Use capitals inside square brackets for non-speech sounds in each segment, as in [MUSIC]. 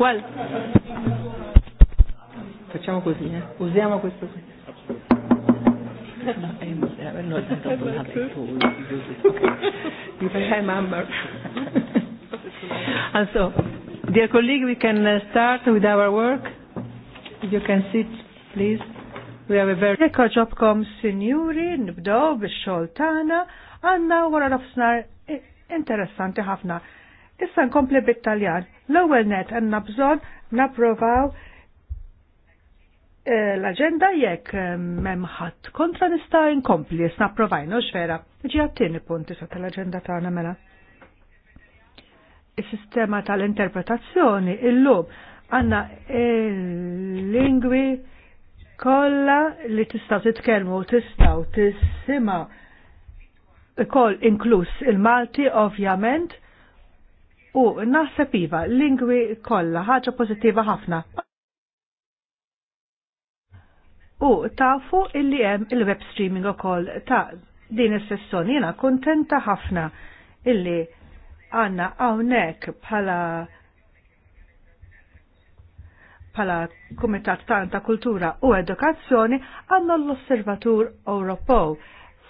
Qual? Facciamo così, eh? usiamo questo qui. Okay. You can remember. and so, dear colleague, we can uh, start with our work. You can sit, please. We have a very... Ekka ġobkom, signori, nibdow bix-xol tana, għanna wara nofsnar eh, interessanti ħafna. Issa nkompli bit-Taljan. L-ewwel net għandna bżonn napprovaw eh, l aġenda jekk eh, ħadd. kontra nista' inkompli jisna provajno xvera. Ġi għattini punti sa tal aġenda tagħna mela. Is-sistema tal-interpretazzjoni illum għanna eh, lingwi kollha li tistgħu titkellmu u tistgħu tissimha ikoll inkluż il-Malti ovvjament u naħseb iva lingwi kollha ħaġa pożittiva ħafna. U tafu illi hemm il-web streaming ukoll ta' din is-sessjoni jiena kuntenta ħafna illi għandna hawnhekk bħala bħala Kumitat ta' Kultura u Edukazzjoni għanna l-Osservatur Ewropew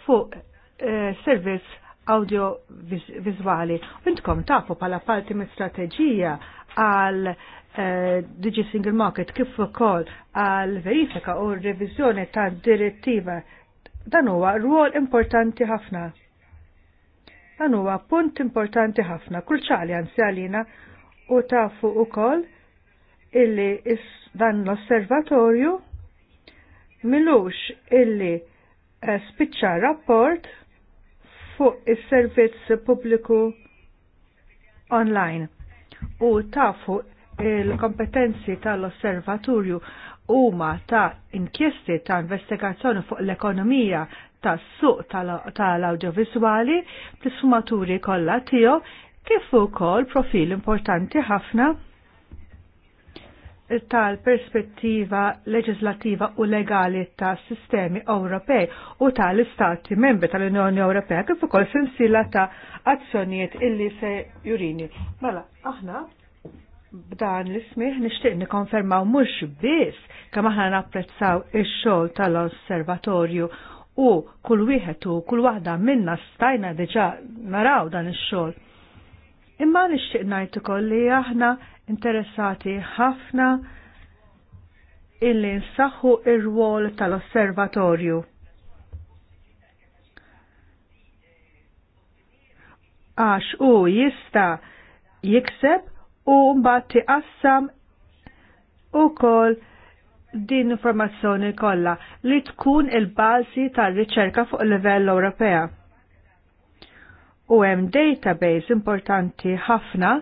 fuq eh, servizz audio-vizuali. Intkom tafu pala parti me strategija għal eh, Digi Single Market kif ukoll għal verifika u revizjoni ta' direttiva dan huwa rwol importanti ħafna. Dan huwa punt importanti ħafna, kulċali anzi għalina u tafu ukoll illi is dan l-osservatorju milux illi eh, spiċċa rapport fuq is-servizz pubbliku online u tafu il-kompetenzi tal-osservatorju huma ta' inkjesti ta' investigazzjoni fuq l-ekonomija ta' suq tal-audiovisuali bl-sfumaturi kollha tiegħu kif ukoll profil importanti ħafna tal-perspettiva leġislativa u legali ta' sistemi Ewropej u tal-istati membri tal-Unjoni Ewropea kif ukoll sensila ta' azzjonijiet illi se jurini. Mela, aħna b'dan l-ismiħ nixtieq nikkonfermaw mhux biss kemm aħna napprezzaw ix-xogħol tal-Osservatorju u kull wieħed u kull waħda minna stajna diġà naraw dan ix-xogħol Imma nixtieq ngħid ukoll li aħna interessati ħafna illi nsaħħu ir-rwol tal-osservatorju. Għax u jista jikseb u mbagħad tiqassam ukoll din informazzjoni kollha li tkun il-bażi tar-riċerka fuq livell Ewropea u hemm database importanti ħafna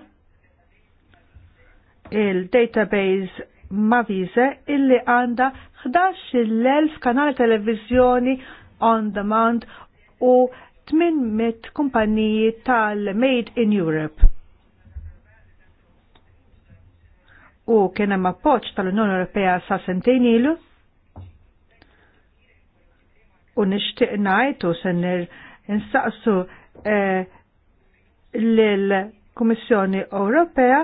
il-database Mavize illi għanda 11.000 kanali televizjoni on demand u 800 kumpaniji tal-Made in Europe. U kien hemm appoġġ tal-Unjoni Ewropea sa sentejn ilu. U nixtieq ngħid u insaqsu. Eh, l-Kummissjoni Ewropea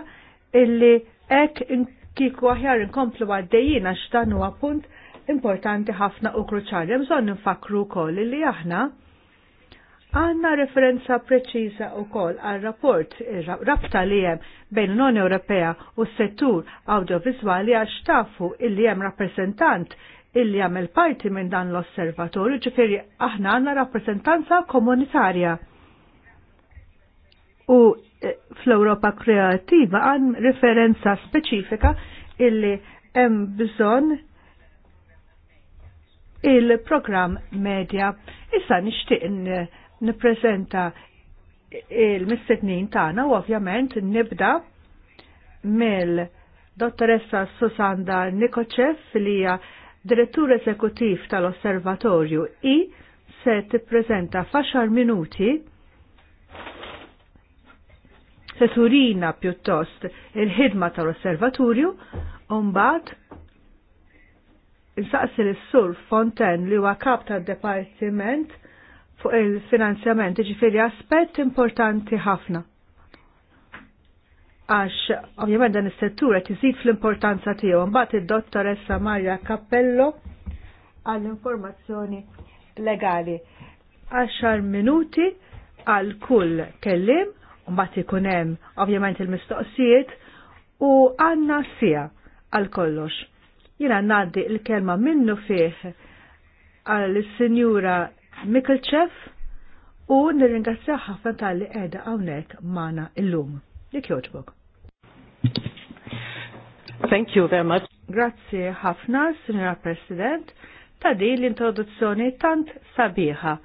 illi ek kiku aħjar inkomplu għaddejjina x'dan huwa punt importanti ħafna u kruċali. Bżonn nfakru wkoll illi aħna għandna referenza preċiża wkoll għal rapport rabta li hemm bejn l-Unjoni Ewropea u s-settur audiovizuali għax tafu illi hemm rappreżentant illi għamil parti minn dan l-osservatorju ġifiri aħna għandna rappreżentanza komunitarja U eh, fl-Europa kreativa għan referenza speċifika illi hemm bżonn il-programm media. Issa nixtieq nippreżenta il-mistednin tagħna u ovvjament nibda mill dottoressa Susanda Nikochev, li hija direttur eżekutiv tal-Osservatorju i se tippreżenta faxar minuti se turina pjuttost il-ħidma tal-osservatorju u mbagħad insaqsi l-sur Fonten li huwa kap tad-Departiment fuq il-finanzjament, ġifiri aspett importanti ħafna. Għax ovvjament dan is-settura tiżid fl-importanza tiegħu mbagħad id-dottoressa Marja Cappello għall-informazzjoni legali. 10 minuti għal kull kellim mbagħad kunem hemm ovvjament il-mistoqsijiet u għanna sija għal kollox. Jiena ngħaddi l-kelma minnu fih għal sinjura Mikkelċef u nirringrazzja ħafna tal-li għawnek hawnhekk magħna illum. Jekk joġbog. Thank you very much. Grazzi ħafna, Sinjora President, ta' l-introduzzjoni tant sabiħa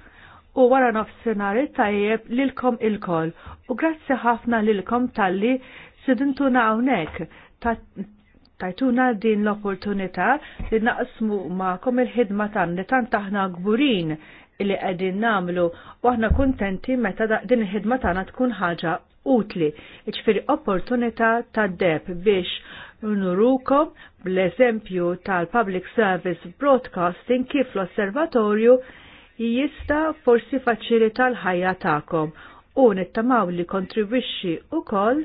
u wara nofsinari tajjeb lilkom il-kol u grazzi ħafna lilkom talli sidintuna hawnhekk tajtuna din l-opportunità li naqsmu ma'kom il-ħidma tanni tant aħna gburin li qegħdin namlu u aħna kuntenti meta din il-ħidma tagħna tkun ħaġa utli, Iċfiri opportunità tad-deb biex nurukom bl-eżempju tal-Public Service Broadcasting kif l-Osservatorju jista forsi faċilita l-ħajja tagħkom u nittamaw li kontribwixxi ukoll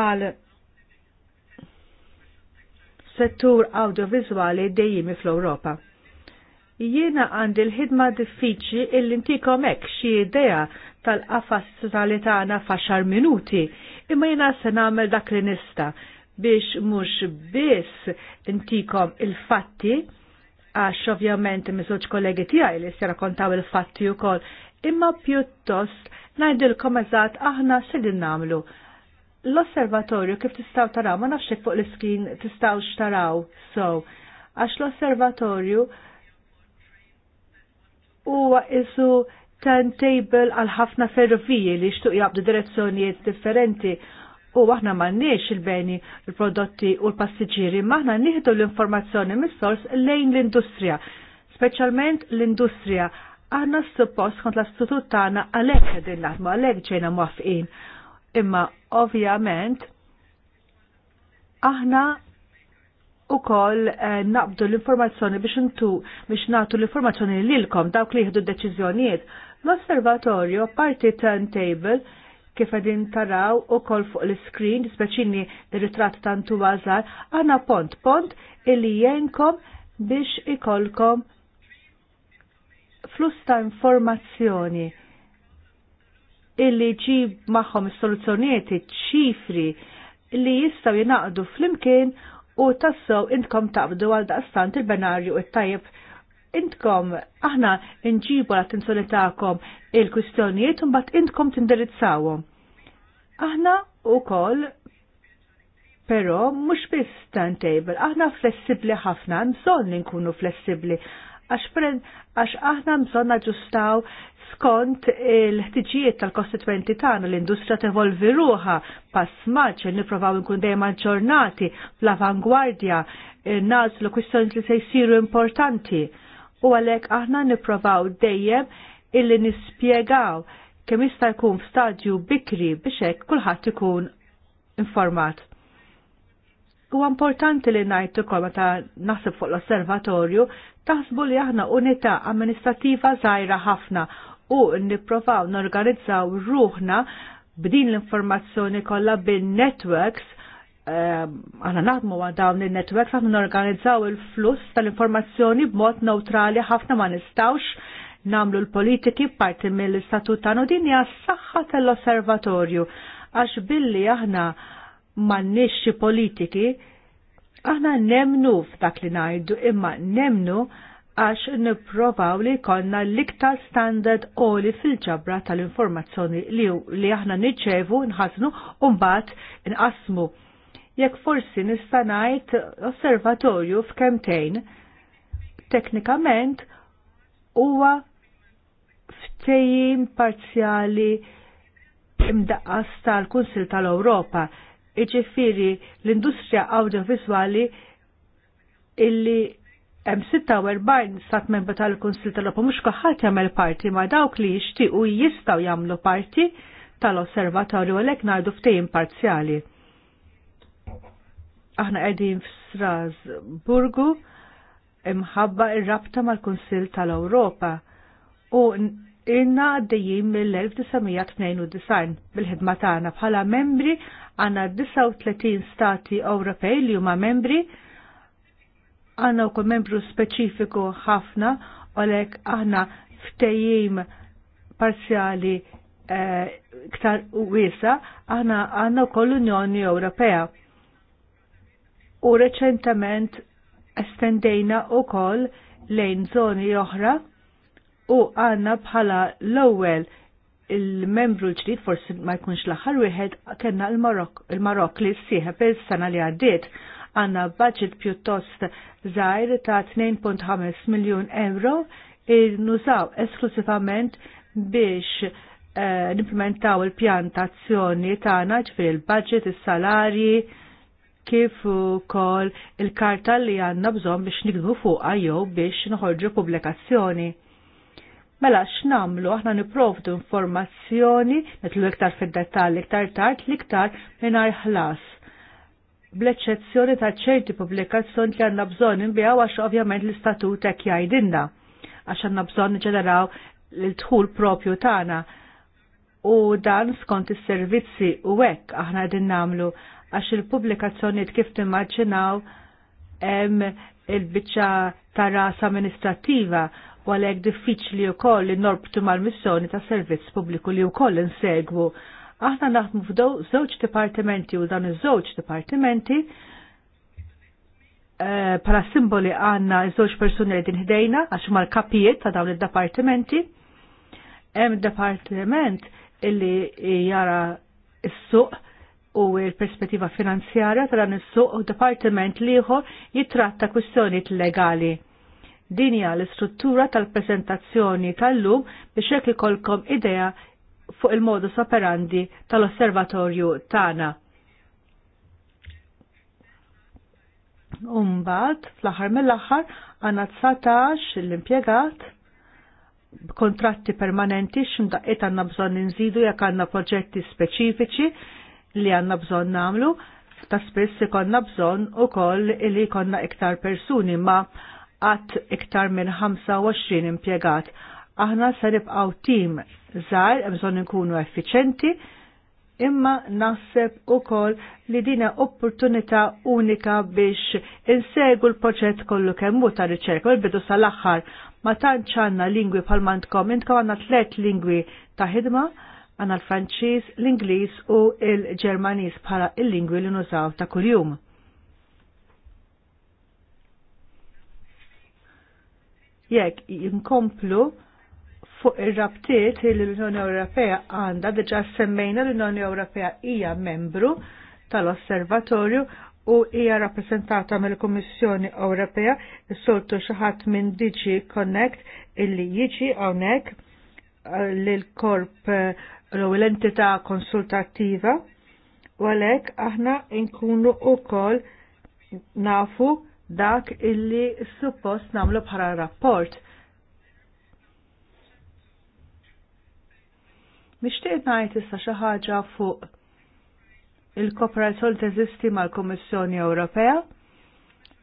għal settur audiovizuali dejjimi fl-Ewropa. Jiena għandi l-ħidma diffiċli illi ntikom hekk xi idea tal-qafas tagħna faxar minuti, imma jiena se nagħmel dak li nista biex mhux biss intikom il-fatti għax ovvjament miżuġ kollegi tijaj li se kontaw il-fatti wkoll, imma pjuttost ngħidilkom eżatt aħna x'edin nagħmlu. L-osservatorju kif tistgħu taraw, ma nafxek fuq l-iskin tistaw x'taraw, so għax l-osservatorju huwa isu turntable għal ħafna ferroviji li xtuq jabdu direzzjonijiet differenti u aħna m'għandniex il-beni il-prodotti u l-passiġġieri, maħna nieħdu l-informazzjoni mis-sors lejn l-industrija, speċjalment l-industrija. Aħna suppost kont l-istitut tagħna għalhekk qegħdin naħdmu għalhekk ġejna mwafqin. Imma ovvjament aħna ukoll eh, naqbdu l-informazzjoni biex intu biex nagħtu l-informazzjoni lilkom dawk li jieħdu d deċiżjonijiet L-osservatorju, parti turntable, kif għedin taraw u kol fuq l-screen, l ritratt tantu għazar, għana pont, pont illi jenkom biex ikolkom flus ta' informazzjoni illi ġib maħħom soluzzjonieti ċifri li jistaw jinaqdu fl-imkien u tassow intkom taqbdu għal daqstant il-benarju u t-tajib intkom aħna nġibu l-attenzjoni tagħkom il-kwistjonijiet u mbagħad intkom tindirizzawhom. Aħna wkoll però mhux biss timetable, aħna flessibbli ħafna, bżonn li nkunu flessibbli għax aħna bżonn ġustaw skont il-ħtiġijiet tal-kostituenti tagħna l-industrija tevolvi ruħa pass maċ nipprovaw nkun dejjem aġġornati fl-avangwardja eh, nażlu kwistjoni li se jsiru importanti u għalhekk aħna nipprovaw dejjem illi nispjegaw kemm jista' jkun f'stadju bikri biex hekk kulħadd ikun informat. Huwa importanti li ngħid ukoll meta naħseb fuq l-osservatorju taħsbu li aħna unità amministrativa żgħira ħafna u nipprovaw norganizzaw ruħna b'din l-informazzjoni kollha bin-networks għana ehm, naħdmu għan dawn il-netwerk għan n-organizzaw il-fluss tal-informazzjoni b'mod neutrali ħafna ma nistawx namlu l-politiki parti mill-istatut tagħna din hija s tal-osservatorju għax billi aħna m'għandniex politiki aħna nemnu f'dak li ngħidu imma nemnu għax nipprovaw li konna l-iktar standard oli fil-ġabra tal-informazzjoni li, aħna niċċevu nħasnu u mbagħad inqasmu jekk forsi nista' ngħid osservatorju f'kemtejn teknikament huwa ftejjin parzjali imdaqqas tal-Kunsil tal-Ewropa, iġifieri l-industrija audiovizwali illi hemm 46 sat membru tal-Kunsil tal-Ewropa mhux kulħadd jagħmel parti ma' dawk li jixtiequ jistgħu jagħmlu parti tal-osservatorju għalhekk ngħidu f'tejin parzjali aħna qegħdin f'Strasburgu imħabba il rabta mal-Kunsill tal-Ewropa u inna għaddejjin mill-1992 bil-ħidma tagħna bħala membri għandna 39 stati Ewropej li huma membri għandna wkoll membru speċifiku ħafna għalhekk aħna ftejjim parzjali eh, iktar wiesa aħna għandna wkoll Unjoni Ewropea u reċentament estendejna u kol lejn zoni oħra u għanna bħala l-ewwel il-membru ġdid forsi ma jkunx l-aħħar wieħed kellna il-Marok li ssieħeb is-sena li għaddiet għanna budget pjuttost żgħir ta' 2.5 miljun euro nużaw esklusivament biex eh, nimplementaw il-pjantazzjoni tagħna ġifier il-budget, is-salarji, il budget is salarji kif ukoll il-karta li għandna bżonn biex nikdbu fuqha jew biex nħorġu pubblikazzjoni. Mela x'namlu aħna niprovdu informazzjoni netlu iktar fid-dettall iktar tard l-iktar mingħajr ħlas bl-eċċezzjoni ta' ċerti pubblikazzjoni li għandna bżonn inbijaw għax ovvjament l-istatut hekk jgħidilna għax għandna bżonn niġeneraw l-dħul propju tagħna. U dan skont is-servizzi u hekk aħna qegħdin nagħmlu għax il-publikazzjoniet kif timmaġinaw hemm il-biċċa ta' ras amministrativa u għalhekk diffiċli wkoll li norbtu mal-missjoni ta' servizz pubbliku li wkoll insegwu. Aħna naħdmu f'dow żewġ dipartimenti u dan iż-żewġ dipartimenti pala eh, simboli għanna iż-żewġ persuni li din ħdejna għax mal-kapijiet ta' dawn id-dipartimenti. Hemm dipartiment illi jara s-suq u l-perspettiva finanzjarja tal dan is-suq u dipartiment liħor jitratta kwistjonijiet legali. Din hija l-istruttura tal-preżentazzjoni tal-lum biex jekk ikolkom idea fuq il-modus operandi tal-osservatorju tagħna. Umbat, fl-axar mill-axar, għanna 19 l-impiegat kontratti permanenti ximdaqqiet għanna bżon nżidu jekk għanna proġetti speċifiċi li għanna bżon namlu, ta' spess konna bżon u koll li konna iktar persuni ma għat iktar minn 25 impiegat. Aħna se nibqaw tim zaħir, bżon nkunu effiċenti, imma naħseb u koll li dina opportunità unika biex insegu l proċett kollu kemmu ta' riċerka, bidu sal-axħar ma tantx għandna lingwi pal-mantkom intkom għandna tliet lingwi ta' ħidma, għana l-Franċiż, l-Ingliż u l-Ġermaniż bħala l lingwi li nużaw ta' kuljum. Jekk jinkomplu fuq ir-rabtiet li l-Unjoni Ewropea għandha diġà semmejna l-Unjoni Ewropea hija membru tal-Osservatorju u hija rappresentata mill-Kummissjoni Ewropea s-soltu xi ħadd minn DG Connect illi jiġi hawnhekk eh, l-korp l-ew l-entità konsultattiva u għalhekk aħna nkunu wkoll nafu dak illi suppost nagħmlu bħala rapport. Mixtieq ngħid issa xi ħaġa fuq il-kooperazzjoni teżisti mal-Kummissjoni Ewropea,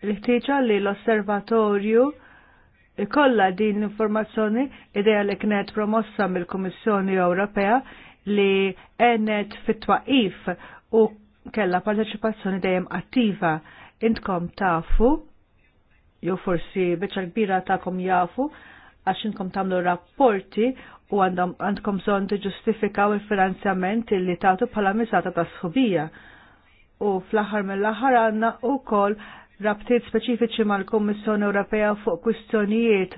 l-ħtieġa li l-Osservatorju ikolla din l-informazzjoni deja li kienet promossa mill-Kummissjoni Ewropea li enet fit-twaqif u kella parteċipazzjoni dejjem attiva. Intkom tafu, jew forsi biċċa kbira ta'kom jafu, għax intkom tagħmlu rapporti u għandkom bżonn tiġustifikaw il-finanzjament li tagħtu bħala misata ta' sħubija. U fl-aħħar mill-aħħar għandna wkoll rabtiet speċifiċi mal-Kommissjoni Ewropea fuq kwistjonijiet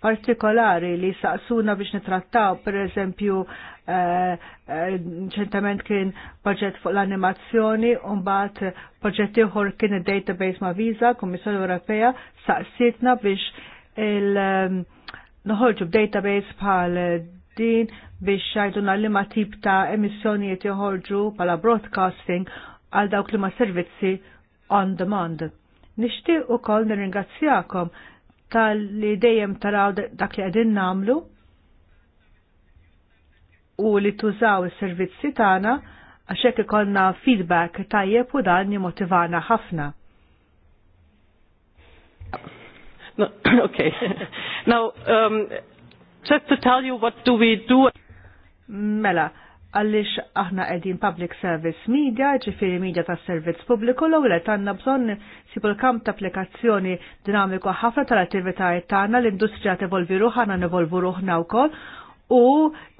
partikolari li saqsuna biex nitrattaw, per eżempju, eh, eh, ċentament kien proġett fuq l-animazzjoni, unbat proġett ieħor kien il-database ma' Visa, Kommissjoni Ewropea, saqsitna biex il- ehm, noħorġu b'database bħal din biex xajduna li ma tip ta' emissjonijiet joħorġu bħala broadcasting għal dawk li ma' servizzi on demand. Nixtieq ukoll nirringrazzjakom tal-li dejjem taraw dak li qegħdin nagħmlu u li tużaw is-servizzi tagħna għax hekk ikollna feedback tajjeb u dan jimotivana ħafna. No, [COUGHS] okay. Now, um, just to tell you what do we do. Mela, għallix aħna qegħdin public service media, ġifiri media ta' servizz pubbliku l ewwel għandna bżon sibu l-kamp ta' applikazzjoni dinamiku ħafna tal-attivitajiet tagħna l-industrija tevolvi ruħana nevolvu ruħna wkoll u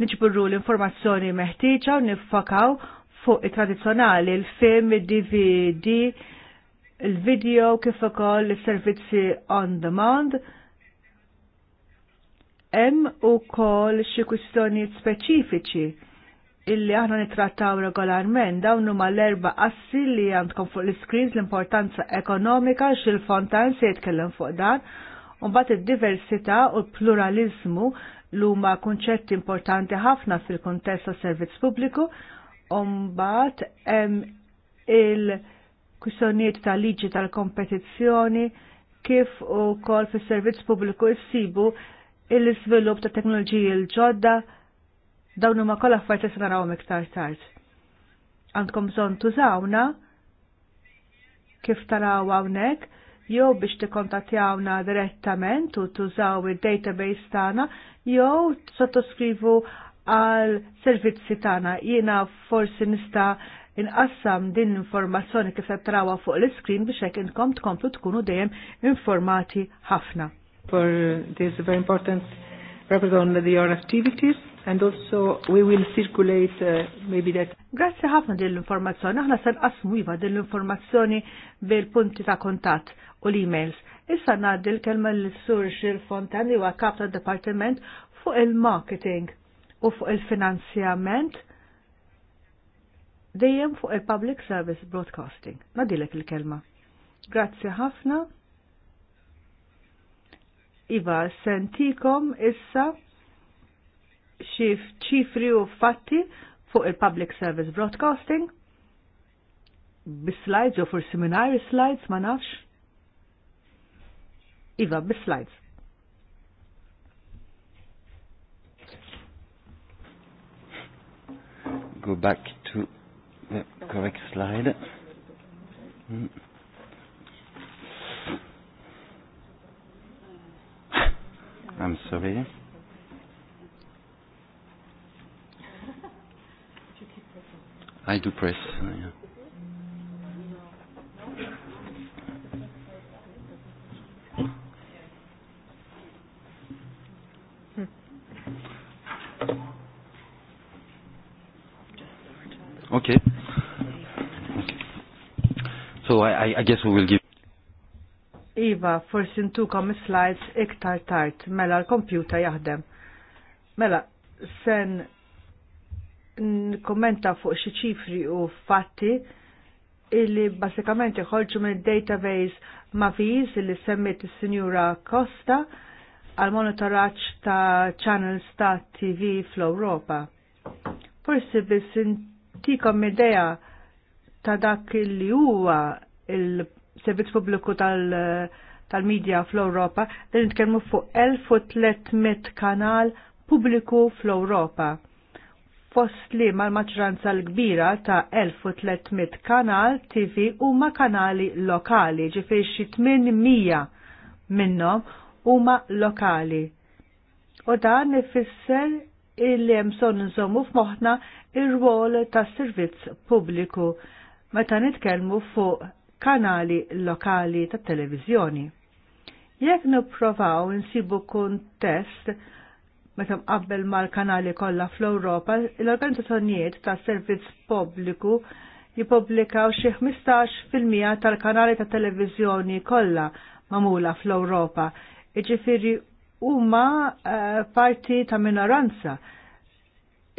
nġburru l-informazzjoni meħtieġa u nifakaw fuq it-tradizzjonali l-film, id-DVD, il-video kif ukoll is-servizzi on demand. Hemm ukoll xi kwistjonijiet speċifiċi illi aħna nitrattaw regolarment dawn huma l-erba' assi li għandkom fuq l iscreens l-importanza ekonomika x'il-fontan se jitkellem fuq dan, u mbagħad id-diversità u l-pluralizmu l huma kunċetti importanti ħafna fil-kuntest tas servizz pubbliku, u mbagħad hemm il-kwistjonijiet tal-liġi tal-kompetizzjoni kif ukoll fis-servizz pubbliku jsibu l-iżvilupp ta' teknoloġiji l-ġodda, Dawn huma kollha affarijiet li se narawhom iktar tard. Għandkom bżonn tużawna kif taraw hawnhekk jew biex tikkontattjawna direttament u tużaw il-database tagħna jew sottoskrivu għal servizzi tagħna. Jiena forsi nista' inqassam din l-informazzjoni kif qed trawha fuq l-iskrin biex hekk inkom tkomplu tkunu dejjem informati ħafna. For this very important represent on the your activities and also we will circulate uh, maybe that. Grazie ħafna din l-informazzjoni, aħna se nqasmu iva din l-informazzjoni bil-punti ta' kontatt u l-emails. Issa ngħaddi kelma l-sur Xil Fontani huwa kap ta' departiment fuq il-marketing u fuq il-finanzjament dejjem fuq il-public service broadcasting. Nadilek il-kelma. Grazzi ħafna. Iva, sentikom issa xif ċifri u fatti fuq il-Public Service Broadcasting bis-slides u for seminary slides ma nafx. Iva, bis-slides. Go back to the correct slide. Mm. I'm sorry. I do press. Uh, okay. So I, I I guess we will give. Iva, forsi ntukom slides iktar tart. mela l-kompjuta jaħdem. Mela, sen n-kommenta fuq xi ċifri u fatti illi basikament iħolġu minn database mafiz illi semmiet is-Sinjura Costa għal monitoraġġ ta' channels ta' TV fl-Ewropa. Forsi biss intikom idea ta' dak li huwa il-servizz pubbliku tal-medja tal fl-Ewropa li nitkellmu fuq 1300 kanal pubbliku fl-Ewropa fost li mal-maċranza l-kbira ta' 1300 kanal TV huma kanali lokali, ġifiri xi 800 minnhom huma lokali. U dan ifisser illi hemm son nżommu f'moħħna ir-rwol tas-servizz pubbliku meta nitkellmu fuq kanali lokali tat-televiżjoni. Jekk nipprovaw insibu kuntest meta mqabbel mal-kanali kollha fl-Ewropa, l-organizzazzjonijiet tas servizz pubbliku jippubblikaw xi 15% tal-kanali ta' televiżjoni kollha magħmula fl-Ewropa. Iġifieri huma eh, parti ta' minoranza.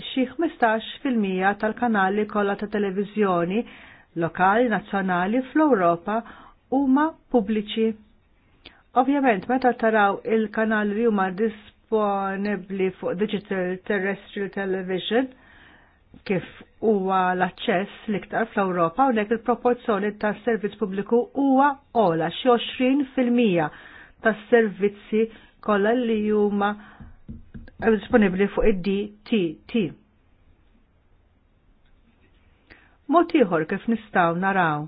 Xi 15% tal-kanali kollha ta' televiżjoni lokali, nazzjonali fl-Ewropa huma pubbliċi. Ovvjament, meta taraw il-kanali li huma dis disponibbli fuq Digital Terrestrial Television kif huwa l-aċċess l-iktar fl-Ewropa hawnhekk il-proporzjoni tas-servizz pubbliku huwa ola xi 20% tas-servizzi kollha li huma disponibbli fuq id-DTT. Mod ieħor kif nistgħu naraw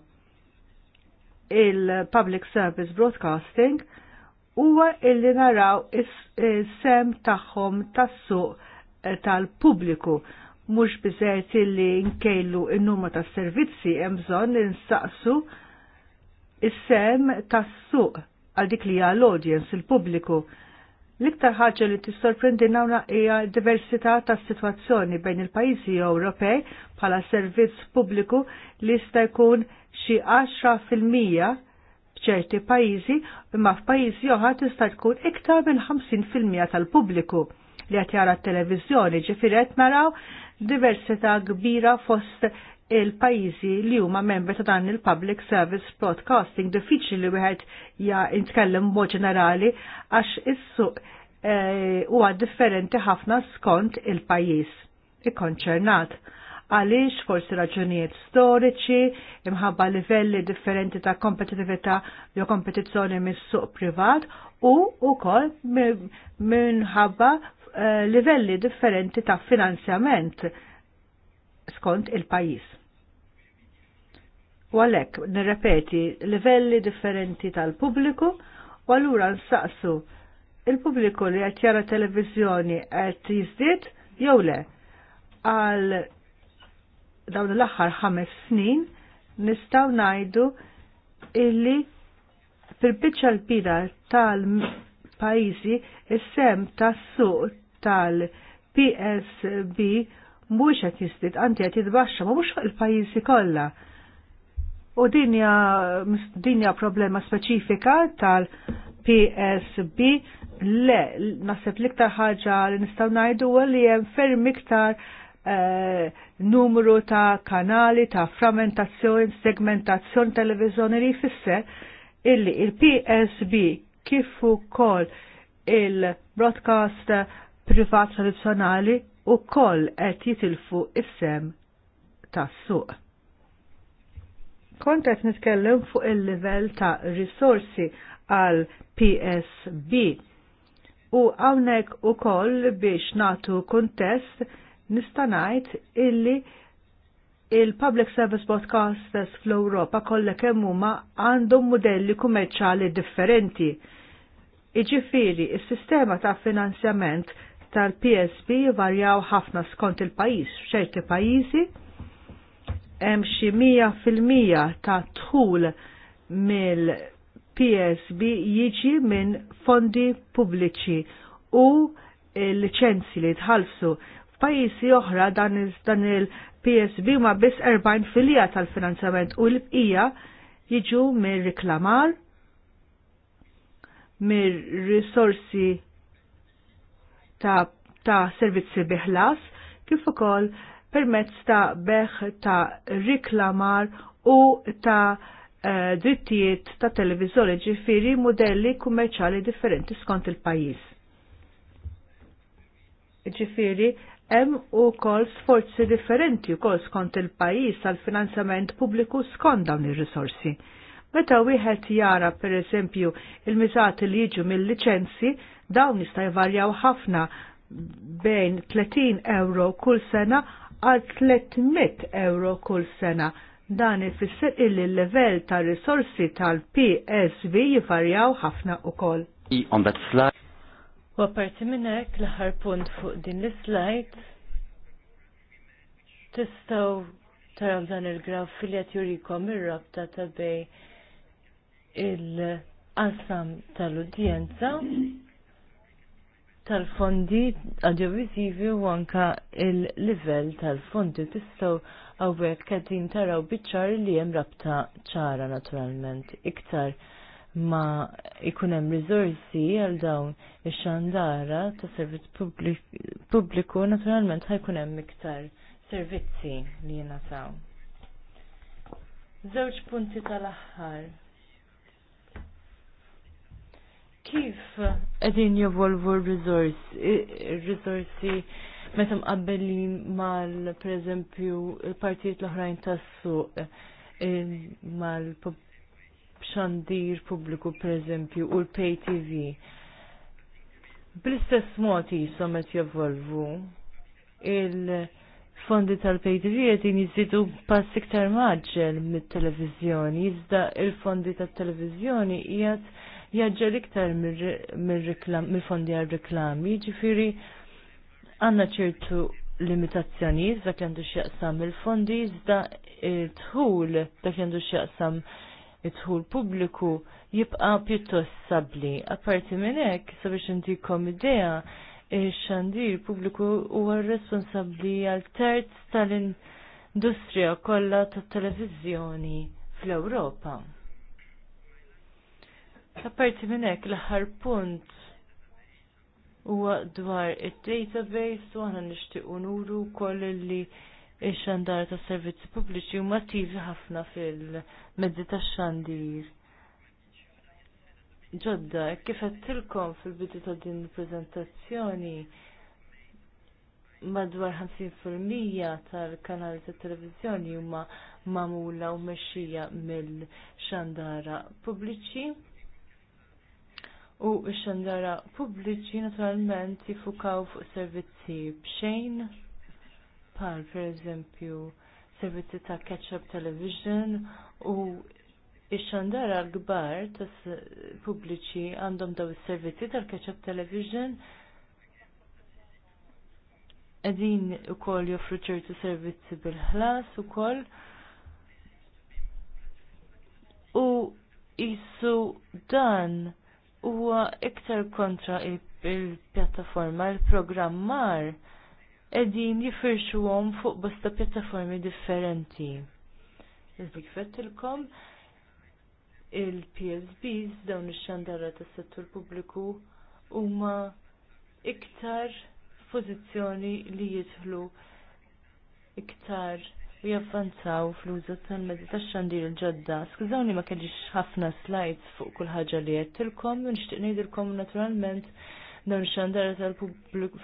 il-Public Service Broadcasting huwa illi naraw is-sem eh, tagħhom tas-suq eh, tal-pubbliku mhux biżejt illi nkejlu n-numru tas-servizzi hemm bżonn insaqsu is-sem tas-suq għal dik li l-audience il-pubbliku. L-iktar ħaġa li tissorprendina nawna hija diversità tas-sitwazzjoni bejn il-pajjiżi Ewropej bħala servizz pubbliku li jista' jkun xi 10 fil-mija f'ċerti pajjiżi imma f'pajjiżi oħra tista' tkun iktar minn 50% tal-pubbliku li qed jara t-televiżjoni ġifieri qed naraw diversità kbira fost il-pajjiżi li huma membri ta' dan il-Public Service Broadcasting diffiċli li wieħed ja jitkellem mod ġenerali għax is-suq eh, huwa differenti ħafna skont il-pajjiż ikkonċernat. Il għaliex forsi raġunijiet storiċi, imħabba livelli differenti ta' kompetitività jew kompetizzjoni mis-suq privat u wkoll minħabba eh, livelli differenti ta' finanzjament skont il-pajis. U għalek, nirrepeti, livelli differenti tal-publiku, u għallura nsaqsu, il-publiku li għat jara televizjoni għat jiżdied jew le, għal dawn l-aħħar ħames snin nistaw najdu illi fil-bicċa l-bira tal pajjiżi is-sem tas-suq tal-PSB mhux qed jistit anti qed jitbaxxa ma mhux fuq il-pajjiżi kollha. U dinja dinja problema speċifika tal-PSB le naħseb l-iktar ħaġa li nistgħu ngħidu li hemm ferm iktar Eh, numru ta' kanali ta' frammentazzjoni, segmentazzjoni televizjoni li jfisser illi il-PSB kif ukoll il-broadcast privat tradizzjonali u koll qed jitilfu is-sem tas-suq. Kont qed nitkellem fuq il-livell ta' risorsi għal PSB u hawnhekk ukoll biex natu kuntest nista' ngħid illi il-Public Service Broadcasters fl-Europa kollha kemm huma għandhom modelli kummerċali differenti. Iġifiri, il sistema ta' finanzjament tal-PSB varjaw ħafna skont il-pajjiż. F'ċerti pajjiżi hemm xi mija fil-mija ta' tħul mill-PSB jiġi minn fondi pubbliċi u l-liċenzi li tħallsu Pajjiżi oħra dan il-PSB ma biss 40 filija tal-finanzjament u l-bqija jiġu mir-riklamar, mir-risorsi ta', ta servizzi biħlas, kif ukoll permezz ta' beħ ta' riklamar u ta' eh, drittijiet ta' televizori ġifiri modelli kummerċali differenti skont il-pajis. Ġifiri, Hemm ukoll sforzi differenti wkoll skont il-pajjiż għal finanzjament pubbliku skont dawn ir-risorsi. Meta wieħed jara pereżempju il-miżati li jiġu mill-liċenzi, dawn jista' jvarjaw ħafna bejn 30 euro kull sena għal 300 euro kull sena. Dan ifisser illi l-level ta' risorsi tal-PSV jifarjaw ħafna ukoll. On that slide. U apparti minn hekk l-aħħar punt fuq din l-slide tistgħu taraw dan il-graf fil-jat jurikom ir-rabta ta' bej il-qasam tal-udjenza tal-fondi audiovisivi u anka il-livell tal-fondi tistgħu hawnhekk kadin taraw biċ li hemm rabta ċara naturalment iktar ma ikunem hemm riżorsi għal dawn ix-xandara ta' servizz pubbliku naturalment ħajkun hemm iktar servizzi li jingħataw. Żewġ punti tal-aħħar. Kif qegħdin jivolvu r metam meta mal mal pereżempju partijiet l-oħrajn tas-suq mal b'xandir pubbliku pereżempju u l-pay TV. Bl-istess mod jisom qed jevolvu il-fondi tal-pay TV qed jiżidu pass iktar maġġel mit televizjoni iżda il-fondi tat televizjoni qiegħed jaġġel iktar mill-fondi għal-reklami, ġifiri għanna ċertu limitazzjonijiet dak li xieqsam x'jaqsam il-fondi iżda tħul dak li għandu x'jaqsam id-dħul pubbliku jibqa' pjuttost sabli. Apparti minn hekk, sabiex intikom idea, xandir pubbliku huwa responsabbli għal terz tal-industrija kollha tat-televiżjoni fl-Ewropa. Apparti minn hekk l-aħħar punt huwa dwar id-database u aħna nixtiequ nuru koll li ix-xandar ta' servizzi pubbliċi huma attivi ħafna fil-mezzi ta' xandir. Ġodda, kif għattilkom fil-bidu ta' din il-prezentazzjoni, madwar 50% tal-kanali ta' televizjoni huma mamula u mexxija mill-xandara pubbliċi. U x-xandara pubbliċi naturalment jifukaw fuq servizzi bxejn bħal pereżempju servizzi ta' catch-up television u ix-xandara l-kbar tas pubbliċi għandhom daw is-servizzi tal-catch-up television edin u koll joffru ċertu servizzi bil-ħlas u koll u jissu dan huwa iktar kontra il-pjattaforma il il-programmar il edin jifirxuhom fuq bosta pjattaformi differenti. Iżda kifettilkom il-PSBs dawn ix-xandara tas-settur pubbliku huma iktar pozizjoni li jidħlu iktar u javvanzaw fl-użu tal-mezzi ta' xandir il-ġodda. Skużawni ma kellix ħafna slides fuq kull ħaġa li għedtilkom, nixtieq ngħidilkom naturalment dan xandar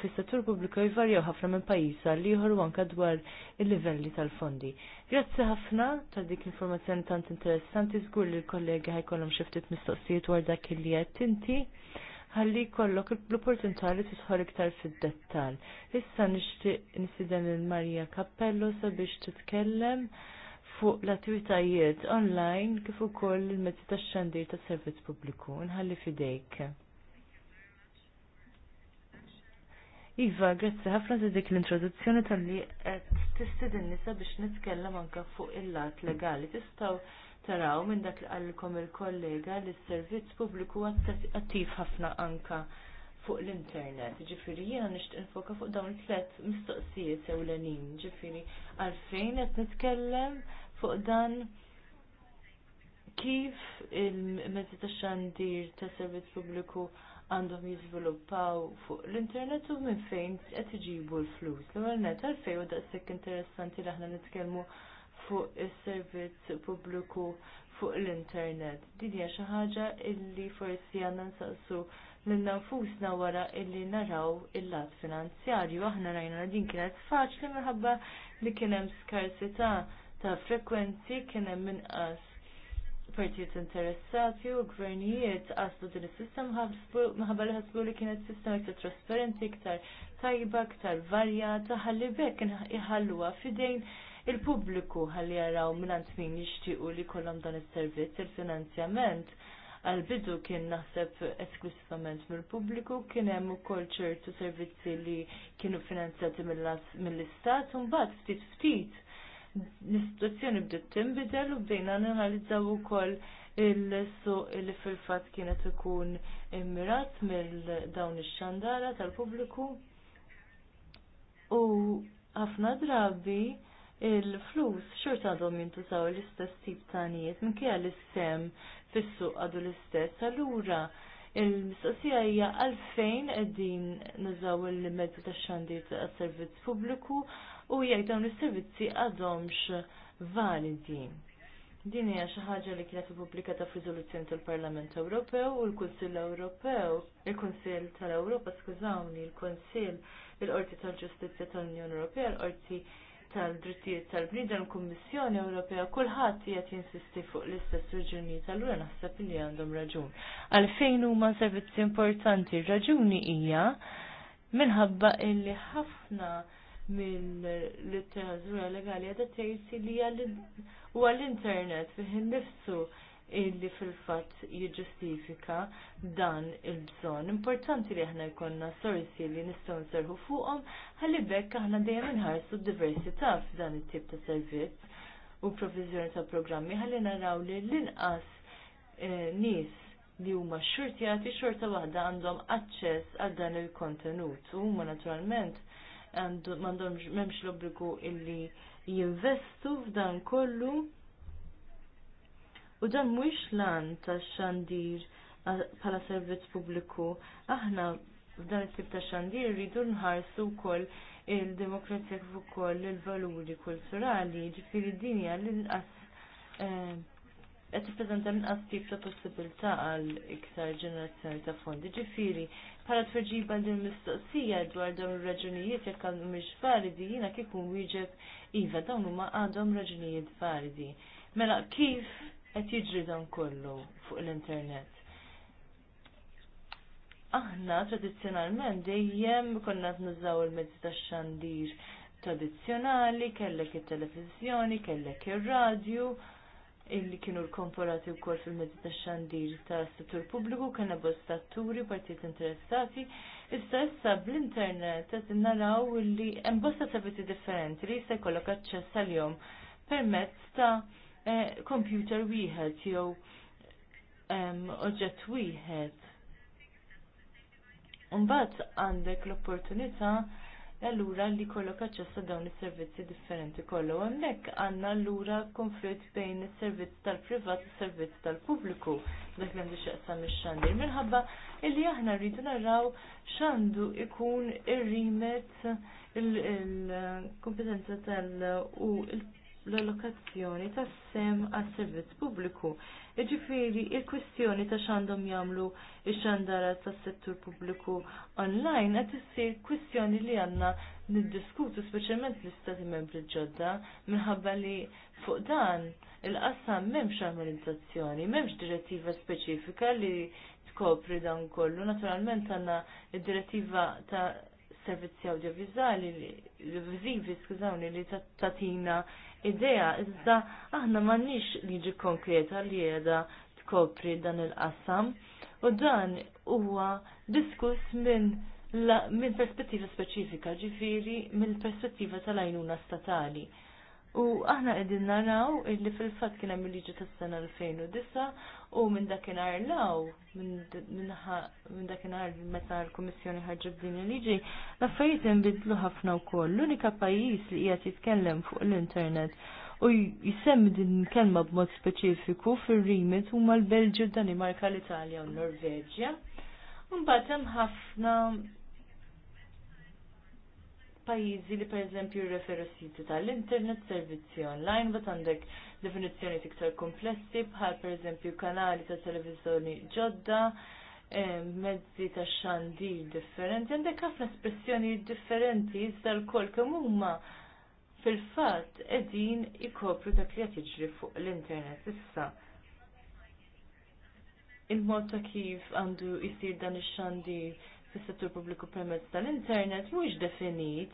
fis-settur pubbliku jvarjaw ħafna minn pajjiż għal jħor anke dwar il-livelli tal-fondi. Grazzi ħafna ta' dik informazzjoni tant interessanti żgur li l-kollegi ħajkollhom xi ftit mistoqsijiet dwar dak li qed inti ħalli jkollok l-opportunità li tidħol iktar fid-dettal. Issa nixtieq nisiden il-Marija Kappello sabiex titkellem fuq l-attivitajiet online kif ukoll il-mezzi tax-xandir tas-servizz pubbliku. Nħalli fidejk. Iva, grazzi ħafna ta' dik l-introduzzjoni tal-li qed tistidin nisa biex nitkellem anke fuq il-lat legali. Tistgħu taraw minn dak li qalkom il-kollega li s-servizz pubbliku attiv ħafna anka fuq l-internet. Ġifiri, jena nishtiq nfoka fuq dawn tlet mistoqsijiet ewlenin. Ġifiri, għalfejn qed nitkellem fuq dan kif il-mezzi ta' xandir ta' servizz pubbliku għandhom jiżviluppaw fuq l-internet u minn fejn qed iġibu l-flus. L-ewwel għalfej għalfejn u daqshekk interessanti li aħna nitkellmu fuq is-servizz pubbliku fuq l-internet. Din hija xi ħaġa illi forsi għandna nsaqsu lil nfusna wara illi naraw il-lat finanzjarju. Aħna rajna din kienet faċli minħabba li kien hemm skarsità ta' frekwenzi kien hemm minqas partijiet interessati u gvernijiet għaslu din is-sistema minħabba li ħasbu li kienet sistem iktar trasparenti, iktar tajba, iktar varjata, ħalli bekk iħalluha fidejn il-pubbliku ħalli jaraw minant min jixtiequ li kollhom dan is-servizz il-finanzjament għal-bidu kien naħseb esklusivament mill-pubbliku, kien hemm ukoll ċertu servizzi li kienu finanzjati mill-istat, u mbagħad ftit ftit l-istituzzjoni bdiet tinbidel u bdejna nanalizzaw ukoll il-suq li fil-fatt kienet ikun immirat mill-dawn ix-xandara tal-pubbliku. U ħafna drabi il-flus xort għadhom jintużaw l-istess tip tanijiet minkejja l-istem fis-suq għadu l-istess. Allura, il-mistoqsija hija għalfejn qegħdin nużaw il-mezzi tax-xandir għas-servizz pubbliku u jekk dawn is-servizzi għadhomx validi. Din hija xi ħaġa li kienet ippubblikata f'riżoluzzjoni tal-Parlament Ewropew u l-Kunsill Ewropew, il-Kunsill tal-Ewropa, skużawni, il-Kunsill il-Qorti tal-Ġustizzja tal-Unjoni Ewropea, l-Qorti tal-Drittijiet tal-Bnida, l-Kummissjoni Ewropea, kulħadd qiegħed jinsisti fuq l-istess raġuni tal-lura naħseb li għandhom raġun. Għalfejn huma servizzi importanti, raġuni hija minħabba illi ħafna mill-literatura legali għadha tgħid li huwa l-internet fih innifsu illi fil-fatt jiġġustifika dan il-bżonn. Importanti li aħna jkollna sorsi li nistgħu nserħu fuqhom ħalli bekk aħna dejjem inħarsu d-diversità f'dan it-tip ta' servizz u provizjoni ta' programmi ħalli naraw li l-inqas eh, nies li huma xorti għati xorta waħda għandhom aċċess għal dan il-kontenut u huma naturalment m'għandhomx m'hemmx l-obbligu illi jinvestu f'dan kollu. U dan mhuwiex lan tax-xandir bħala servizz pubbliku. Aħna f'dan it-tip ta' xandir rridu nħarsu wkoll il-demokrazija kif ukoll il-valuri kulturali, ġifieri dinja hija l-inqas eh, qed tippreżenta inqas tip ta' possibilità għal iktar ġenerazzjoni ta' fondi. Ġifieri, bħala tweġiba din mistoqsija dwar dawn ir-raġunijiet jekk mhumiex validi jiena kif wieġeb iva dawn huma għadhom raġunijiet validi. Mela kif qed jiġri dawn kollu fuq l-internet? Aħna tradizzjonalment dejjem konna nużaw il-mezzi tax-xandir tradizzjonali, kellek it-televiżjoni, kellek ir-radju, il illi kienu l-komparati wkoll fil-mezzi ta' xandir ta' settur pubbliku kena bosta atturi, partijiet interessati, issa issa bl-internet qed naraw illi hemm bosta servizzi differenti li jista' jkollok aċċess għal-jom permezz ta' eh, computer wieħed jew oġġett wieħed. Mbagħad għandek l-opportunità allura li kollok aċċess dawn is-servizzi differenti kollu. Hemmhekk għandna allura konflitt bejn is-servizz tal-privat u s-servizz tal-pubbliku dak li għandu x'aqsam xandir minħabba illi aħna rridu naraw x'għandu ikun ir-rimet il-kompetenza tal- u l-allokazzjoni tas sem għas servizz pubbliku. Iġifiri, il-kwestjoni ta' xandom jagħmlu ix-xandara tas settur pubbliku online qed issir kwestjoni li għandna niddiskutu speċjalment l-istati membri ġodda minħabba li fuq dan il-qassam m'hemmx armonizzazzjoni, m'hemmx direttiva speċifika li tkopri dan kollu. Naturalment għandna id-direttiva ta' servizzi li vizivi, skużawni, li tatina idea, iżda aħna m'għandniex liġi konkreta li qiegħda tkopri dan il-qassam u dan huwa diskuss minn minn perspettiva speċifika, ġifiri minn perspettiva tal-għajnuna statali. U aħna qegħdin naraw illi fil-fatt kien hemm il-liġi tas-sena 2009 u minn dakinhar law minn dakinhar meta l-Kummissjoni ħarġet din il-liġi l-affarijiet inbidlu ħafna wkoll. L-unika pajjiż li jgħat jitkellem fuq l-internet u jisem din kelma b'mod speċifiku fir-rimit huma l-Belġju, Danimarka, l-Italja u l-Norveġja. Un hemm ħafna pajizi li per eżempju jirreferu siti tal-internet servizzi online, bat għandek definizjoni tiktar komplessi bħal per eżempju kanali ta' televizjoni ġodda, eh, mezzi ta' xandir differenti, għandek ħafna espressjoni differenti, iżda l-kol huma fil-fat edin ikopru dak li qed jiġri fuq l-internet issa il-mod ta' kif għandu jisir dan ix xandil fis-settur pubbliku permezz tal-internet mhux definit.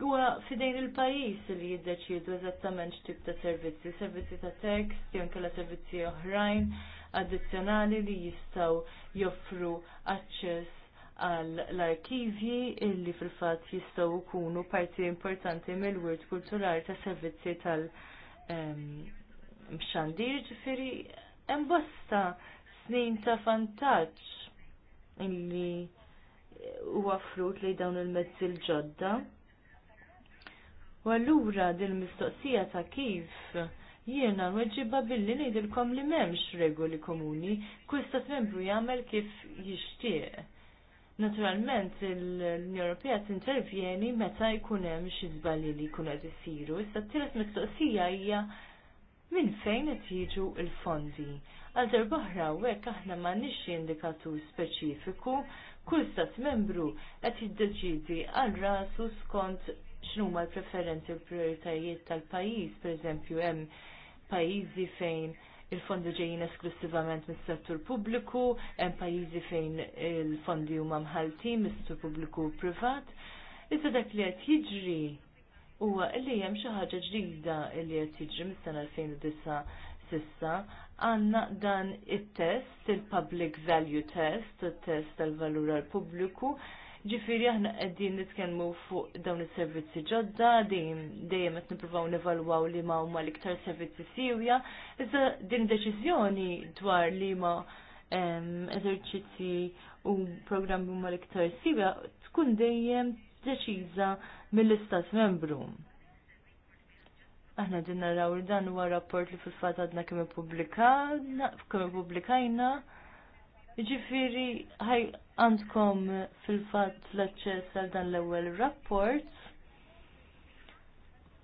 Huwa fidejn il-pajjiż li jiddeċiedu eżattament x'tip ta' servizzi, servizzi ta' tekst, jew inkella servizzi oħrajn addizzjonali li jistgħu joffru aċċess għall-arkivji illi fil-fatt jistgħu jkunu parti importanti mill-wirt kulturali ta' servizzi tal-mxandir ehm, ġifieri hemm bosta snin ta' vantaġġ illi huwa għafrut li dawn il-mezzi l-ġodda. U allura dil-mistoqsija ta' kif jiena nweġġibha billi ngħidilkom li m'hemmx regoli komuni, kustat membru jagħmel kif jixtieq. Naturalment l-Unjoni Ewropea tintervjeni meta jkun hemm xi żbalji li jkun qed isiru. Issa t-tielet mistoqsija hija minn fejn qed jiġu l-fondi. Għal boħra u hekk aħna m'għandniex indikatur speċifiku kull stat membru qed jiddeċidi għal rasu skont x'numa l-preferenzi u l-prioritajiet tal-pajjiż, pereżempju hemm pajjiżi fejn il-fondi ġejjin esklusivament mis-settur pubbliku, hemm pajjiżi fejn il-fondi huma mħaltin mis-settur pubbliku u privat. Iżda dak li qed jiġri huwa li hemm xi ħaġa ġdida li qed jiġri mis-sena 2009 sissa għanna dan il-test, il-public value test, il-test tal-valur għal-publiku, ġifiri aħna għeddin nitkenmu fuq dawn il-servizzi ġodda, dejjem qed nippruvaw nevalwaw li ma huma l-iktar servizzi siwja, iżda din deċiżjoni dwar li ma eżerċizzi u programmi huma l-iktar siwja tkun dejjem deċiża mill-istat membru. Aħna din naraw li dan huwa rapport li fil-fatt għadna kemm ippubblikajna, kemm ippubblikajna. Jiġifieri ħaj għandkom fil-fatt l-aċċess għal dan l-ewwel rapport.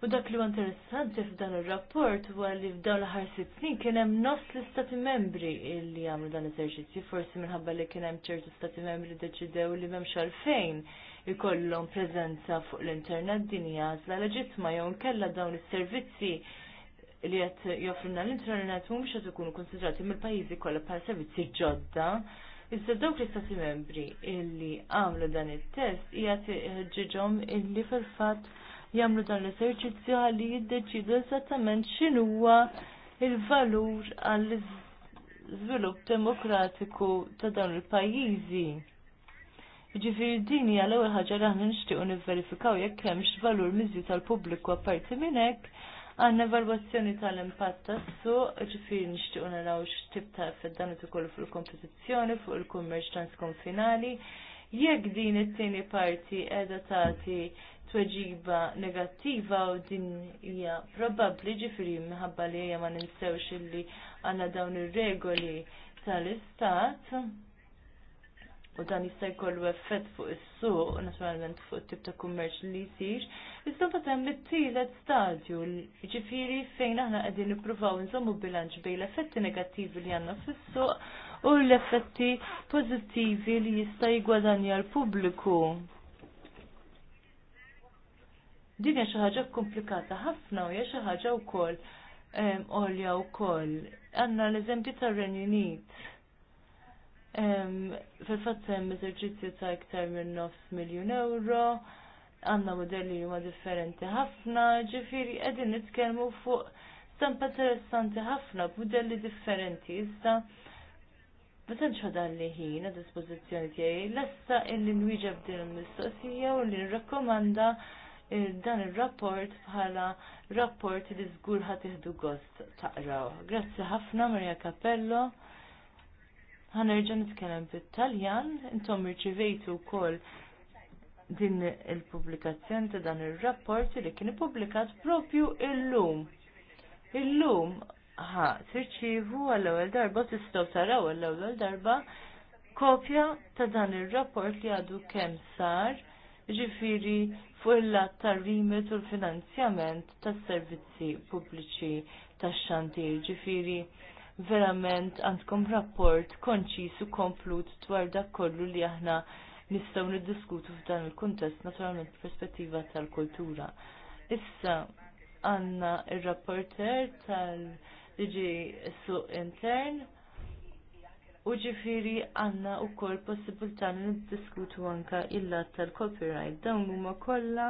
U dak li interessanti f'dan ir-rapport huwa li f'dawn l-aħħar sitt snin kien hemm nofs l-istati membri li jagħmlu dan l-eżerċizzju, forsi minħabba li kien hemm ċertu stati membri deċidew li m'hemmx għalfejn jkollhom preżenza fuq l-internet din hija leġittma jew nkella dawn is-servizzi li qed joffruna l-internet mhumiex qed ikunu konsidrati mill-pajjiżi kollha bħala servizzi ġodda. Iżda dawk l-istati membri illi għamlu dan it-test jgħat iħeġġiġhom illi fil-fatt jagħmlu dan l-eżerċizzju għalli jiddeċidu eżattament xinuwa il-valur għall-żvilupp demokratiku ta' dawn il-pajjiżi. Ġifiri din hija l-ewwel ħaġa li aħna nixtiequ nivverifikaw jekk hemmx valur miżju tal-pubbliku apparti minn hekk għandna evalwazzjoni tal-impatt tas-suq, ġifiri nixtiequ naraw x'tib ta' effett dan ukoll fuq il-kompetizzjoni, fuq il-kummerċ transkonfinali. Jekk din it-tieni parti qiegħda tagħti tweġiba negattiva u din hija probabbli ġifiri minħabba li hija ma ninsewx illi għandna dawn ir-regoli tal-istat u dan jista' jkollu effett fuq is-suq naturalment fuq it-tip ta' kummerċ li jsir. Iżda meta hemm it-tielet stadju, jiġifieri fejn aħna qegħdin nippruvaw insommu bilanċ bejn l-effetti negattivi li għandna fis-suq u l-effetti pożittivi li jista' jgwadanja l-pubbliku. Din hija xi ħaġa komplikata ħafna u hija xi ħaġa wkoll olja wkoll. Għandna l-eżempju tar-Renju Unit Fil-fatt hemm eżerċizzju ta' iktar minn nofs miljun euro, għandna modelli huma differenti ħafna, ġifiri qegħdin nitkellmu fuq stampa interessanti ħafna modelli differenti issa, Ma ċadan li ħin dispozizjoni dispożizzjoni tiegħi lesta illi nwieġeb din il-mistoqsija u li nrakkomanda eh, dan ir-rapport bħala rapport li zgur ħad tieħdu gost taqraw. Grazzi ħafna Maria Capello ħanerġa' nitkellem bit-Taljan, intom irċivejtu wkoll din il-pubblikazzjoni ta' dan ir-rapport li kien ippubblikat propju illum. Illum ħa tirċivu għall-ewwel darba tistgħu taraw għall-ewwel darba kopja ta' dan ir-rapport li għadu kemm sar ġifiri fuq il-lat tar-rimet u l-finanzjament tas-servizzi pubbliċi tax-xantir ġifiri verament għandkom rapport konċis u komplut dwar dak kollu li aħna nistgħu niddiskutu f'dan il-kuntest naturalment perspettiva tal-kultura. Issa għandna ir-rapporter tal dj Suq Intern U ġifiri għanna u kol possibilta li niddiskutu anka illa tal-copyright. Dawn huma kollha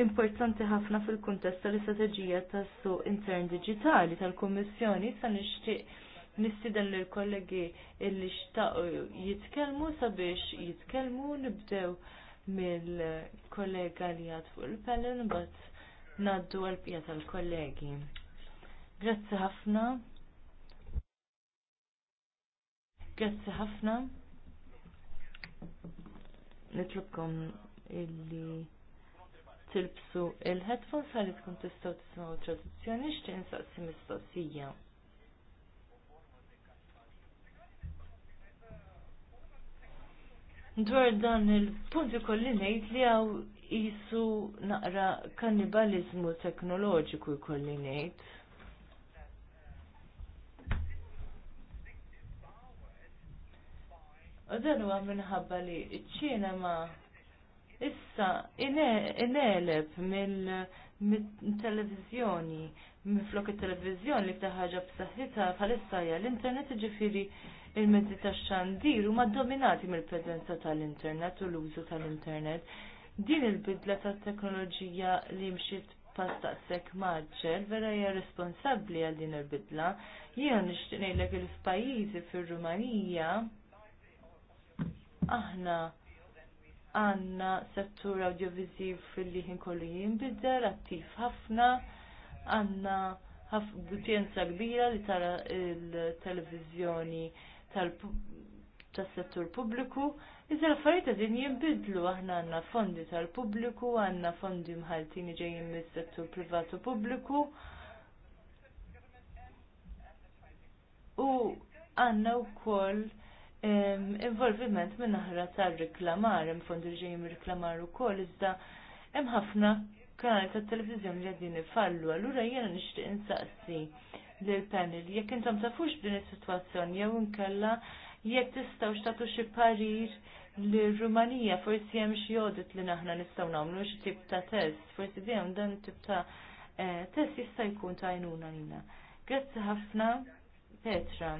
importanti ħafna fil-kuntest tal-istrateġija tas-suq intern digitali tal-Kummissjoni sa nixtieq nistieden lil kollegi illi xtaqu jitkellmu sabiex jitkellmu nibdew mill-kollega li għad fuq il pellin mbagħad ngħaddu għall-bqija tal-kollegi. Grazzi ħafna. Grazzi ħafna. Nitlobkom illi tilbsu il-headphones għalli tkun tistaw tismaw traduzzjoni xti insaqsi mistoqsija. Dwar dan il punti kolli ngħid li għaw jisu naqra kannibalizmu teknoloġiku jkolli ngħid. U dan huwa minħabba li ċ-ċinema ma issa ineleb mill-televizjoni, miflok il-televizjoni li ftaħħaġa b'saħħitha bħalissa hija l-internet ġifiri il-mezzi tax-xandir huma dominati mill-preżenza tal-internet u l-użu tal-internet. Din il-bidla tat-teknoloġija li mxiet pastaqsek maġġel vera hija responsabbli għal din il-bidla. Jiena nixtieq ngħidlek il-pajjiżi fir-Rumanija aħna għanna settur audiovisiv fil-li kollu jimbidder, attiv ħafna, għanna għutjenza kbira li tara il-televizjoni tal-settur pubbliku. Iżda l-affarijiet din jinbidlu aħna għanna fondi tal-pubbliku, għanna fondi mħaltini ġejjin mis-settur privatu pubbliku. U għanna u koll involviment minn naħra tar-riklamar, hemm fondi ġejjin reklamar ukoll iżda hemm ħafna kanali tat-televiżjoni li qegħdin ifallu, allura jiena nixtieq insaqsi lill panel jekk intom tafux din is-sitwazzjoni jew inkella jekk tistgħu xta'tu xi parir li Rumanija forsi hemm xi audit li naħna nistgħu nagħmlu xi tip ta' test, forsi dejjem dan tip ta' eh, test jista' jkun ta' għajnuna lina. Grazzi ħafna Petra.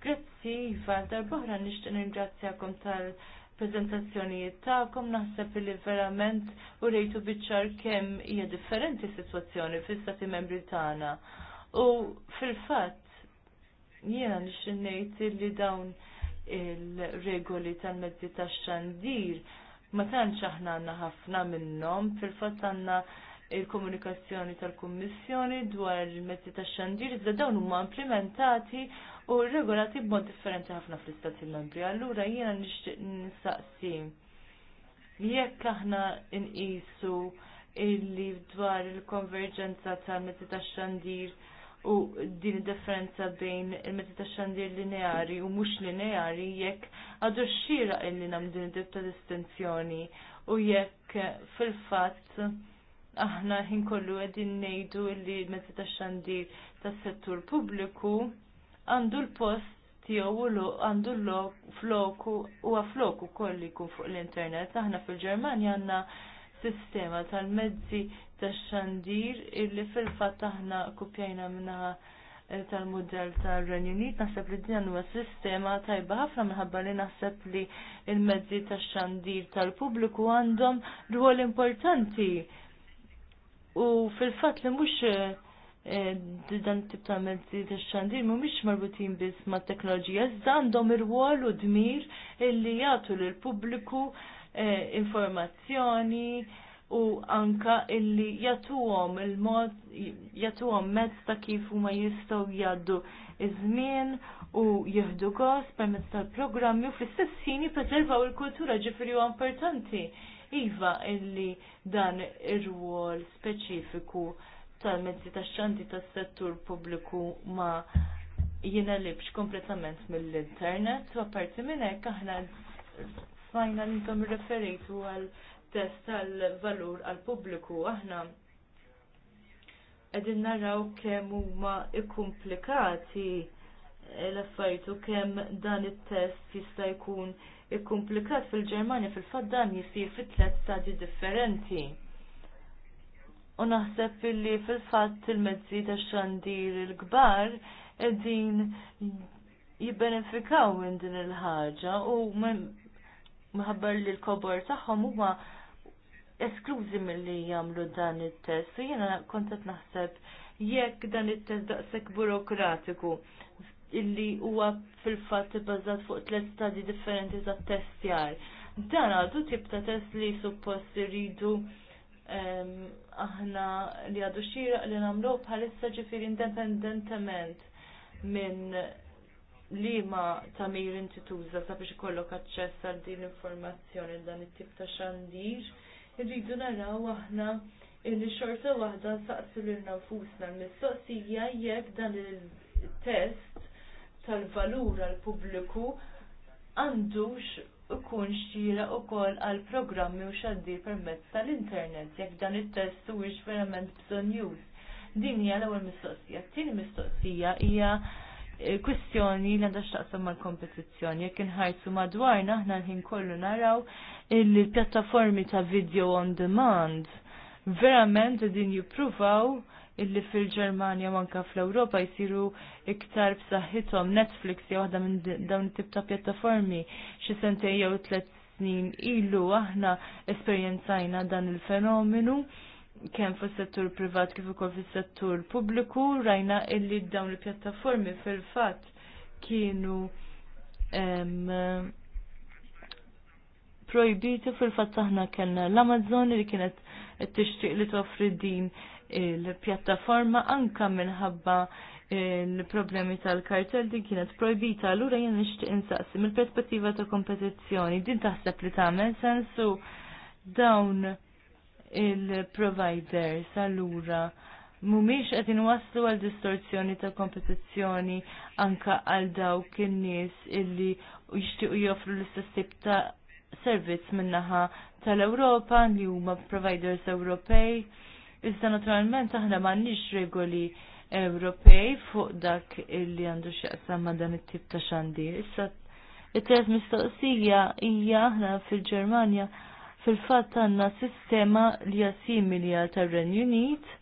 Grazzi, Iva, darbohra nishtin ringrazzjakom tal-prezentazzjonijiet ta'kom, naħseb li verament u rejtu biċċar kemm hija differenti situazzjoni fil-Stati Membri tagħna. U fil-fatt jiena nishtin ngħid li dawn il-regoli tal-mezzi tax-xandir ma tantx aħna għandna ħafna minnhom, fil-fatt għandna il-komunikazzjoni tal-Kummissjoni dwar il-mezzi tax xandir, iżda dawn huma implementati u r-regola tibbon differenti ħafna fl-istati membri. Allura jiena nixtieq nistaqsi jekk aħna nqisu illi dwar il-konverġenza tal-mezzi tax-xandir u din differenza bejn il-mezzi tax-xandir lineari u mhux lineari jekk għadu xira illi nam din id ta' distinzjoni u jekk fil-fatt aħna ħin kollu qegħdin ngħidu illi l-mezzi tax-xandir tas-settur pubbliku għandu l-post tiegħu u għandu l-floku u għafloku kolli jkun fuq l-internet. Aħna fil-Ġermanja għandna sistema tal-mezzi tax-xandir illi fil-fatt aħna kopjajna minnaħa eh, tal-modell tal-Renju Unit, naħseb li din huwa sistema tajba ħafna minħabba li naħseb li il-mezzi tax-xandir tal-pubbliku għandhom rwol importanti. U fil-fatt li mhux eh, Eh, dan tip ta' mezzi ta' xandir mhumiex marbutin biss ma' teknoloġija, iżda għandhom ir-wol u dmir illi jagħtu l pubbliku eh, informazzjoni u anka illi jagħtuhom il-mod jagħtuhom mezz ta' kif huma jistgħu jgħaddu iż-żmien u jieħdu gost permezz tal-programmi u fl-istess ħin jippreservaw il-kultura ġifieri huwa importanti. Iva illi dan ir-rwol speċifiku tal-mezzi tax-xandi tas-settur pubbliku ma jingħelibx kompletament mill-internet u apparti minn hekk aħna fajna li ntom referitu għal test tal-valur għal pubbliku aħna qegħdin naraw kemm huma ikkumplikati eh, l-affarijiet u kemm dan it-test jista' jkun ikkumplikat fil-Ġermanja fil-fatt dan jisir fit-tliet stadji differenti u naħseb illi fil-fatt il-mezzi ta' xandir il-kbar edin jibbenefikaw minn din il-ħaġa u maħabbar li l-kobor tagħhom huma esklużi milli jagħmlu dan it-test u jiena kont naħseb jekk dan it-test daqshekk burokratiku illi huwa fil-fatt ibbażat fuq tliet stadji differenti tat jar. Dan għadu tip ta' test li suppost iridu aħna li għadu xira li namlu bħalissa ġifir independentement minn li ma tamir inti tuża sabiex ikollok aċċess għal din l-informazzjoni dan it-tip ta' xandir, irridu naraw aħna illi xorta waħda saqsu lil nafusna l-mistoqsija jekk dan il-test tal-valur għal pubbliku għandux ikun xira u kol għal programmi u xaddi permezz tal-internet, jekk dan it-test u verament bżonn jus. Din hija l-ewwel mistoqsija. Tieni mistoqsija hija eh, kwistjoni li għandha x'taqsam mal-kompetizzjoni. Jekk inħarsu madwarna aħna l-ħin kollu naraw il-pjattaformi ta' video on demand verament din jippruvaw illi fil-Ġermanja u anke fl-Ewropa jsiru iktar b'saħħithom Netflix jew waħda minn dawn it-tip ta' pjattaformi xi sentejn jew tliet snin ilu aħna esperjenzajna dan il-fenomenu kemm fis-settur privat kif ukoll fis-settur pubbliku rajna illi dawn il-pjattaformi fil-fatt kienu um, projbitu fil-fatt aħna kellna l-Amazon li kienet tixtieq li toffri din il-pjattaforma anka minħabba il-problemi tal-kartel din kienet projbita allura jien nixtieq insaqsi mill-perspettiva ta' kompetizzjoni din taħseb li tagħmel sensu dawn il-providers allura mhumiex qed inwasslu għal distorzjoni ta' kompetizzjoni anka għal dawk in-nies illi jixtiequ joffru l-istess tip ta' servizz minnaħa tal-Ewropa li huma providers Ewropej Iżda naturalment aħna m'għandniex regoli Ewropej fuq dak illi għandu x'jaqsam ma' dan it-tip ta' xandi Issa it-tret mistoqsija hija aħna fil-Ġermanja fil-fatt għandna sistema li simili għal tar-Renju Unit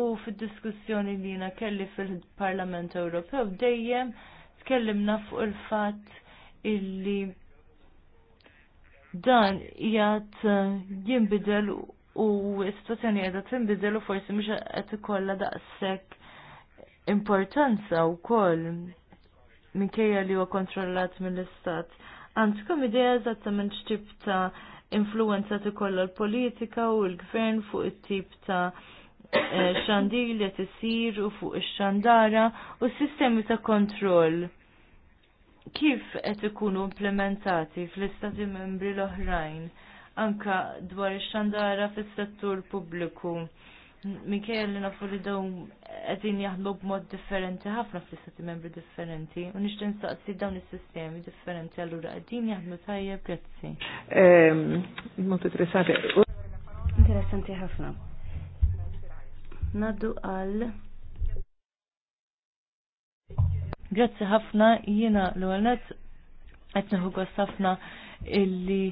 u fid-diskussjoni li jiena kelli fil-Parlament Ewropew dejjem tkellimna fuq il-fatt illi dan jgħat eh, jimbidel u situazzjoni jgħat jimbidel u forsi mhux qed ikollha daqshekk importanza wkoll minkejja li huwa kontrollat mill-istat. Għandkom ideja eżattament x'tip ta' influenza tikollha l-politika u l-gvern fuq it-tip ta' eh, xandil li tisir u fuq ix-xandara u s-sistemi ta' kontroll kif qed ikunu implementati fl-istati membri l-oħrajn anka dwar ix-xandara fis-settur pubbliku. Minkejja li nafu li dawn qegħdin jaħdmu b'mod differenti ħafna fl-istati membri differenti u nixtieq nistaqsi dawn is-sistemi differenti allura qegħdin jaħdmu tajjeb prezzi. Ehm, Mod interessanti. Interessanti ħafna. Naddu għal Grazzi ħafna jiena l-għalnet għetniħu gost ħafna illi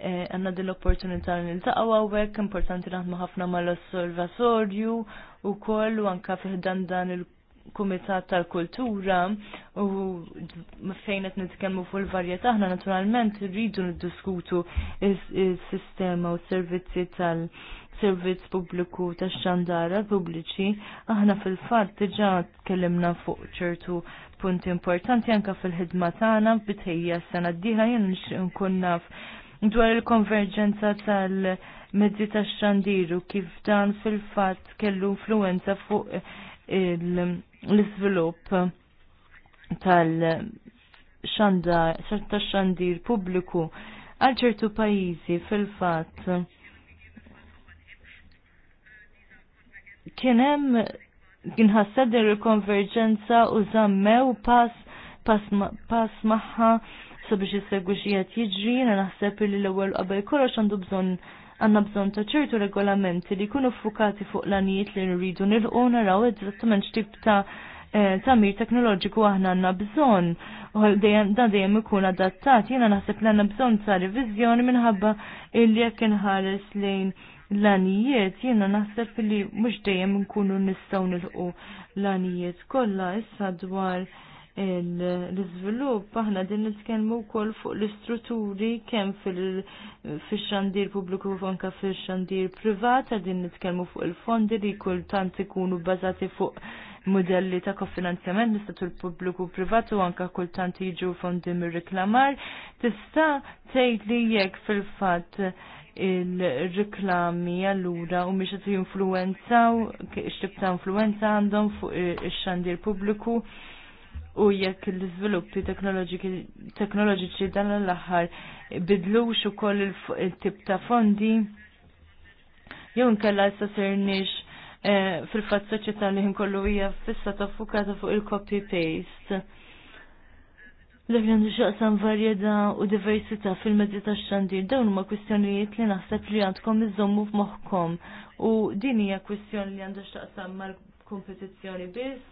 eh, għanna din l-opportunità li niltaqgħu hawnhekk, importanti naħdmu ħafna mal-osservatorju u koll u anka fiħdan dan il-Kumitat tal-Kultura u fejn qed nitkellmu fuq il-varjetà aħna naturalment rridu niddiskutu is-sistema u s-servizzi tal- servizz pubbliku tax xandara pubbliċi, aħna fil-fatt diġà tkellimna fuq ċertu punti importanti anka fil-ħidma tagħna bitejja s-sena d-dieħla jien nkun naf dwar il-konverġenza tal-mezzi tax-xandiru kif dan fil-fatt kellu influenza fuq l-iżvilupp tal-xandir pubbliku għal ċertu pajjiżi fil-fatt kien hemm kienħassad il-konverġenza u zammew pass pass maħħa sabiex jissegwu xiet jiġri, jena naħseb li l-ewwel qabel kollox għandu bżonn għanna bżonn ta' ċertu regolamenti li jkunu fukati fuq l-anijiet li nridu nilqu naraw eżattament x'tip ta' eh, tamir teknoloġiku aħna għanna bżonn u da dejjem ikun adattat, jiena naħseb li għandna bżonn ta' riviżjoni minħabba il-li jekk inħares lejn l-anijiet, jiena naħseb li mhux dejjem nkunu nistgħu nilqu l-anijiet kollha issa dwar l izvilup aħna din nitkellmu wkoll fuq l-istrutturi kemm fil-xandir pubbliku u anke fil-xandir privat, din nitkellmu fuq il-fondi li kultant ikunu bbażati fuq modelli ta' kofinanzjament l-istatur pubbliku privat u anka kultant jiġu fondi mir-reklamar, tista' tgħid li jekk fil-fatt il-riklami allura u miex qed jinfluwenzaw x'tib ta' influenza għandhom fuq ix-xandir pubbliku u jekk l-iżviluppi teknoloġiċi dan l-aħħar bidlux ukoll il-tip ta' fondi jew nkella issa sirniex eh, fil-fatt soċjetà li nkollu hija fissa ta' fuq il-copy paste Dak li għandu xaqsam varjeda u diversità fil-mezzi ta' xandir, dawn huma kwistjonijiet li naħseb li għandkom iżommu f'moħħkom u din hija kwistjoni li għandu xaqsam mal-kompetizzjoni biss.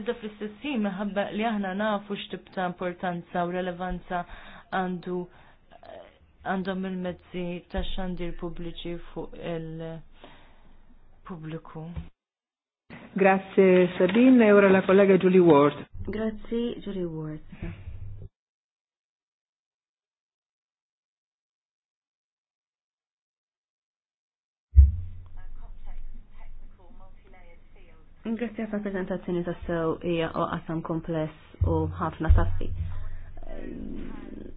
Iżda fl-istess ħabba li aħna nafu x'tib ta' importanza u relevanza għandu għandhom il-mezzi ta' xandir pubbliċi fuq il-pubbliku. Grazie Sabine, e ora la collega Julie Ward. Grazie Julie Ward. Grazie a għal prezentazzjoni ta' sew hija qasam kompless u ħafna saffi. Ehm,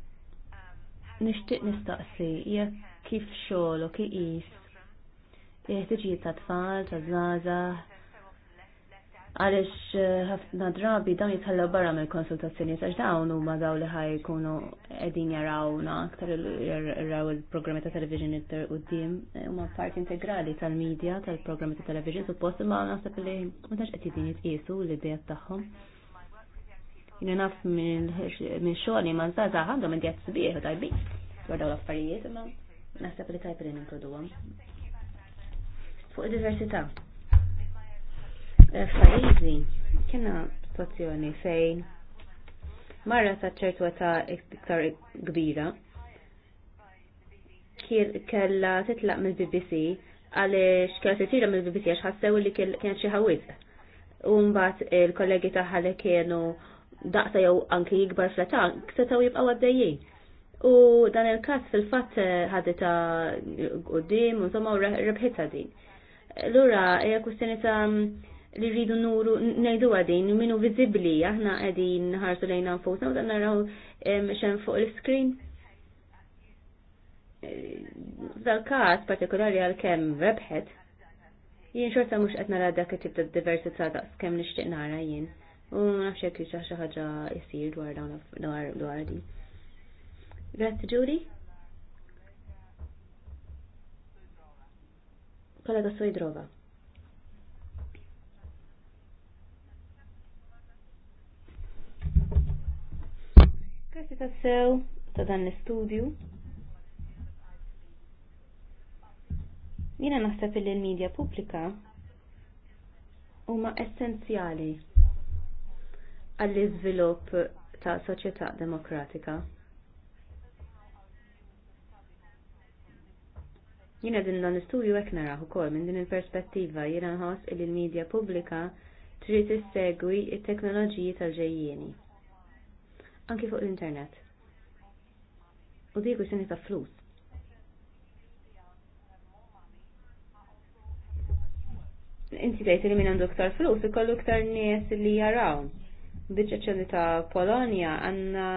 Nishtiq nistaqsi ija kif xogħol u kif qis il ta' tfal, ta' żgħażagħ, għalix eh, ħafna drabi dan jitħallu barra mill konsultazzjoni għax dawn huma daw li ħajkunu qegħdin jarawna aktar raw il-programmi ta' television u eh, huma parti integrali tal-medja tal-programmi ta' television suppost ma naħseb li m'għandx qed jidin jitqisu l dijat tagħhom. Jina naf minn xoħni ma żgħażagħ għandhom idejat sbieħ u tajbi. dwar dawn l-affarijiet imma naħseb li tajb li nintroduhom. Fuq id-diversità. Eh, Fajizi, kena situazzjoni fejn marra ta' ċertu ta' iktar kbira kella titlaq mill-BBC għaliex kella titira mill-BBC għax ħassew li kien xi ħawiq. U mbagħad il-kollegi ta' li kienu daqsa jew anki jikbar fl ta ksetaw jibqaw għaddejjin. U dan il-każ fil-fatt ħadita qudiem, insomma, u rebħita din. Lura hija kwistjoni ta' li rridu nuru nejdu għadin minu vizibli aħna għadin ħarsu lejna nfusna u dan naraw xem fuq l-screen. E, dal-kas partikolari għal-kem rebħet, jien xorta mux għetna la dak tip ta' diversità ta' kem nishtiq nara jien. U nafx jek xi ħaġa jsir dwar dwar din. Grazzi Ġuri. Kollega Sojdrova. Grazzi ta' ta' dan l-istudju. Jina naħseb li l-medja pubblika huma essenzjali għall-iżvilupp ta' soċjetà demokratika. Jina din dan l-istudju hekk naraħ ukoll minn din il-perspettiva jiena nħoss li l-medja pubblika trid issegwi t teknoloġiji tal-ġejjieni anki fuq l-internet. U di kwistjoni ta' flus. Inti tgħid li min għandu aktar flus, ikollu aktar nies li jaraw. Biċċeċċjoni ta' Polonia għandna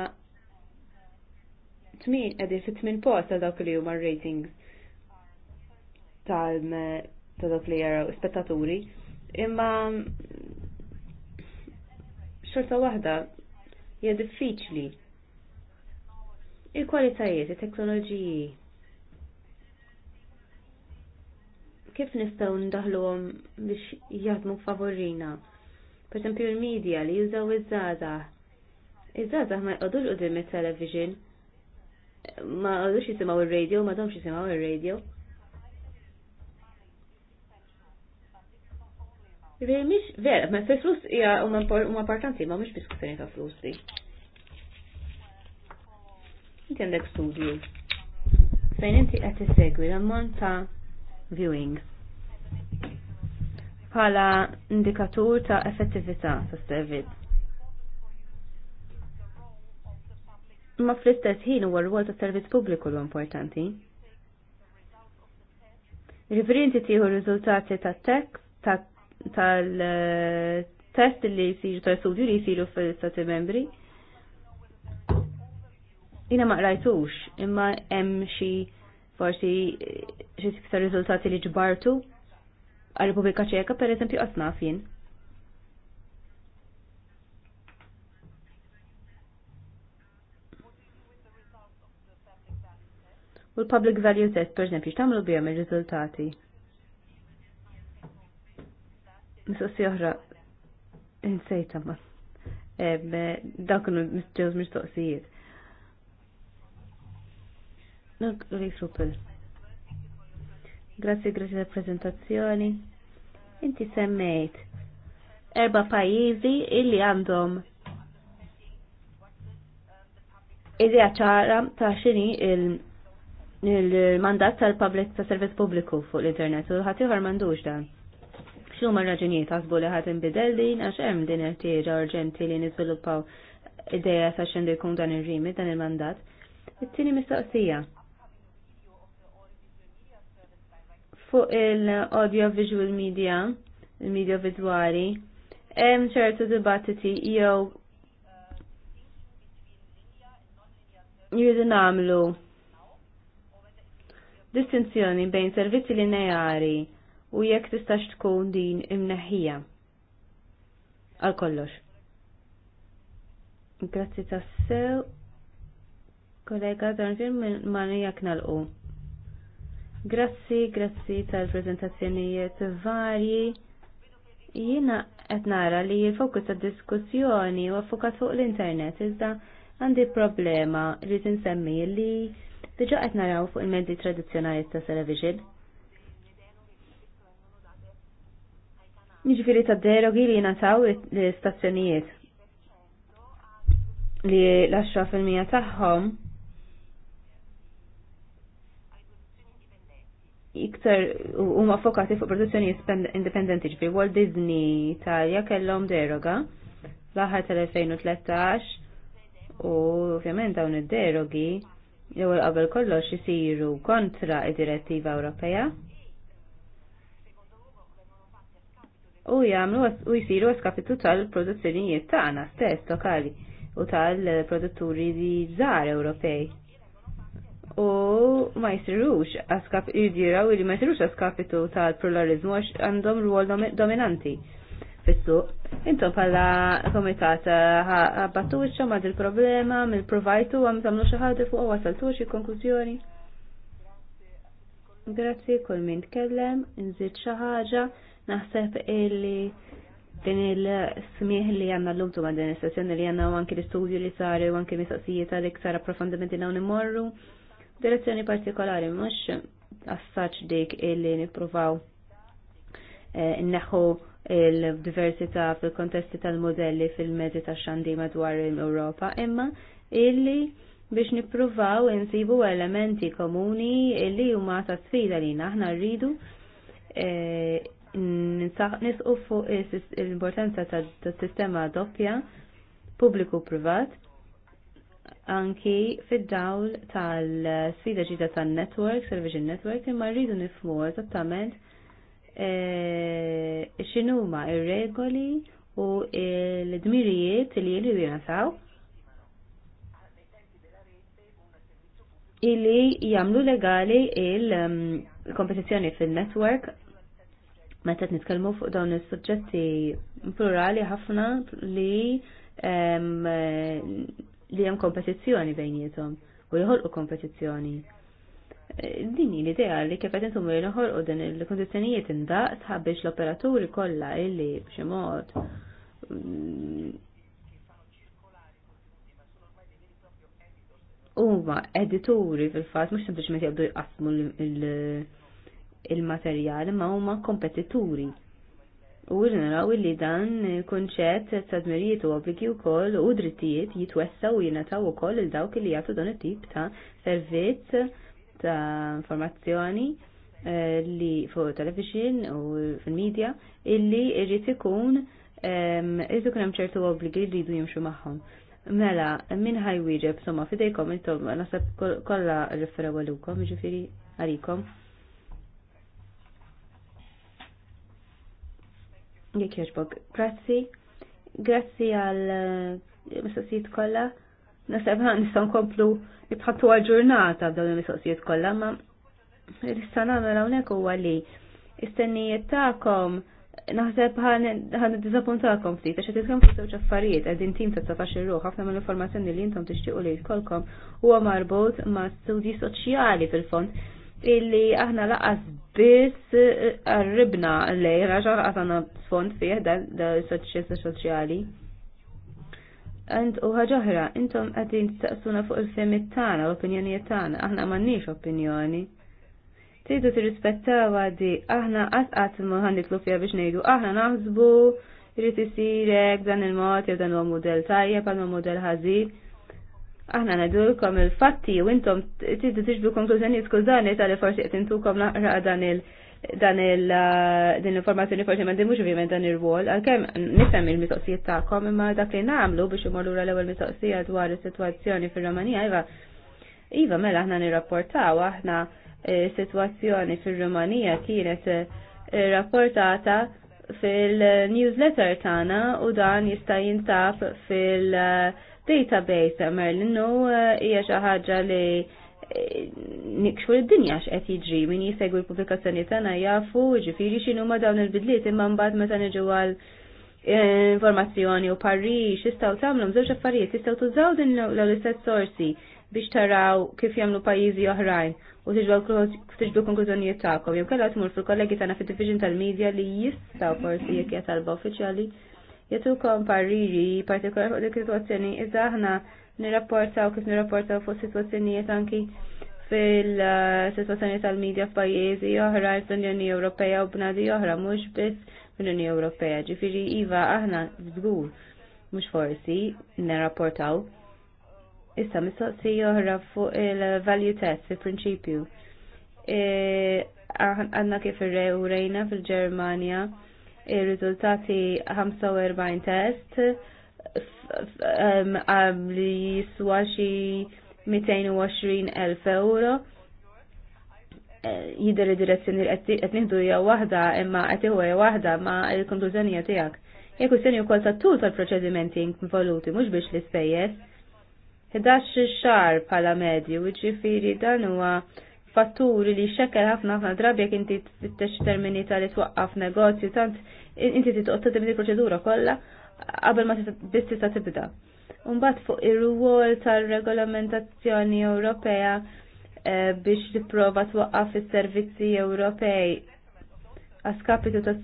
tmin qegħdin fit tmin post ta' dawk li huma ratings tal ta' dawk li jaraw spettaturi. Imma xorta waħda hija diffiċli. Il-kwalitajiet, it-teknoloġiji. Kif nistgħu ndaħluhom biex jaħdmu favorina? Per il-medja li jużaw iż żada iż żada ma jqogħdux qudiem it-television, ma għadux jisimaw il-radio, ma domx jisimaw il-radio. Vera, mish, vera, ma fil-flus hija huma partanti, ma mish diskussjoni ta' flus di. Inti għandek studju. Fejn inti qed segwi la monta viewing Pala indikatur ta' effettivita ta' servizz. Ma fl-istess ħin huwa rwol ta' servizz pubbliku l importanti. Riferinti tieħu riżultati ta' tek ta' tal-test li jisiru tal-studju li jisiru fil-stati membri. Jina ma rajtux, imma hemm xi forsi xi tiktar riżultati li ġbartu għal-Repubblika Ċeka per eżempju naf jien. U l-public value test, per eżempju, x'tagħmlu bihom ir-riżultati? Mistoqsija oħra, insejta ma. Dawk kienu ġewż mistoqsijiet. Rik Rupel. Grazzi, grazzi tal prezentazzjoni. Inti semmejt erba pajjiżi illi għandhom idea ċara ta' xini il-mandat tal-public ta' servizz pubbliku fuq l-internet u ħatiħor mandux dan x'huma raġunijiet għasbu li ħadd inbidel din għax hemm din il ħtieġa urġenti li niżviluppaw ideja sa x'għandu jkun dan ir-rimi dan il-mandat. It-tieni mistoqsija. Fuq il audio visual media, il-media vizwali, hemm ċertu dibattiti jew jridu nagħmlu distinzjoni bejn servizzi lineari u jekk tistax tkun din imneħħija għal kollox. Grazzi tassew, kollega Darvin mani jak nalqu. Grazzi, grazzi tal-prezentazzjonijiet varji. Jina qed nara li l-fokus tad-diskussjoni u affukat fuq l-internet iżda għandi problema li tinsemmi li diġa qed naraw fuq il-medji tradizzjonali ta' television Jiġifieri ta' derogi li nataw l-istazzjonijiet li l-10% tagħhom iktar huma fokati fuq produzzjoni indipendenti ġifiri Walt Disney Italja kellhom deroga l-aħħar tal-2013 u ovvjament dawn id-derogi jew ewwel qabel kollox isiru kontra id-direttiva Ewropea u jagħmlu u jsiru għaskapitu tal-produzzjonijiet tagħna stess lokali u tal-produtturi żgħar Ewropej. U ma jsirux askap jirdiraw li ma jsirux għaskapitu tal-pluralizmu għax għandhom rwol dominanti fis-suq. Intom pala komitat eh, għabbattuċa ma dil-problema mill-provajtu għam tamlu xaħġa fuq għasaltu xie konklużjoni. Grazie, kull min tkellem, nżid xi ħaġa Naħseb illi din il-smieħ li għanna l-lum tu għandin il-sessjoni li għanna u anki l-istudju li sari u anki mistoqsijiet għalik sara profondamenti għan imorru. Direzzjoni partikolari mux għassaċ dik illi nipruvaw eh, neħu il-diversità fil-kontesti tal-modelli fil-mezzi ta' xandi madwar l-Europa imma illi biex nipruvaw insibu elementi komuni illi huma ta' sfida li aħna rridu eh, nisqu fuq l-importanza tas sistema doppja pubbliku privat anki fid-dawl tal-sfida ġida tan-network, television network, imma rridu nifmu eżattament e, x'inhuma ir-regoli u l-dmirijiet li jridu jinasaw. illi jamlu legali il-kompetizjoni mm, fil-network meta nitkellmu fuq dawn is-suġġetti plurali ħafna li li hemm kompetizzjoni bejniethom u jħolqu kompetizzjoni. E, din l-idea li kif qed intom jħolqu din il-kondizzjonijiet indaqs ħabbiex l-operaturi kollha illi b'xi mod mm, huma edituri fil-fatt mhux sempliċement jabdu jqasmu il- il-materjal ma huma kompetituri. U naraw li dan il-kunċett t-tadmirijiet u obbligi u koll u drittijiet jitwessa u jinataw u koll il-dawk li jgħatu dan it-tip ta' servizz ta' informazzjoni eh, li fuq television u fil-medja illi irrit ikun irrid ikun hemm ċertu obbligi li jridu jimxu magħhom. Mela, minn ħaj wieġeb somma fidejkom intom naħseb kollha referew għalukom, ġifieri għalikom. Jek jaġbog, grazzi. Grazzi għal eh, mistoqsijiet kollha. għan nistan nkomplu jibħattu għal ġurnata għal il-mistoqsijiet kollha, ma nista' nagħmel hawnhekk huwa li istennijiet tagħkom naħseb ħan dizappuntakom ftit, għax titkam fuq żewġ affarijiet qegħdin tim ta' satax ir-ruħ ħafna l informazzjoni li intom tixtiequ li jkollkom huwa marbut ma' studji soċjali fil-fond illi aħna laqas biss eh, qarribna lej raġa laqas għandna sfond fih dal-soċċessa soċjali. And u ħaġoħra, intom qegħdin tistaqsuna fuq il-femit tagħna, l-opinjonijiet tagħna, aħna m'għandniex opinjoni. Tridu tirrispettaw għadi, aħna qasqat ma ħanditlu fiha biex ngħidu, aħna naħsbu irid isirek dan il-mod jew dan huwa mudell tajjeb għal modell ħażin aħna nadulkom il-fatti u intom tiddu tiġbu konklużjoni skużani tal-li forsi qed intukom naqra dan il- dan il din l-informazzjoni forsi ma ndimux ovvjament dan ir-rwol, għalkemm nifhem il mitoqsijiet tagħkom imma dak li nagħmlu biex imur lura l-ewwel mitoqsija dwar is-sitwazzjoni fir-Romanija iva iva mela aħna nirrapportaw aħna is-sitwazzjoni eh, fir-Rumanija kienet eh, rapportata fil-newsletter tagħna u dan jista' jintab fil- uh, database Merlinu eh, hija xi ħaġa li eh, nikxu id-dinja x'qed jiġri min jisegwi l pubblikazzjonijiet tagħna jafu jiġifieri x'inhuma dawn il-bidliet imma mbagħad meta niġu għal eh, informazzjoni u parrix jistgħu tagħmlu żewġ affarijiet jistgħu tużaw din l-istess sorsi biex taraw kif jagħmlu pajjiżi oħrajn u tiġbu konklużjonijiet tagħkom. Jew kellha tmur fil-kollegi tagħna fid-division tal-medja li jistgħu forsi jekk hija talba uffiċjali jatukom parriri partikolar fuq dik situazzjoni iżda aħna nirrapportaw kif nirrapportaw fuq situazzjonijiet anki fil-situazzjoni tal-medja f'pajjiżi oħra fl-Unjoni Ewropea u b'nadi oħra mhux biss fl-Unjoni Ewropea. Ġifieri iva aħna żgur mhux forsi nirrapportaw. Issa mistoqsi oħra fuq il-value test fil-prinċipju. E, aħna kif ir rejna fil-Ġermanja ir-riżultati 45 test um, um, li jiswa xi 220,000 euro eh, jider id-direzzjoni li qed nieħdu hija waħda imma qed iħu waħda ma l-konklużjonija tiegħek. Hija kwistjoni wkoll ta' tul tal-proċedimenti involuti mhux biex l-ispejjeż. 11 xar bħala medju, jiġifieri dan huwa fatturi li xekker ħafna ħafna drabi jek inti tfittex termini tal twaqqaf negozju tant inti titqod ta' din il-proċedura kollha qabel ma biss tista' tibda. Mbagħad fuq ir-rwol tar-regolamentazzjoni Ewropea eh, biex tipprova twaqqaf is-servizzi Ewropej għaskapitu ta'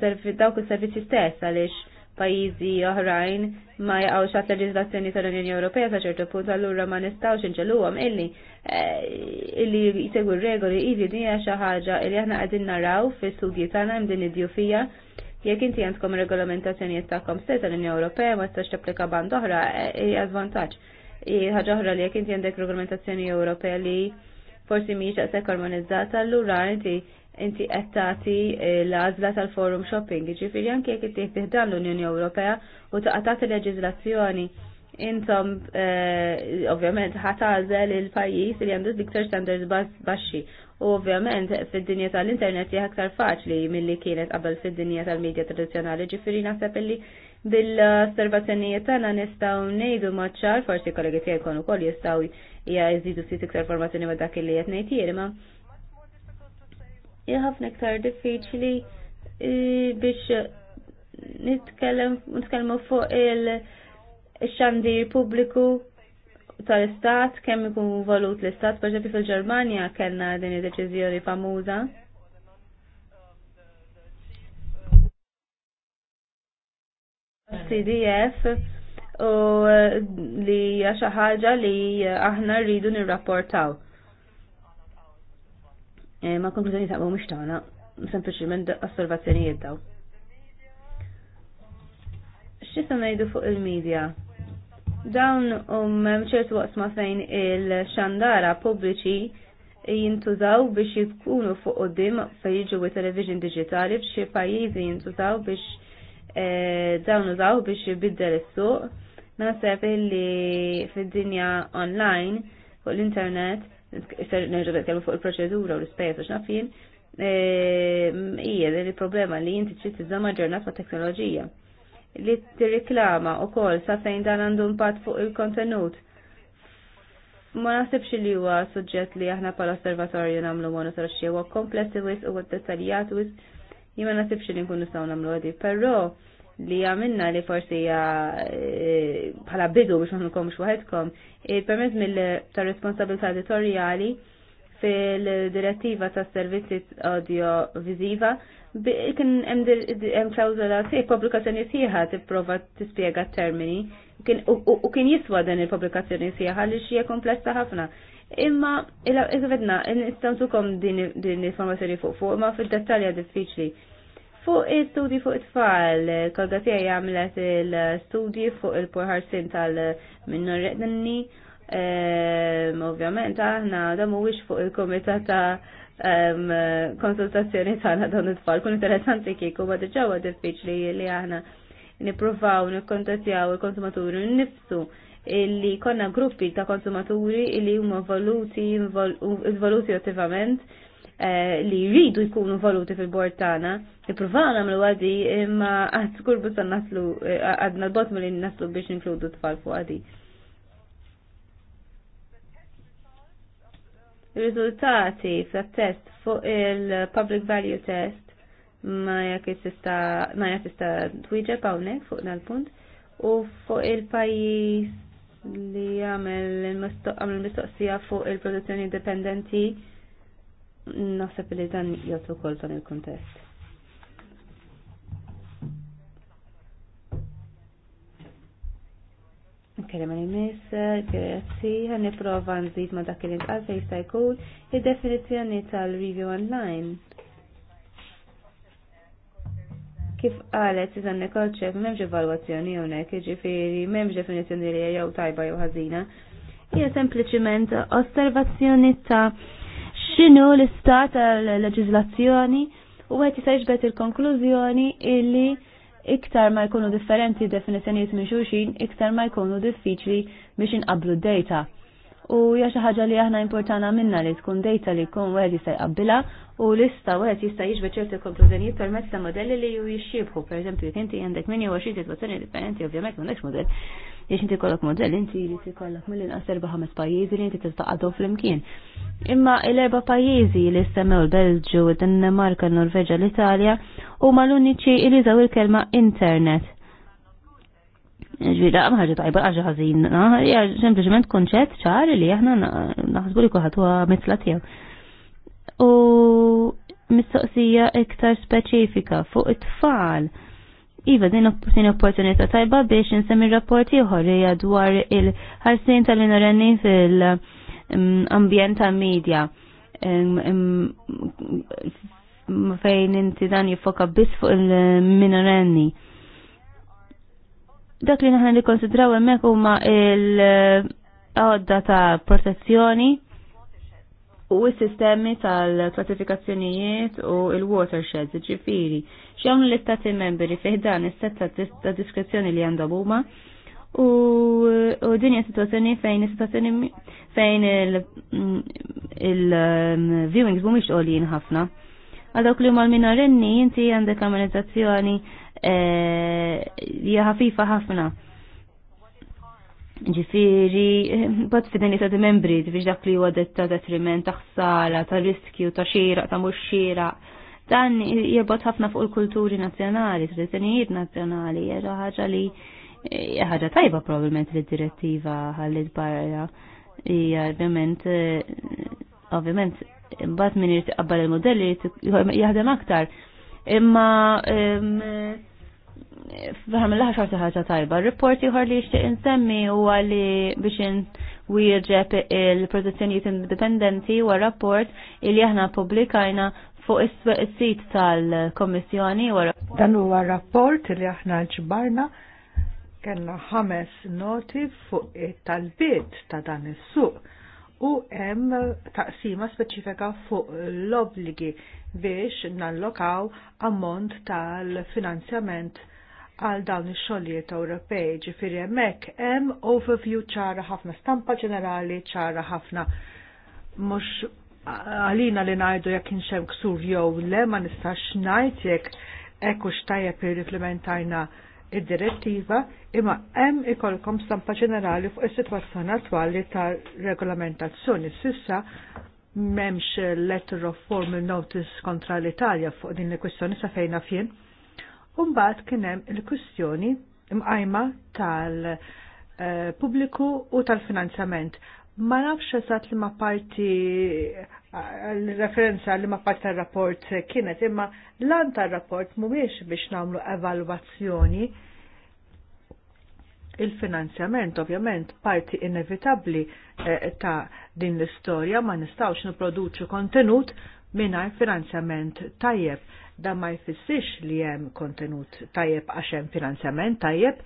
dawk is-servizzi stess għaliex pajjiżi oħrajn ma jaqgħux għat leġislazzjoni tal-Unjoni Ewropea sa ċertu punt allura ma nistgħux inġeluhom illi eh, illi jsegwu r-regoli jiġi din hija xi ħaġa li aħna qegħdin naraw fis sugi tagħna hemm din id-djufija jekk inti għandkom regolamentazzjonijiet tagħkom stess tal-Unjoni Ewropea ma tistax tapplika band oħra eh, hija żvantaġġ. Ħaġa oħra li jekk inti għandek regolamentazzjoni Ewropea li forsi mhijiex hekk armonizzata allura inti inti qed tagħti eh, l-għażla tal-forum shopping, ġifiri anke jekk ittieħ tiħdan l-Unjoni Ewropea u taqatati leġizlazzjoni. intom eh, ovvjament ħatażel il-pajjiż li għandu diktar standards baxxi. U ovvjament fid-dinja tal-internet hija aktar faċli milli kienet qabel fid-dinja tal-medja tradizzjonali, ġifieri naħseb li bil-osservazzjonijiet tagħna nistgħu ngħidu maċċar, forsi kollegi tiegħek ukoll jistgħu jżidu sit iktar formazzjoni ma' dak li qed ngħid ħafna iktar diffiċli eh, biex nitkellmu fuq il-xandir pubbliku tal-istat, kemm ikun valut l-istat, per fil-Ġermanja kellna din id-deċiżjoni famuża. CDF u eh, li ħaġa li aħna rridu nirrapportaw. Eh, ma konklużjoni taqbu mhux tagħna, da' osservazzjonijiet daw. X'issa ngħidu fuq il-medja? Dawn um ċertu waqsma fejn il-xandara pubbliċi jintużaw biex jibkunu fuq qoddim fej jiġu television digitali f'xi pajjiżi jintużaw biex eh, dawn użaw biex jibiddel is-suq. Naħseb li fid-dinja online fuq l-internet ser nerġa' nitkellmu fuq il-proċedura u l-ispejjeż biex nafjien, e, hija li l-problema li inti trid tiżżama ġurnat ma' teknoloġija. Li tirriklama wkoll sa fejn dan għandu impatt fuq il-kontenut. Ma naħsibx li huwa suġġett li aħna bħala osservatorju nagħmlu monitor xi huwa komplessi wis u dettaljat wis jien ma naħsibx li nkunu saw nagħmlu għadi, però li għamilna li forsi eh, bħala bidu biex ma nkomx waħedkom, permezz mill-ta' responsabilità editorjali fil-direttiva ta' servizzi audio-viziva kien hemm klawżola sej pubblikazzjoni sieħa tipprova tispjega termini u kien jiswa dan il-pubblikazzjoni sieħa li xija komplessa ħafna. Imma il-ħedna iżvedna, nistantukom din informazzjoni fuq fuq, imma fil-dettalja diffiċli Fuq il-studi fuq it-tfal, kolga tija jamlet il-studi fuq il-porħarsin tal-minnur reqdanni, ehm, ovvjament aħna damu mhuwiex fuq il komitata ta' ehm, konsultazzjoni tagħna dawn it-tfal, kun interessanti kieku ma diġà diffiċli li aħna nippruvaw nikkontattjaw il-konsumaturi nnifsu illi konna gruppi ta' konsumaturi illi huma valuti involuti attivament Eh, li jridu jkunu voluti fil-bord tagħna, nippruvaw nagħmlu għadi imma għad skurbu sa naslu eh, għadna l-bot li naslu biex inkludu tfal fuq għadi. Riżultati tat-test fuq il-public value test ma jekk tista ma jekk tista twieġeb hawnhekk fuq dal-punt u fuq il-pajjiż li għamel il-mistoqsija fuq il-produzzjoni indipendenti naħseb li dan jgħatu kol dan il-kontest. Nkellem għal imis, grazzi, għan niprofa nżid ma dak il-inqal fej sta' jkun il-definizjoni tal-review online. Kif qalet Susan Nikolċev, memx evalwazzjoni unek, ġifiri, memġi definizjoni li jew tajba jgħu ħażina. Ija sempliciment osservazzjoni ta' x'inhu l-istat l leġiżlazzjoni u għet jisajġbet il-konklużjoni illi iktar ma jkunu differenti definizjoniet minn xulxin, iktar ma jkunu diffiċli biex inqablu d-data u jaxa xi ħaġa li aħna importana minna li tkun dejta li kun għed jistaj għabbila u lista wieħed jista' jiġbed ċerti konklużjonijiet permezz ta' modelli li ju jixxibħu. Pereżempju, jek inti għandek 28 sitwazzjoni differenti, ovvjament nekx modell, jiex inti kollok modell, inti li ti kollok millin inqas erba' ħames pajjiżi li inti fl flimkien. Imma l-erba' pajjiżi li semmew l belġu id norveġa l-Italja huma l-uniċi il żaw il-kelma internet ġvida maħġa tajba għaxa ħażin, hija sempliċement konċet ċar li aħna naħsbu li kuħat huwa mitla tiegħu. U mistoqsija iktar speċifika fuq it-tfal. Iva din opportunità opportunita tajba biex nsemmi rapport ieħor li dwar il-ħarsien tal-minorenni fil-ambjent tal-medja fejn inti dan jiffoka biss fuq il-minorenni Dak li naħna nikkonsidraw hemmhekk huma il-għodda ta' protezzjoni u s-sistemi tal-klassifikazzjonijiet u il-watersheds, ġifiri, xewn l-istati membri fiħdan is-setta ta' diskrezzjoni li għandhom huma u dinja situazzjoni fejn situazzjoni fejn il-viewings um, mhumiex għolin ħafna. Għadok li mal-minorenni inti għandek amministrazzjoni Eh, hija ħafifa ħafna. Ġifiri, bad fideni ta' membri, biex dak li huwa ta' detriment ta' ħsala, ta' riskju, ta' xira, ta' mhux xira. Dan jirbot ħafna fuq il-kulturi nazzjonali, tradizzjonijiet nazzjonali, jera ħaġa li ħaġa tajba probabbilment li direttiva ħallit barra. Hija ovvjament ovvjament imbagħad min irid il-modelli jaħdem aktar. Imma fħam l xorta ħaġa tajba. Report ħor li jixtieq insemmi huwa li biex wieġeb il-protezzjonijiet indipendenti huwa rapport li aħna pubblikajna fuq is-sit tal-Kommissjoni wara. Dan huwa rapport li aħna ġbarna kellna ħames noti fuq it-talbiet ta' dan is-suq u hemm taqsima speċifika fuq l-obligi biex nallokaw ammont tal-finanzjament għal dawn ix-xogħlijiet Ewropej, ġifieri hemmhekk hemm overview ċara ħafna, stampa ġenerali ċara ħafna. Mhux għalina li ngħidu jekk kienx hemm ksur jew le ma nistax ngħid jekk hekk hux tajjeb irriflementajna id-direttiva imma hemm ikolkom stampa ġenerali fuq is-sitwazzjoni attwali tar-regolamentazzjoni sissa m'hemmx letter of formal notice kontra l-Italja fuq din il-kwistjoni sa fejna fien Umbat kienem il-kustjoni imqajma tal-publiku u tal-finanzjament. Ma nafx esat li ma parti l-referenza li ma parti tal-rapport kienet, imma lan tal-rapport mumiex biex namlu evalwazzjoni il-finanzjament ovvjament parti inevitabli eh, ta' din l-istorja ma nistawx niproduċu kontenut mingħajr finanzjament tajjeb. Da ma jfissix li hemm kontenut tajjeb għax hemm finanzjament tajjeb,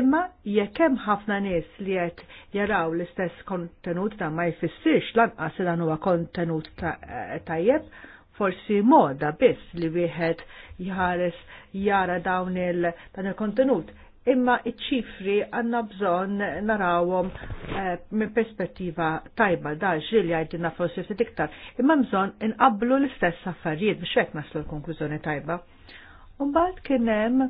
imma jekk hemm ħafna nies li qed jaraw l-istess kontenut da ma jfissix lanqas dan huwa kontenut eh, tajjeb, forsi moda biss li wieħed jħares jara dawn il il-kontenut imma iċ-ċifri għanna bżon narawhom eh, minn perspettiva tajba da ġil jgħidina forsi ftit iktar, imma bżon inqablu l-istess affarijiet biex jek naslu l-konklużjoni tajba. Umbad kien hemm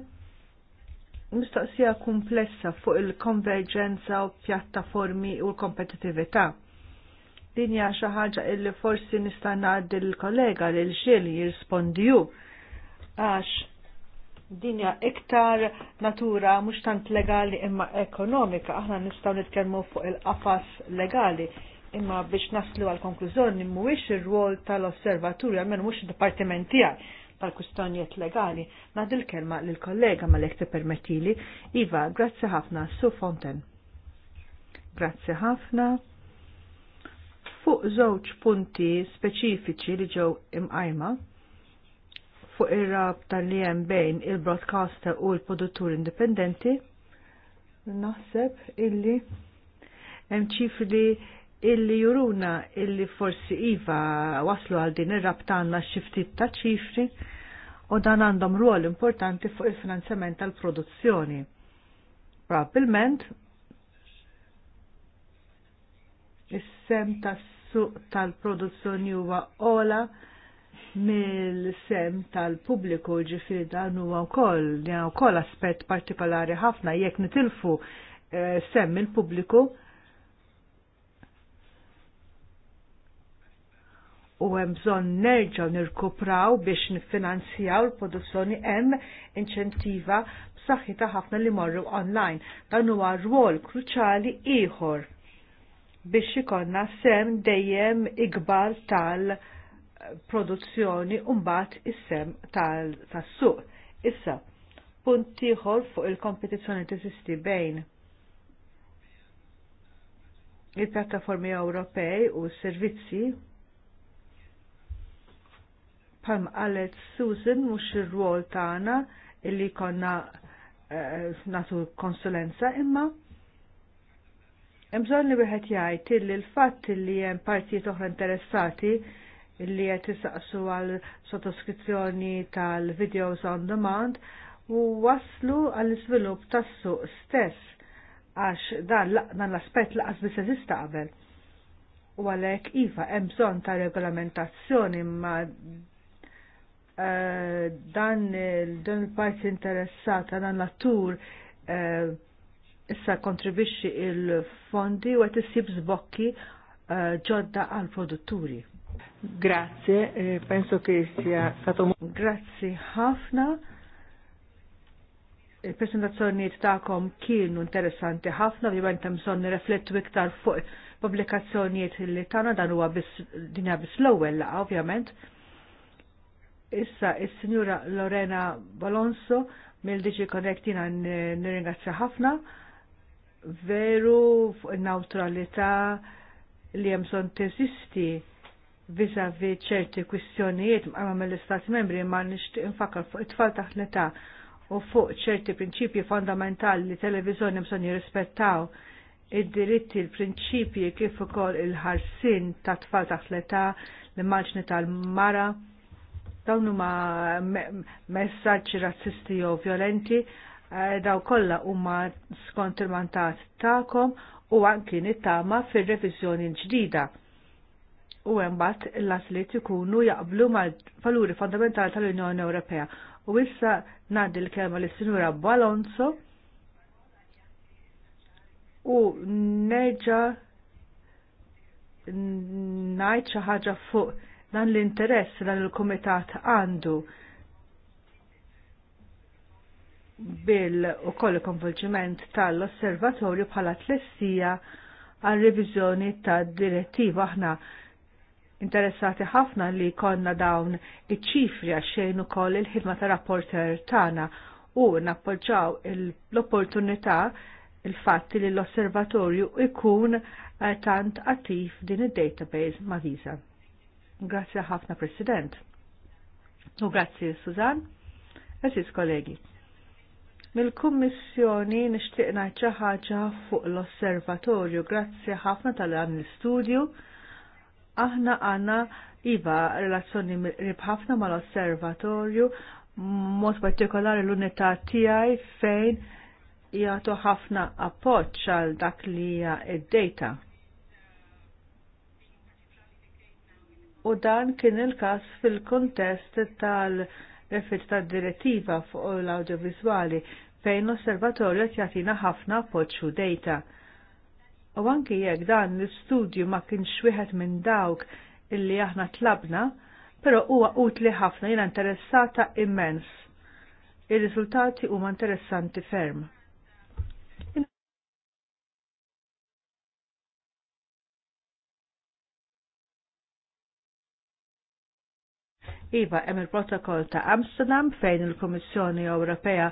mistoqsija komplessa fuq il-konverġenza u pjattaformi u l-kompetitività. Din hija xi ħaġa illi forsi nista' ngħaddi l-kollega lil ġil jirrispondiju għax dinja iktar natura mhux tant legali imma ekonomika. Aħna nistgħu nitkellmu fuq il-qafas legali imma biex naslu għal konklużjoni mhuwiex ir-rwol tal-osservaturi għalmen mhux id-dipartiment tiegħi tal-kustonijiet legali. Nad il-kelma lil kollega ma lek permettili. Iva, grazzi ħafna, Su Fonten. Grazzi ħafna. Fuq żewġ punti speċifiċi li ġew imqajma, fuq ir-rabta li hemm bejn il-broadcaster u l-produttur indipendenti, naħseb illi hemm ċifri illi juruna illi forsi iva waslu għal din ir-rabta għandna xiftit ta' ċifri u dan għandhom ruol importanti fuq il-finanzjament tal-produzzjoni. Probabilment is-sem tas-suq tal-produzzjoni huwa ola mill-sem tal-pubbliku ġifiri dan huwa wkoll dan wkoll aspett partikolari ħafna jekk nitilfu eh, sem mill-pubbliku u hemm bżonn nerġgħu nirkupraw biex niffinanzjaw l-produzzjoni hemm inċentiva b'saħħitha ħafna li morru online. Dan huwa rwol kruċali ieħor biex ikonna sem dejjem ikbar tal- produzzjoni umbat is-sem tas-suq. Issa, punt ieħor fuq il-kompetizzjoni teżisti bejn il-pjattaformi Ewropej u s-servizzi palm għalet Susan mux ir-rol tagħna illi konna eh, natu konsulenza imma Imżon li wieħed jgħid il l-fatt li hemm partijiet oħra interessati Illi qed isaqsu għal sottoskrizzjoni tal-videos on demand u waslu għall iżvilupp tas-suq stess għax dan, dan l-aspett laqas biss eżista qabel. U għalhekk iva hemm bżonn ta' regolamentazzjoni ma eh, dan dan il-parti interessata dan l-attur eh, issa kontribixxi il-fondi u qed isib żbokki eh, ġodda għal produtturi. Grazie, eh, penso che sia stato... Grazie ħafna. Il-presentazzjoniet ta'kom kienu interessanti ħafna, ovvijament hemm bżonn nirreflettu iktar fuq pubblikazzjonijiet li tagħna dan huwa biss dinja bis l-ewwel laqgħa ovvjament. Issa is-Sinjura Lorena Balonso mill-Digi Connectina nirringrazzja ħafna veru fuq in-neutralità li hemm son teżisti vizavi ċerti kwistjonijiet ma' mill-Istati membri ma nixtieq infakar fuq it-tfal ta' l u fuq ċerti prinċipji fondamentali li televizjoni bżonn jirrispettaw id-diritti l-prinċipji kif ukoll il-ħarsin ta' tfal ta' l li l-immaġni tal-mara, dawn huma messaġġi razzisti jew violenti, eh, daw kollha huma skont il-mandat tagħkom u anki nittama fir-reviżjoni l-ġdida u għembat l-aslit ikunu jaqblu mal-valuri fondamentali tal-Unjoni Ewropea. U issa naddi l-kelma lis sinura Balonso u neġa ngħid xi ħaġa fuq dan l-interess dan il-kumitat għandu bil u koll konvolġiment tal-osservatorju bħala tlessija għal revizjoni ta' direttiva ħna interessati ħafna li konna dawn iċ-ċifri għaxxejn ukoll il-ħidma ta' rapporter tagħna u nappoġġaw l-opportunità il-fatt li l-osservatorju ikun eh, tant attiv din id-database ma' Visa. Grazzi ħafna President. U grazzi Suzan. Eżis kollegi. Mill-Kummissjoni nixtieq ngħid xi ħaġa fuq l-Osservatorju. Grazzi ħafna tal għan l-istudju aħna għanna iva relazzjoni ribħafna mal-osservatorju, mod partikolari l-unità tiegħi fejn jagħtu ħafna appoġġ għal dak li hija id-data. U dan kien il-każ fil-kontest tal-refit tad-direttiva fuq l audiovizuali fejn l-osservatorju qed jagħtina ħafna appoġġ u data. U anki jekk dan l-istudju ma kienx wieħed minn dawk illi aħna tlabna, però huwa utli ħafna jiena interessata immens. Ir-riżultati huma interessanti ferm. Iva, hemm il-protokoll ta' Amsterdam fejn il-Kummissjoni Ewropea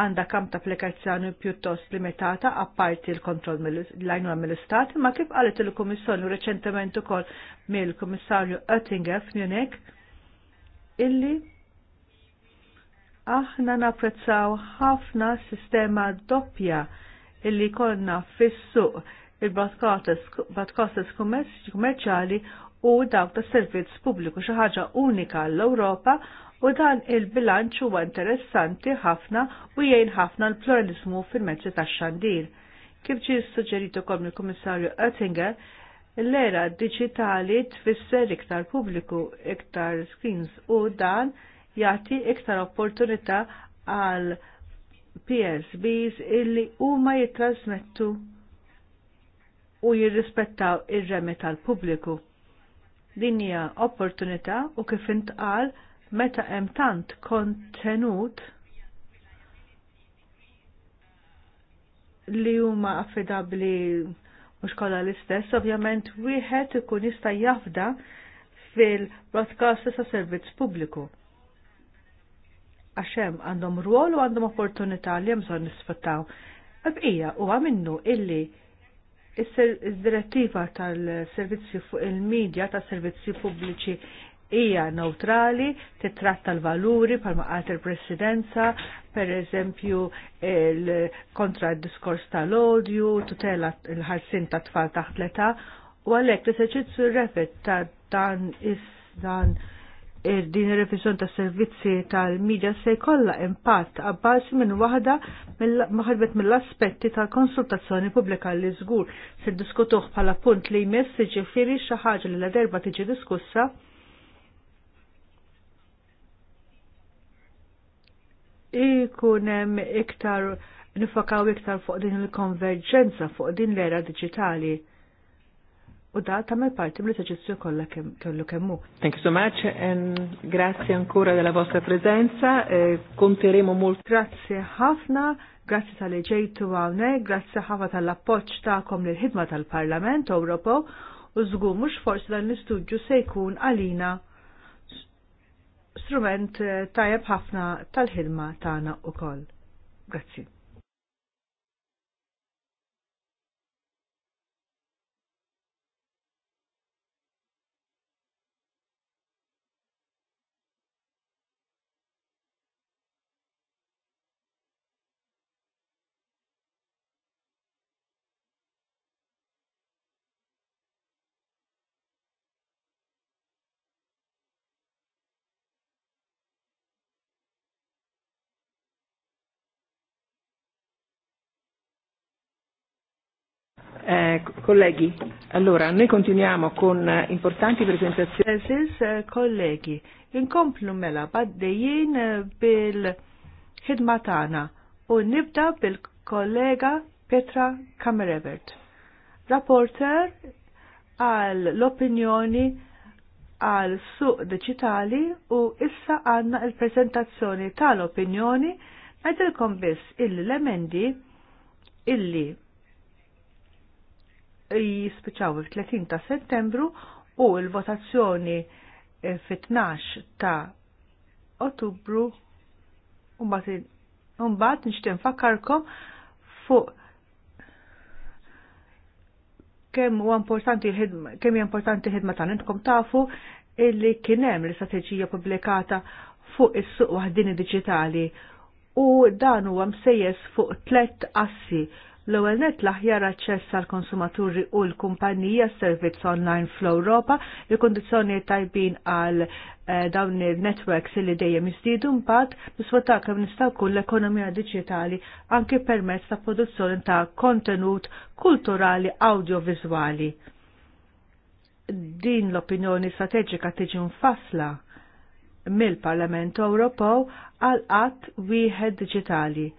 għanda kam ta' applikazzjoni pjuttost limitata apparti l-kontroll mill-lajnuna mill-istat, ma kif għalet il-Komissjoni reċentement ukoll mill-Komissarju Oettinger f'Munich illi aħna napprezzaw ħafna sistema doppja illi konna fissu suq il-broadcasters kummerċali u dawk tas servizz pubbliku xi ħaġa unika l-Ewropa u dan il-bilanċ huwa interessanti ħafna u jgħin ħafna l-pluralizmu fil-mezzi tax-xandir. Kif ġi suġġerit kom il-Kummissarju Oettinger, l-era diġitali tfisser iktar pubbliku, iktar screens u dan jagħti iktar opportunità għal PSBs illi huma jittrażmettu u jirrispettaw ir-remi tal-pubbliku Din hija opportunità u kif intqal meta hemm tant kontenut li huma affidabbli mhux kollha l-istess, ovvjament wieħed ikun jista' jafda fil-broadcast sa' servizz pubbliku. Għaxem għandhom ruwol u għandhom opportunità li jemżon nisfettaw. Ebqija u għaminnu illi Is-direttiva tal-servizzi fuq il-medja ta' servizzi pubbliċi hija neutrali, titratta l-valuri palma qalt il-presidenza, per eżempju il diskors tal-odju, tutela l-ħarsin ta' tfal taħt l-età, u għalhekk l-eserċizzju refit ta' dan is dan din ir-reviżjon ta' servizzi tal-medja se jkollha impatt abbażi minn waħda maħarbet mill-aspetti tal-konsultazzjoni pubblika li żgur se diskutuh bħala punt li jmiss jiġifieri xi ħaġa li l derba tiġi diskussa ikun hemm iktar nifakaw iktar fuq din il-konverġenza fuq din l-era diġitali u da tamel parti mill-eserċizzju kollha kellu kemmu. Thank you so much and grazie ancora della vostra presenza, eh, conteremo molto. Grazie ħafna, grazie tal eġejtu ġejtu grazie ħafna tal-appoġġ tagħkom lill-ħidma tal-Parlament Ewropo, u żgur mhux forsi dan l-istudju se jkun għalina strument eh, tajjeb ħafna tal-ħidma tagħna koll. Grazzi. Eh, colleghi, allora noi continuiamo con eh, importanti presentazioni. Aziz, eh, colleghi, inkomplu mela baddejjien eh, bil hidmatana u nibda bil-kollega Petra Kamerevert, rapporter għal l-opinjoni għal suq digitali u issa għanna il prezentazzjoni tal-opinjoni għajdilkom biss il-lemendi illi jispiċaw il-30 ta' settembru u l-votazzjoni eh, fit-12 ta' ottubru un-bat nishtin fakkarkom fuq kem u importanti kem importanti ħidma ta' intkom tafu illi kienem l-istrateġija publikata fuq is-suq waħdini digitali u dan huwa msejjes fuq tlet assi L-ewwel net l-aħjar aċċess għal konsumaturi u l-kumpanija servizz online fl-Ewropa, il-kondizzjoni tajbin għal eh, dawn il-networks li dejjem jiżdiedu mbagħad nisfruttaw kemm nista' kull l-ekonomija diġitali anke permezz ta' produzzjoni ta' kontenut kulturali audiovizwali. Din l-opinjoni strateġika tiġi mfassla mill-Parlament Ewropew għal qatt wieħed diġitali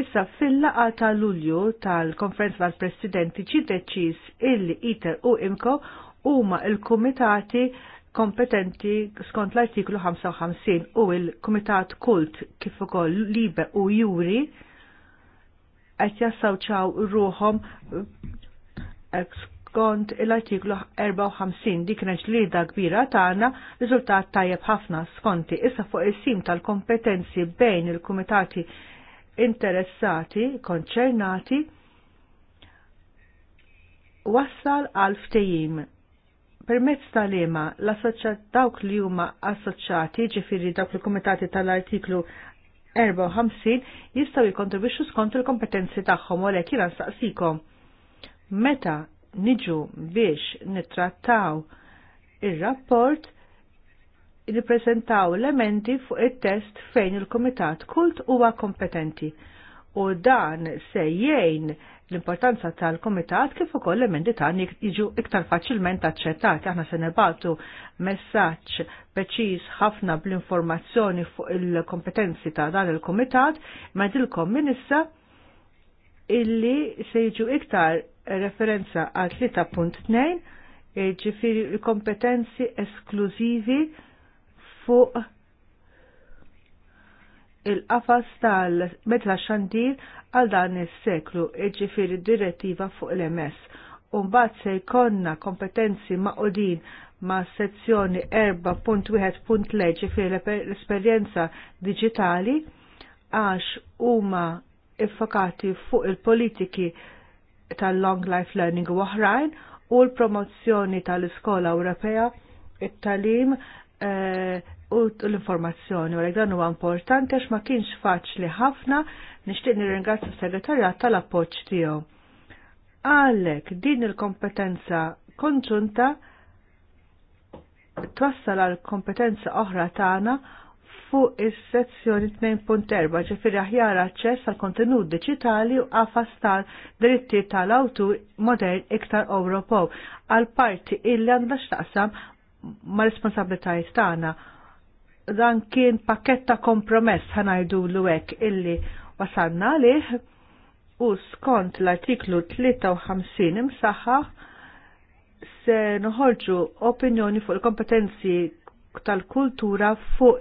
Issa fil-laqa ta' Lulju tal-Konferenza tal-Presidenti ċi deċiż illi ITER u IMCO huma il-kumitati kompetenti skont l-artiklu 55 u il-Kumitat Kult kif ukoll Libe u Juri qed jassawċaw ruhom eh, skont l-artiklu 54 dik kienet da kbira tagħna riżultat tajjeb ħafna skonti issa fuq is-sim tal-kompetenzi bejn il-kumitati interessati, konċernati, wassal għal ftejim. Permezz tal-ema, dawk li huma assoċjati, ġifiri dawk il-komitati tal-artiklu 54, jistaw jikontribwixxu skont il-kompetenzi tagħhom u lek jiena staqsikom. Meta niġu biex nittrattaw ir-rapport, l elementi fuq it-test fejn il-Komitat Kult huwa kompetenti. U dan se jgħin l-importanza tal-Komitat kif ukoll l-emendi tagħni jiġu iktar faċilment aċċettati. Aħna se nibagħtu messaġġ preċiż ħafna bl-informazzjoni fuq il-kompetenzi ta' dan il-Komitat, ma dilkom minn issa illi se jiġu iktar referenza għal 3.2 e ġifiri kompetenzi esklużivi fuq il-qafas tal-medla xandir għal dan is-seklu iġifiri direttiva fuq l-MS. Umbat se jkonna kompetenzi maqodin ma' sezzjoni 4.1.leġi fi l-esperienza digitali għax huma iffokati fuq il-politiki tal-long life learning u oħrajn u l-promozzjoni tal-iskola Ewropea, it-talim, eh, u l-informazzjoni. Għalek dan huwa importanti għax ma kienx faċli ħafna nixtieq nirringrazzja s-segretarjat tal-appoġġ tiegħu. Għalek din il-kompetenza konġunta twassal għal kompetenza oħra tagħna fuq is-sezzjoni 2.4 ġifieri aħjar aċċess għal kontenut diġitali u qafas tal-drittijiet tal-awtur modern iktar Ewropew għal parti illi għandha x'taqsam ma' responsabilitajiet tagħna dan kien pakketta kompromess ħanajdu l-wek illi wasanna liħ u skont l-artiklu 53 imsaħħa se nħolġu opinjoni fuq il-kompetenzi tal-kultura fuq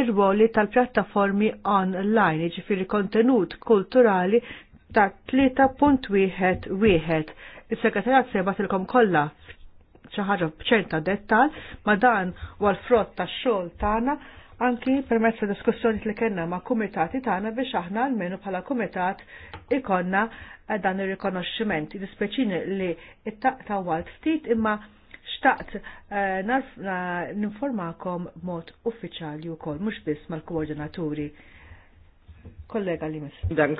ir-ruoli tal-pjattaformi online, ġifiri kontenut kulturali ta' 3.1. Il-sekretarjat seba tilkom kolla ċaħġa bċerta dettal, ma dan u għal-frott ta' xol tana, anki permezz ta' diskussjoni li kena ma' kumitati tana biex aħna almenu bħala kumitat ikonna eh, dan il-rikonoxximent. Dispeċini li it-taq ta' Walt ftit imma xtaqt eh, ninformakom mod uffiċali u kol, mux biss mal-koordinaturi. Kollega li mis. Dank.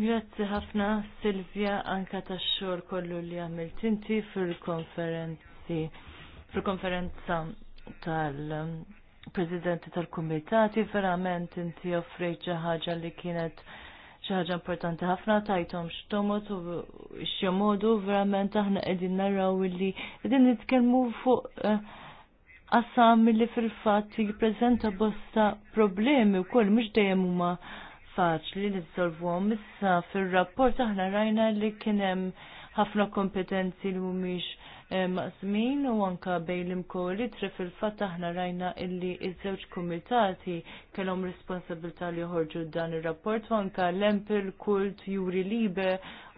Grazzi ħafna Silvia anka tax-xogħol kollu li għamilt inti fil-konferenz diskussi fil-konferenza tal-Presidenti tal-Kumitati, verament inti offrejt xi ħaġa li kienet xi ħaġa importanti ħafna tajtom x'tomot u x'jomodu verament aħna qegħdin naraw illi qegħdin nitkellmu fuq eh, qasam li fil-fatt jippreżenta bosta problemi wkoll mhux dejjem huma faċli li tsolvuhom issa fir-rapport aħna rajna li kien hemm ħafna kompetenzi li mhumiex maqsmin u anka bejlim l-imkoli tri fil-fatt aħna rajna illi iż-żewġ kumitati kellhom responsabilità li joħorġu dan ir-rapport u anka l-empil kult juri libe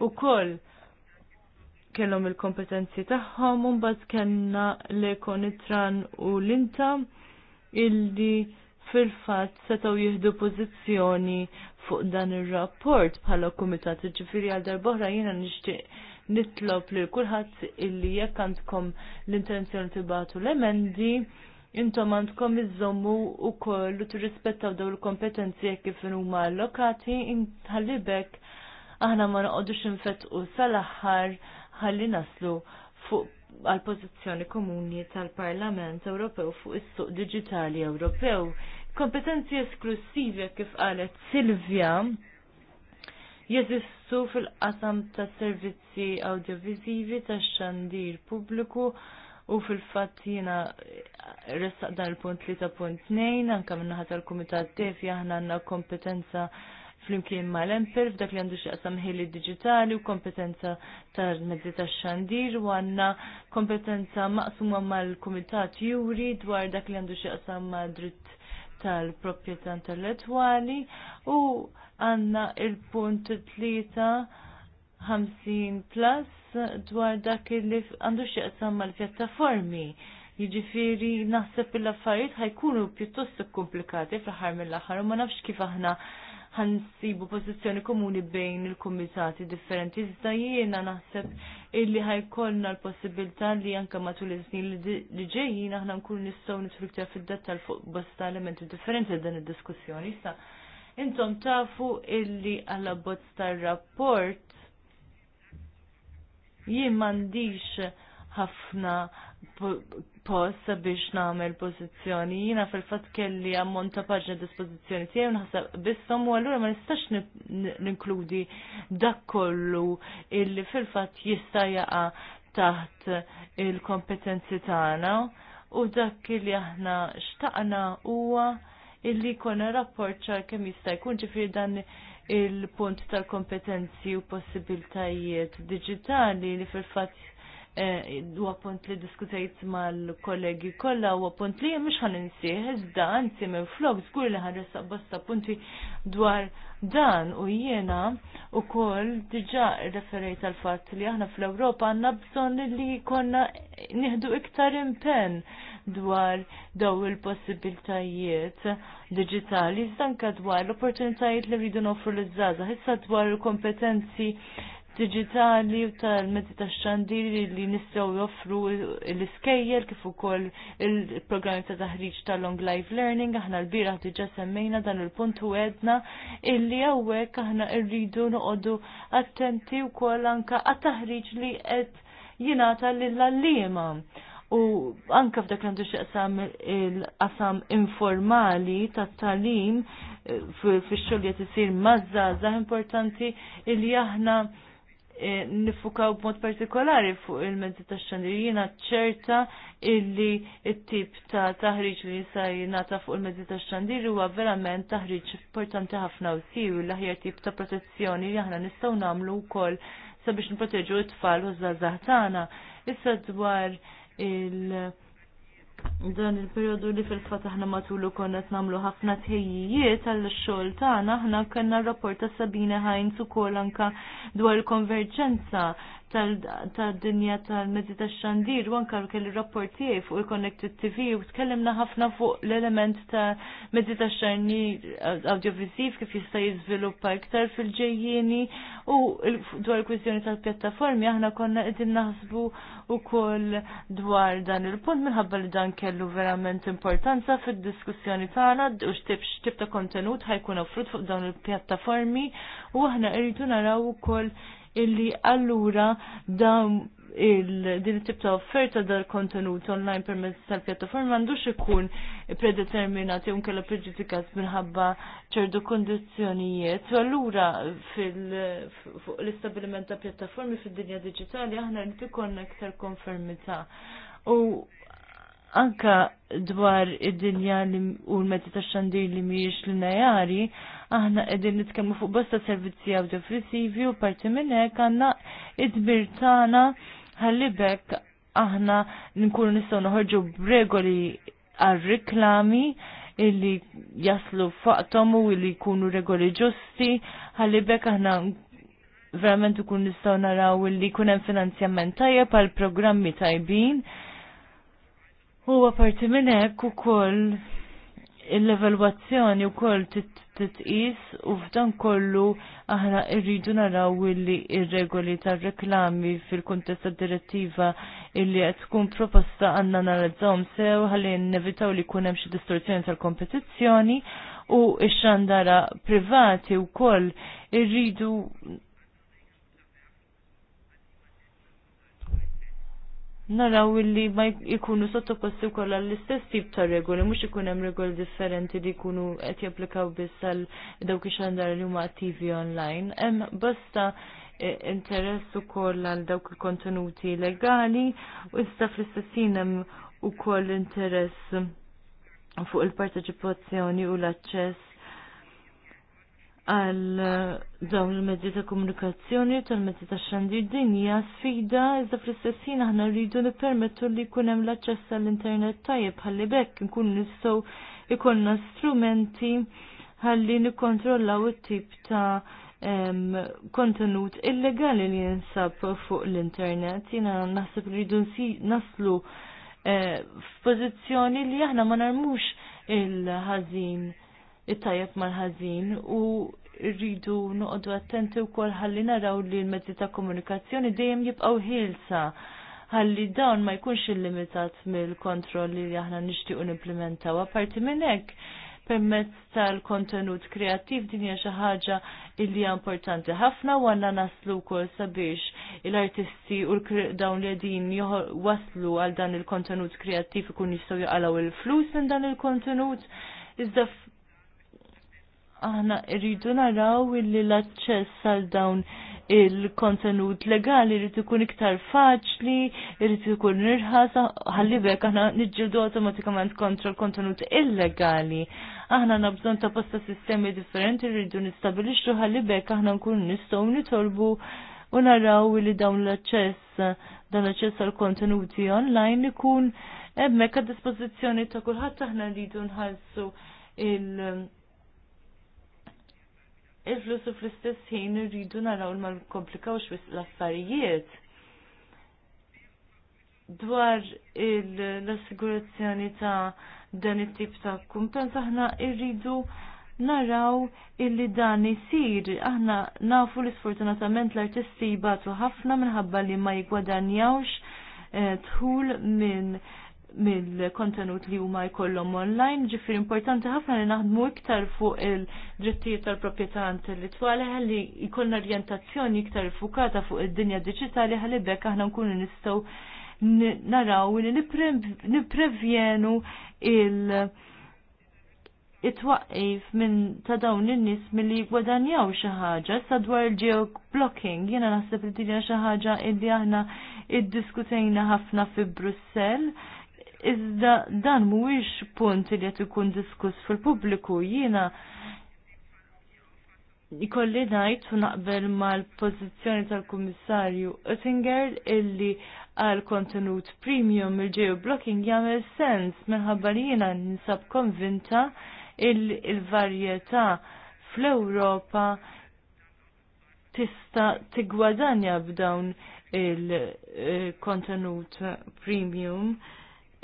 u koll kellhom il-kompetenzi tagħhom u mbagħad kellna le konitran u l-inta illi fil-fat setaw jihdu pozizjoni fuq dan il-rapport bħala komitat ġifiri għal darbohra jena nishtiq nitlob li kulħadd illi jekk għandkom l-intenzjoni tibatu l-emendi intom għandkom iżommu u koll u tirrispettaw daw l-kompetenzi jekk kif huma allokati ħallibek aħna ma noqogħdux infettqu sal-aħħar ħalli naslu fuq għal pożizzjoni komuni tal-Parlament Ewropew fuq is-suq Digitali Ewropew. Kompetenzi esklusivi kif qalet Silvja jeżistu fil-qasam ta' servizzi audiovisivi ta' xandir pubbliku u fil-fatt jina ressaq dan il-punt li ta' punt nejn, anka minnaħat tal-Kumitat Tef jahna għanna kompetenza fl-imkien mal-emper f'dak li għandu xieqsam ħili digitali u kompetenza tar mezzi ta' xandir u għanna kompetenza maqsuma mal-Kumitat Juri dwar dak li għandu xieqsam ma' dritt tal-propieta intellettuali u għanna il-punt 53 plus dwar dak li għandu samma mal-pjattaformi. Jiġifieri naħseb il-affarijiet ħajkunu pjuttost komplikati fl aħħar mill aħħar u ma nafx kif aħna ħansibu pożizzjoni komuni bejn il-kumitati differenti. Iżda jiena naħseb illi ħajkollna l-possibilità li anke matul iż-żnien li ġejjin aħna nkunu nistgħu nitfruktja fid-dettal fuq bosta elementi differenti dan id-diskussjoni. Issa Intom tafu illi għalla bozz tar-rapport jien m'għandix ħafna post biex namel pozizjoni. Jina fil-fat kelli ammont ta' paġna dispozizjoni tiegħi nħasab bissom u allura ma nistax ninkludi dak kollu illi fil-fat jista' jaqa' taħt il-kompetenzi tagħna u dak li aħna xtaqna huwa illi jkollna rapport ċar kemm jista' jkun ġifri dan il-punt tal-kompetenzi u possibiltajiet digitali li fil-fatt eh, huwa punt li diskutajt mal-kollegi kollha huwa punt li mhux ħan insih iżda anzi minn flok żgur li ħan resa bosta punti dwar dan u jiena koll diġa' referejt għal fatt li aħna fl-Ewropa għandna bżonn li konna nieħdu iktar impenn dwar daw il-possibiltajiet digitali, zanka dwar l-opportunitajiet li rridu nofru l izzaza issa dwar il-kompetenzi digitali u tal-mezzi ta' xandiri li nistaw joffru l-iskejjer kif ukoll il-programmi ta' taħriġ ta' long life learning aħna l-biraħ diġa semmejna dan il puntu edna illi hawnhekk aħna rridu noqogħdu attenti wkoll anke għat-taħriġ li qed jingħata lill-allima u anka f'dak li għandu xieqsam il-qasam informali ta' talim eh, fil-xogħol jisir mazza, zaħ importanti li aħna eh, nifukaw b'mod partikolari fuq il-mezzi ta' xandirina ċerta illi it-tip ta' taħriġ li jisaj nata fuq il-mezzi ta' xandir huwa verament taħriġ importanti ħafna u siw l-aħjar tip ta' protezzjoni li aħna nistgħu nagħmlu wkoll sabiex nproteġu t-tfal u żgħażagħ tagħna. Issa dwar il- dan il-periodu li fil-fat aħna matulu konna namlu ħafna tħejjijiet għall xogħol tagħna aħna kellna rapport ta' Sabina Heinz ukoll anka dwar il-konverġenza tal-dinja tal-mezzi ta' xandir u anka kelli rapport tiegħi fuq il-Connected TV u tkellimna ħafna fuq l-element ta' mezzi ta' xandir audiovisiv kif jista' jiżviluppa iktar fil ġejjini u dwar il-kwistjoni tal-pjattaformi aħna konna qegħdin naħsbu wkoll dwar dan il-punt minħabba li dan kellu verament importanza fid-diskussjoni tagħna u x'tib ta' kontenut ħajkuna offrut fuq dawn il-pjattaformi u aħna rridu naraw ukoll illi allura da il-din tip ta' offerta dal-kontenut online permezz tal-pjattaforma għandux ikun predeterminati un kella preġudikat minħabba ċerdu kondizjonijiet. U allura fuq l-istabiliment ta' pjattaformi fid-dinja digitali aħna rrid ikun aktar konfermità. U anka dwar id-dinja u l-mezzi ta' xandir li miex lineari, aħna qegħdin nitkemmu fuq bosta servizzi audiovisivi u parti minn hekk għandna id birtana tagħna ħalli aħna nkunu nistgħu noħorġu b'regoli għar-riklami illi jaslu faqtom u illi jkunu regoli ġusti ħalli aħna verament ikun nistgħu naraw illi jkun hemm finanzjament tajjeb għal programmi tajbin. U apparti minn hekk ukoll l-evalwazzjoni t titqis u f'dan kollu aħna rridu naraw illi il regoli tar-reklami fil-kuntest tad-direttiva illi qed tkun proposta għandna narazzom sew ħalli nevitaw li jkun hemm xi distorzjoni tal-kompetizzjoni u x-xandara privati wkoll irridu naraw illi ma jkunu sottoposti wkoll għall-istess tip ta' regoli, mhux ikun hemm regoli differenti li jkunu qed japplikaw biss għal dawk ix-xandar li huma attivi online. Hemm basta e, interess ukoll għal dawk il-kontenuti legali u issa fl-istessin hemm ukoll interess fuq il-parteċipazzjoni u l-aċċess għal eh, dawn il-mezzi ta' komunikazzjoni u tal-mezzi ta' xandir din hija sfida iżda fl istessin aħna rridu nippermettu li jkun hemm l-aċċess għall-internet tajjeb ħalli bekk nkun nistgħu ikollna strumenti ħalli nikkontrollaw it-tip ta' kontenut illegali li jinsab fuq l-internet. Jina naħseb li rridu naslu eh, f'pożizzjoni li aħna ma narmux il-ħażin it-tajjeb mal-ħażin u rridu noqogħdu attenti wkoll ħalli naraw li l-mezzi ta' komunikazzjoni dejjem jibqgħu ħilsa ħalli dawn ma jkunx illimitat mill-kontroll li aħna nixtiequ nimplementaw. Apparti minn hekk, permezz tal-kontenut kreattiv din hija xi ħaġa illi hija importanti ħafna u għandna naslu wkoll sabiex l-artisti u dawn li qegħdin waslu għal dan il-kontenut kreattiv ikun jistgħu jaqalgħu il-flus minn dan il-kontenut. Iżda aħna rridu naraw li l-aċċess għal dawn il-kontenut legali rrid ikun iktar faċli, rrid ikun nirħas, ħalli bekk aħna niġġieldu awtomatikament kontra l-kontenut illegali. Aħna nabżon ta' posta sistemi differenti rridu nistabilixxu ħalli bekk aħna nkun nistgħu nitolbu u naraw li dawn l-aċċess dan l-aċċess għal kontenuti online ikun hemmhekk għad dispożizzjoni ta' kulħadd aħna rridu nħallsu il- il-flus u fl-istess ħin irridu naraw ma nkomplikawx wis l-affarijiet. Dwar l-assigurazzjoni ta' dan it-tip ta' kumpens aħna rridu naraw illi dan isir. Aħna nafu li sfortunatament l-artisti jibatu ħafna minħabba li ma jigwadanjawx eh, tħul minn mill-kontenut li huma jkollhom online, ġifir importanti ħafna li naħdmu iktar fuq il-drittijiet tal-proprjetà intellettwali ħalli jkollna orjentazzjoni iktar fukata fuq id-dinja diġitali ħalli bekk aħna nkunu nistgħu naraw li nipprevjenu il- it-twaqqif minn ta' dawn in-nies milli jgwadanjaw xi ħaġa sa dwar il-geoblocking jiena naħseb li dinja xi ħaġa illi aħna iddiskutejna ħafna fi Brussell iżda dan mhuwiex punt li qed ikun diskuss fil-pubbliku jiena ikolli ngħid u naqbel mal-pożizzjoni tal-Kummissarju Oettinger illi għal kontenut premium il-geoblocking jagħmel sens minħabba li jiena ninsab konvinta il-varjetà fl-Ewropa tista' tigwadanja b'dawn il-kontenut eh, premium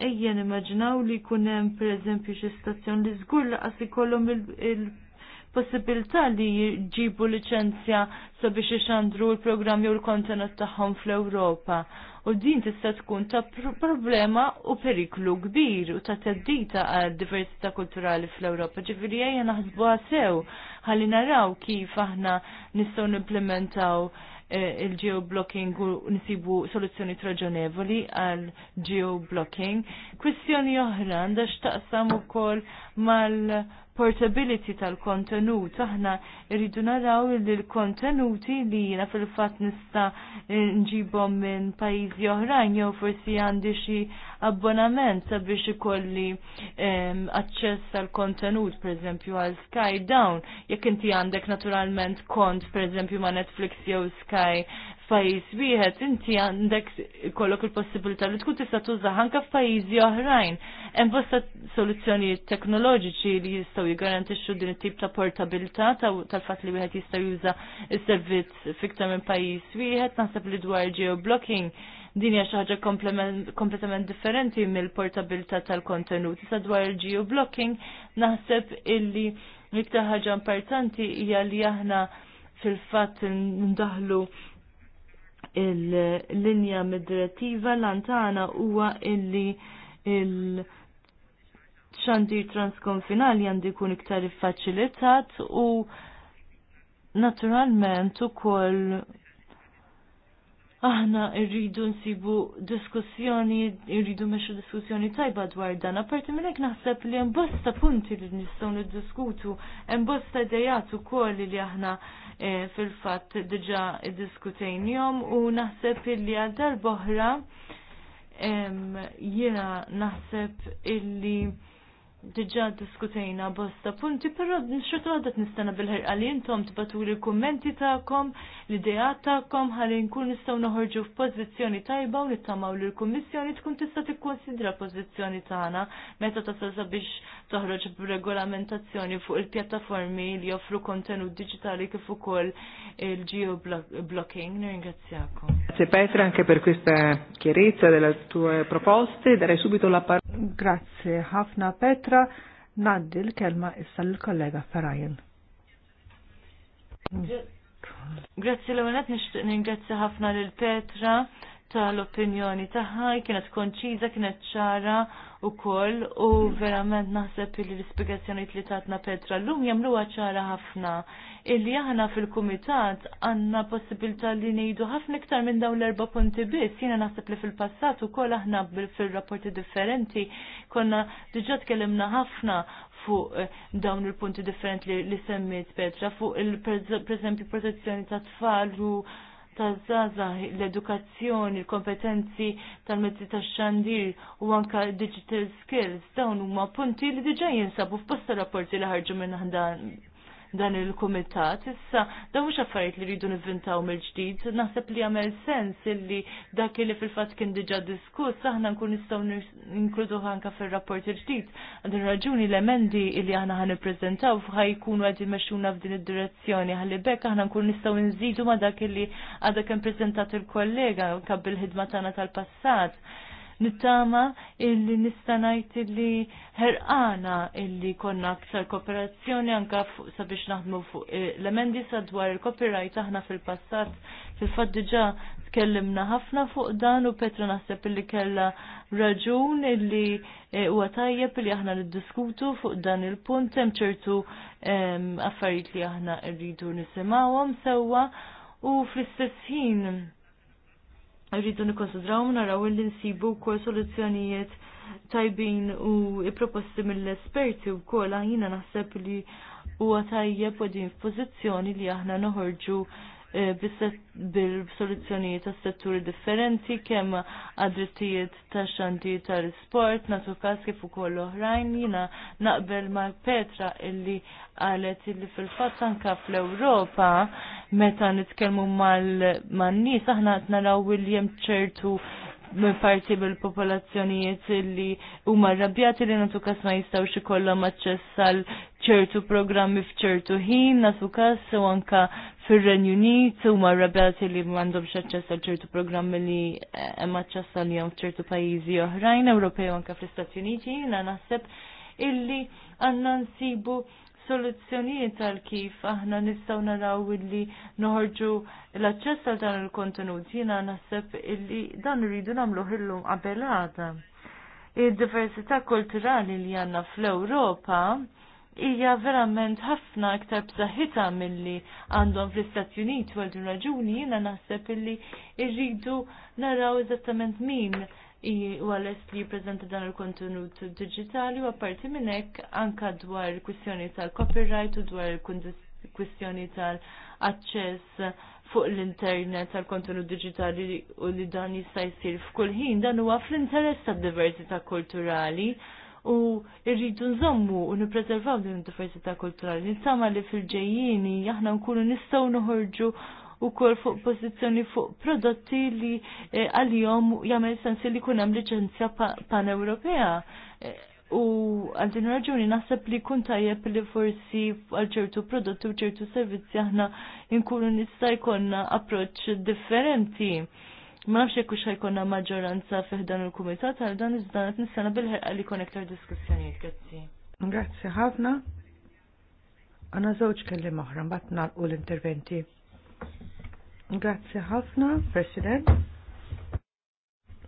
ejjen immaġinaw li kunem per eżempju xi stazzjon li żgur laqas ikollhom il-possibilità li jġibu liċenzja sabiex ixandru l-programm jew l-kontenut tagħhom fl-Ewropa. U din tista' tkun ta' problema u periklu kbir u ta' teddita għal diversità kulturali fl-Ewropa. Ġifieri ejja naħsbuha sew ħalli naraw kif aħna nistgħu nimplementaw Eh, il-geoblocking u nisibu soluzzjoni traġonevoli għal geoblocking. Kwistjoni oħra għandha x'taqsam ukoll mal-portability tal-kontenut. Aħna rridu naraw li l-kontenuti li jiena fil-fatt nista' eh, nġibhom minn pajjiżi oħrajn jew forsi għandi xi abbonament sabiex ikolli aċċess għal kontenut, per eżempju għal Sky Down, jekk inti għandek naturalment kont, per eżempju ma' Netflix jew Sky f'pajjiż wieħed, inti għandek kollok il-possibilità li tkun tista' tuża anke f'pajjiżi oħrajn. Hemm bosta soluzzjonijiet teknoloġiċi li jistgħu jiggarantixxu din it-tip ta' portabilità tal-fatt li wieħed jista' juża s-servizz fiktar minn pajjiż wieħed, naħseb li dwar geoblocking din hija xi ħaġa kompletament differenti mill-portabilità tal-kontenut. Issa dwar il-geoblocking naħseb illi l-iktar ħaġa importanti hija li aħna fil-fatt ndaħlu il-linja mid-direttiva lantana huwa illi il- xandir transkonfinali għandi kun iktar faċilitat u naturalment u koll aħna irridu nsibu diskussjoni, irridu meċu diskussjoni tajba dwar dan. Aparti minnek naħseb li hemm bosta punti li nistgħu niddiskutu, hemm bosta idejat ukoll li aħna eh, fil-fatt diġà jom, u naħseb illi għal darb'oħra jena naħseb illi diġa diskutejna bosta punti, pero xorta għadat nistana bil-ħerqa li jintom tibatu li kommenti ta'kom, l-idea ta'kom, ħalli nkun nistaw noħorġu f-pozizjoni tajba u nittamaw li l-Kommissjoni tkun tista' tikkonsidra pozizjoni tagħna meta sa' biex toħroġ b'regolamentazzjoni fuq il-pjattaformi li joffru kontenut digitali kif ukoll il-geoblocking. Nirringrazzjakom. Grazie Petra anche per questa chiarezza delle tue proposte, darei subito la parola. Grazie ħafna Petra kontra naddi l-kelma issa l-kollega Farajen. Grazzi l-għonet nishtiq ningrazzi ħafna l-Petra ta' l opinjoni taħħa, kienet konċiza, kienet ċara u koll u verament naħseb li l-ispiegazzjoni li tatna Petra l-lum jamlu ċara ħafna illi aħna fil-kumitat għanna possibilità li nejdu ħafna iktar minn dawn l-erba punti biss jina naħseb li fil-passat u koll aħna fil-rapporti differenti konna diġa tkellimna ħafna fuq dawn il-punti differenti li, li semmit Petra, fuq il-preżempju protezzjoni ta' tfal u taż-żaza, l-edukazzjoni, l-kompetenzi tal-mezzi tax-xandir u anka digital skills dawn huma punti li diġà jinsabu f'posta rapporti li ħarġu minn dan il-kumitat. Issa, da mhux affarijiet li rridu nivvintaw mill-ġdid, naħseb li għamel sens illi dak li fil-fatt kien diġà diskuss aħna nkun nistgħu inkludu anke fir-rapport il-ġdid. Għadin raġuni l-emendi illi aħna ħan nippreżentaw ħajkunu għadin mexxuna f'din id-direzzjoni ħalli bekk aħna nkun nistgħu nżidu ma dak illi għadha kemm preżentat il-kollega kabbil-ħidma tagħna tal-passat nittama illi nistanajt illi herqana illi konna aktar kooperazzjoni anka sabiex naħdmu fuq eh, l-emendi sadwar il-copyright aħna fil-passat fil faddiġa tkellimna ħafna fuq dan u Petra naħseb illi kella raġun illi eh, huwa tajjeb illi aħna niddiskutu fuq dan il-punt hemm ċertu affarijiet li aħna rridu nisimgħuhom sewwa u fl-istess ħin rridu nikonsidraw naraw li nsibu wkoll soluzzjonijiet tajbin u proposti mill-esperti wkoll jiena naħseb li huwa tajjeb podin f f'pożizzjoni li aħna noħorġu Eh, bil-soluzzjonijiet ta' setturi differenti kemm għadrittijiet ta' xanti tal-sport, natu kas kif ukoll oħrajn jina naqbel ma' Petra illi qalet illi fil-fatt anka fl-Ewropa meta nitkellmu mal-nies aħna qed naraw William ċertu parti bil-popolazzjonijiet li huma rrabjati li natu kas ma jistgħux ikollhom aċċess għal ċertu programmi fċertu ħin, nasu kas u anka fil-Renju Unit u ma rabjati li mandom xaċċessa ċertu programmi li eh, emma ċassa li jom fċertu pajizi oħrajn, Ewropej anka fl-Stati Uniti, jina naħseb illi għanna nsibu soluzzjonijiet għal kif aħna nistaw naraw illi noħorġu l-aċċess għal dan il-kontenut, jina naħseb illi dan rridu namlu ħillum qabelata. Il-diversità kulturali li għanna fl-Europa hija verament ħafna iktar b'saħħitha milli għandhom fl-Istati Uniti u għal raġuni jiena naħseb illi rridu naraw eżattament min huwa lest li jippreżenta dan il-kontenut digitali u apparti minn hekk anke dwar il-kwistjoni tal-copyright u dwar il-kwistjoni tal-aċċess fuq l-internet tal-kontenut digitali u li dan jista' jsir f'kull ħin dan huwa fl-interess tad-diversità kulturali u irridu nżommu u nippreservaw din id-diversità kulturali. Nisama li fil-ġejjini aħna nkunu nistgħu noħorġu u kol fuq pozizjoni fuq prodotti li għal-jom eh, jagħmel sens li kun hemm liċenzja pan-Ewropea. Eh, u għal din raġuni naħseb li kun tajjeb li forsi għal ċertu prodotti u ċertu servizzi aħna nkunu nista' jkollna approċċ differenti. Ma nafx jekk hux ħajkonna maġġoranza fih dan il-kumitat għal dan iżda qed nistana bil-ħerqa li jkun iktar diskussjonijiet grazzi. Grazzi ħafna. Għana żewġ kelli oħra mbagħad nagħlqu l-interventi. Grazzi ħafna, President.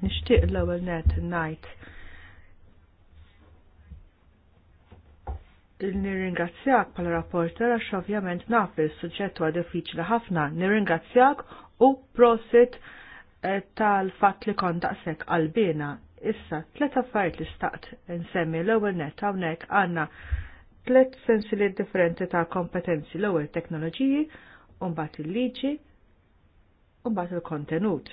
Nixtieq l-ewwel net ngħid nirringrazzjak pal rapporter għax ovvjament naf li s-suġġett huwa diffiċli ħafna. Nirringrazzjak u prosit tal-fatt li kont daqshekk għalbina. Issa, tlet affarijiet li staqt nsemmi l-ewwel net hawnhekk għandna tlet sensili differenti ta' kompetenzi l-ewwel teknoloġiji, u mbagħad il-liġi, u mbagħad il-kontenut.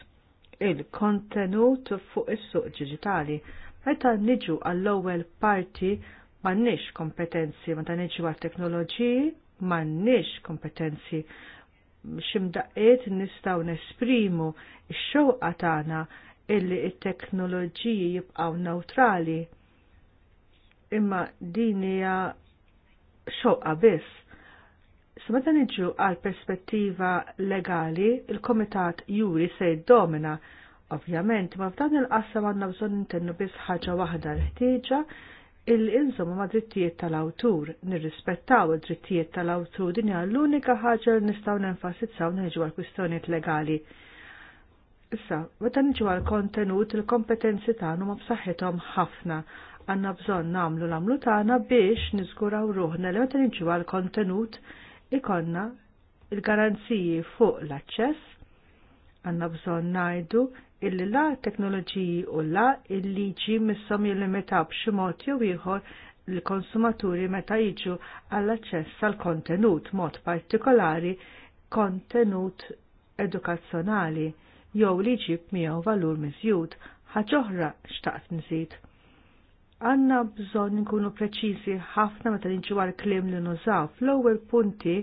Il-kontenut fuq is-suq diġitali. Meta niġu għall-ewwel parti m'għandniex kompetenzi, meta niġu għat-teknoloġiji m'għandniex kompetenzi X'imdaqiet nistaw nesprimu x-xewqa tagħna illi it-teknoloġiji jibqaw neutrali. Imma din hija xewqa biss. Smeta niġu għal perspettiva legali, il-Komitat Juri se jiddomina Ovvjament, ma f'dan il qasam għandna bżonn intennu biss ħaġa waħda l-ħtieġa il-inżomu ma' drittijiet tal-awtur, nirrispettaw id-drittijiet tal-awtur din hija l-unika ħaġa li nistgħu nenfasizzaw neġu għal kwistjonijiet legali. Issa, meta niġu għal kontenut il-kompetenzi tagħna ma' b'saħħithom ħafna Għanna bżonn nagħmlu l-għamlu tagħna biex niżguraw ruħna li meta niġu għal kontenut ikonna il-garanziji fuq l-aċċess, għandna bżonn ngħidu illi la teknoloġiji u la il-liġi missom jillimitaw b'xi mod jew ieħor l-konsumaturi meta jiġu għall-aċċess għal kontenut mod partikolari kontenut edukazzjonali jew li jġib miegħu valur miżjud ħaġoħra xtaqt nżid. Għanna bżonn nkunu preċiżi ħafna meta niġu għal kliem li nużaw fl-ewwel punti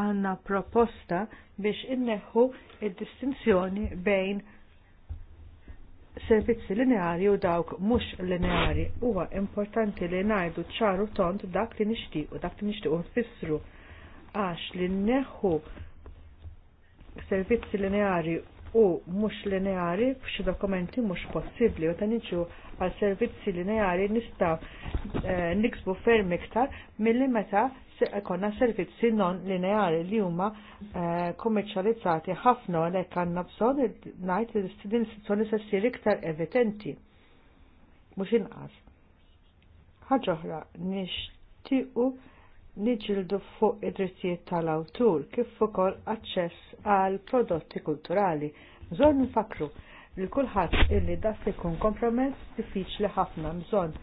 għanna proposta biex inneħħu id-distinzjoni bejn servizzi lineari u dawk mhux lineari. Huwa importanti li ngħidu ċaru tont dak li nixtieq u dak li nixtieq nfissru għax li neħu servizzi lineari u mhux lineari f'xi dokumenti mhux possibbli u ta' niġu għal servizzi lineari nistaw eh, niksbu ferm iktar milli meta konna servizzi non lineari li huma eh, kommerċjalizzati ħafna għalhekk għandna bżonn ngħid li din istituzzjoni se ssir iktar evidenti mhux inqas. Ħaġa oħra nixtiequ niġildu fuq id-drittijiet tal-awtur kif ukoll aċċess għal prodotti kulturali. Żor nifakru li kulħadd illi da se kompromess kompromess diffiċli ħafna mżon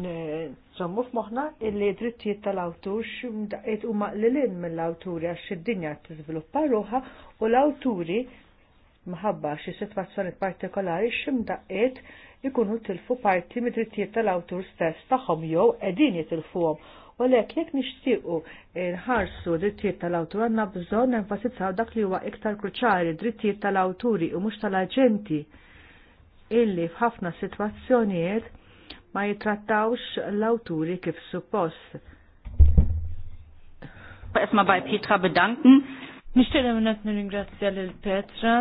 nżommu f'moħħna illi drittijiet tal-awtur x'imdaqqiet huma lilin mill-awturi għax id-dinja tiżviluppa ruħha u l-awturi mħabba xi sitwazzjoni partikolari x'imdaqqiet ikunu tilfu parti mid-drittijiet tal-awtur stess tagħhom jew qegħdin jitilfuhom U lek jekk nixtiequ eh, nħarsu drittijiet tal-awtur għandna bżonn enfasizzaw dak li huwa iktar kruċari drittijiet tal-awturi u mhux tal-aġenti illi f'ħafna sitwazzjonijiet ma jitrattawx l-awturi kif suppost. Esma bei Petra bedanken. Nishtiqna minnet nir-ingrazzja l-Petra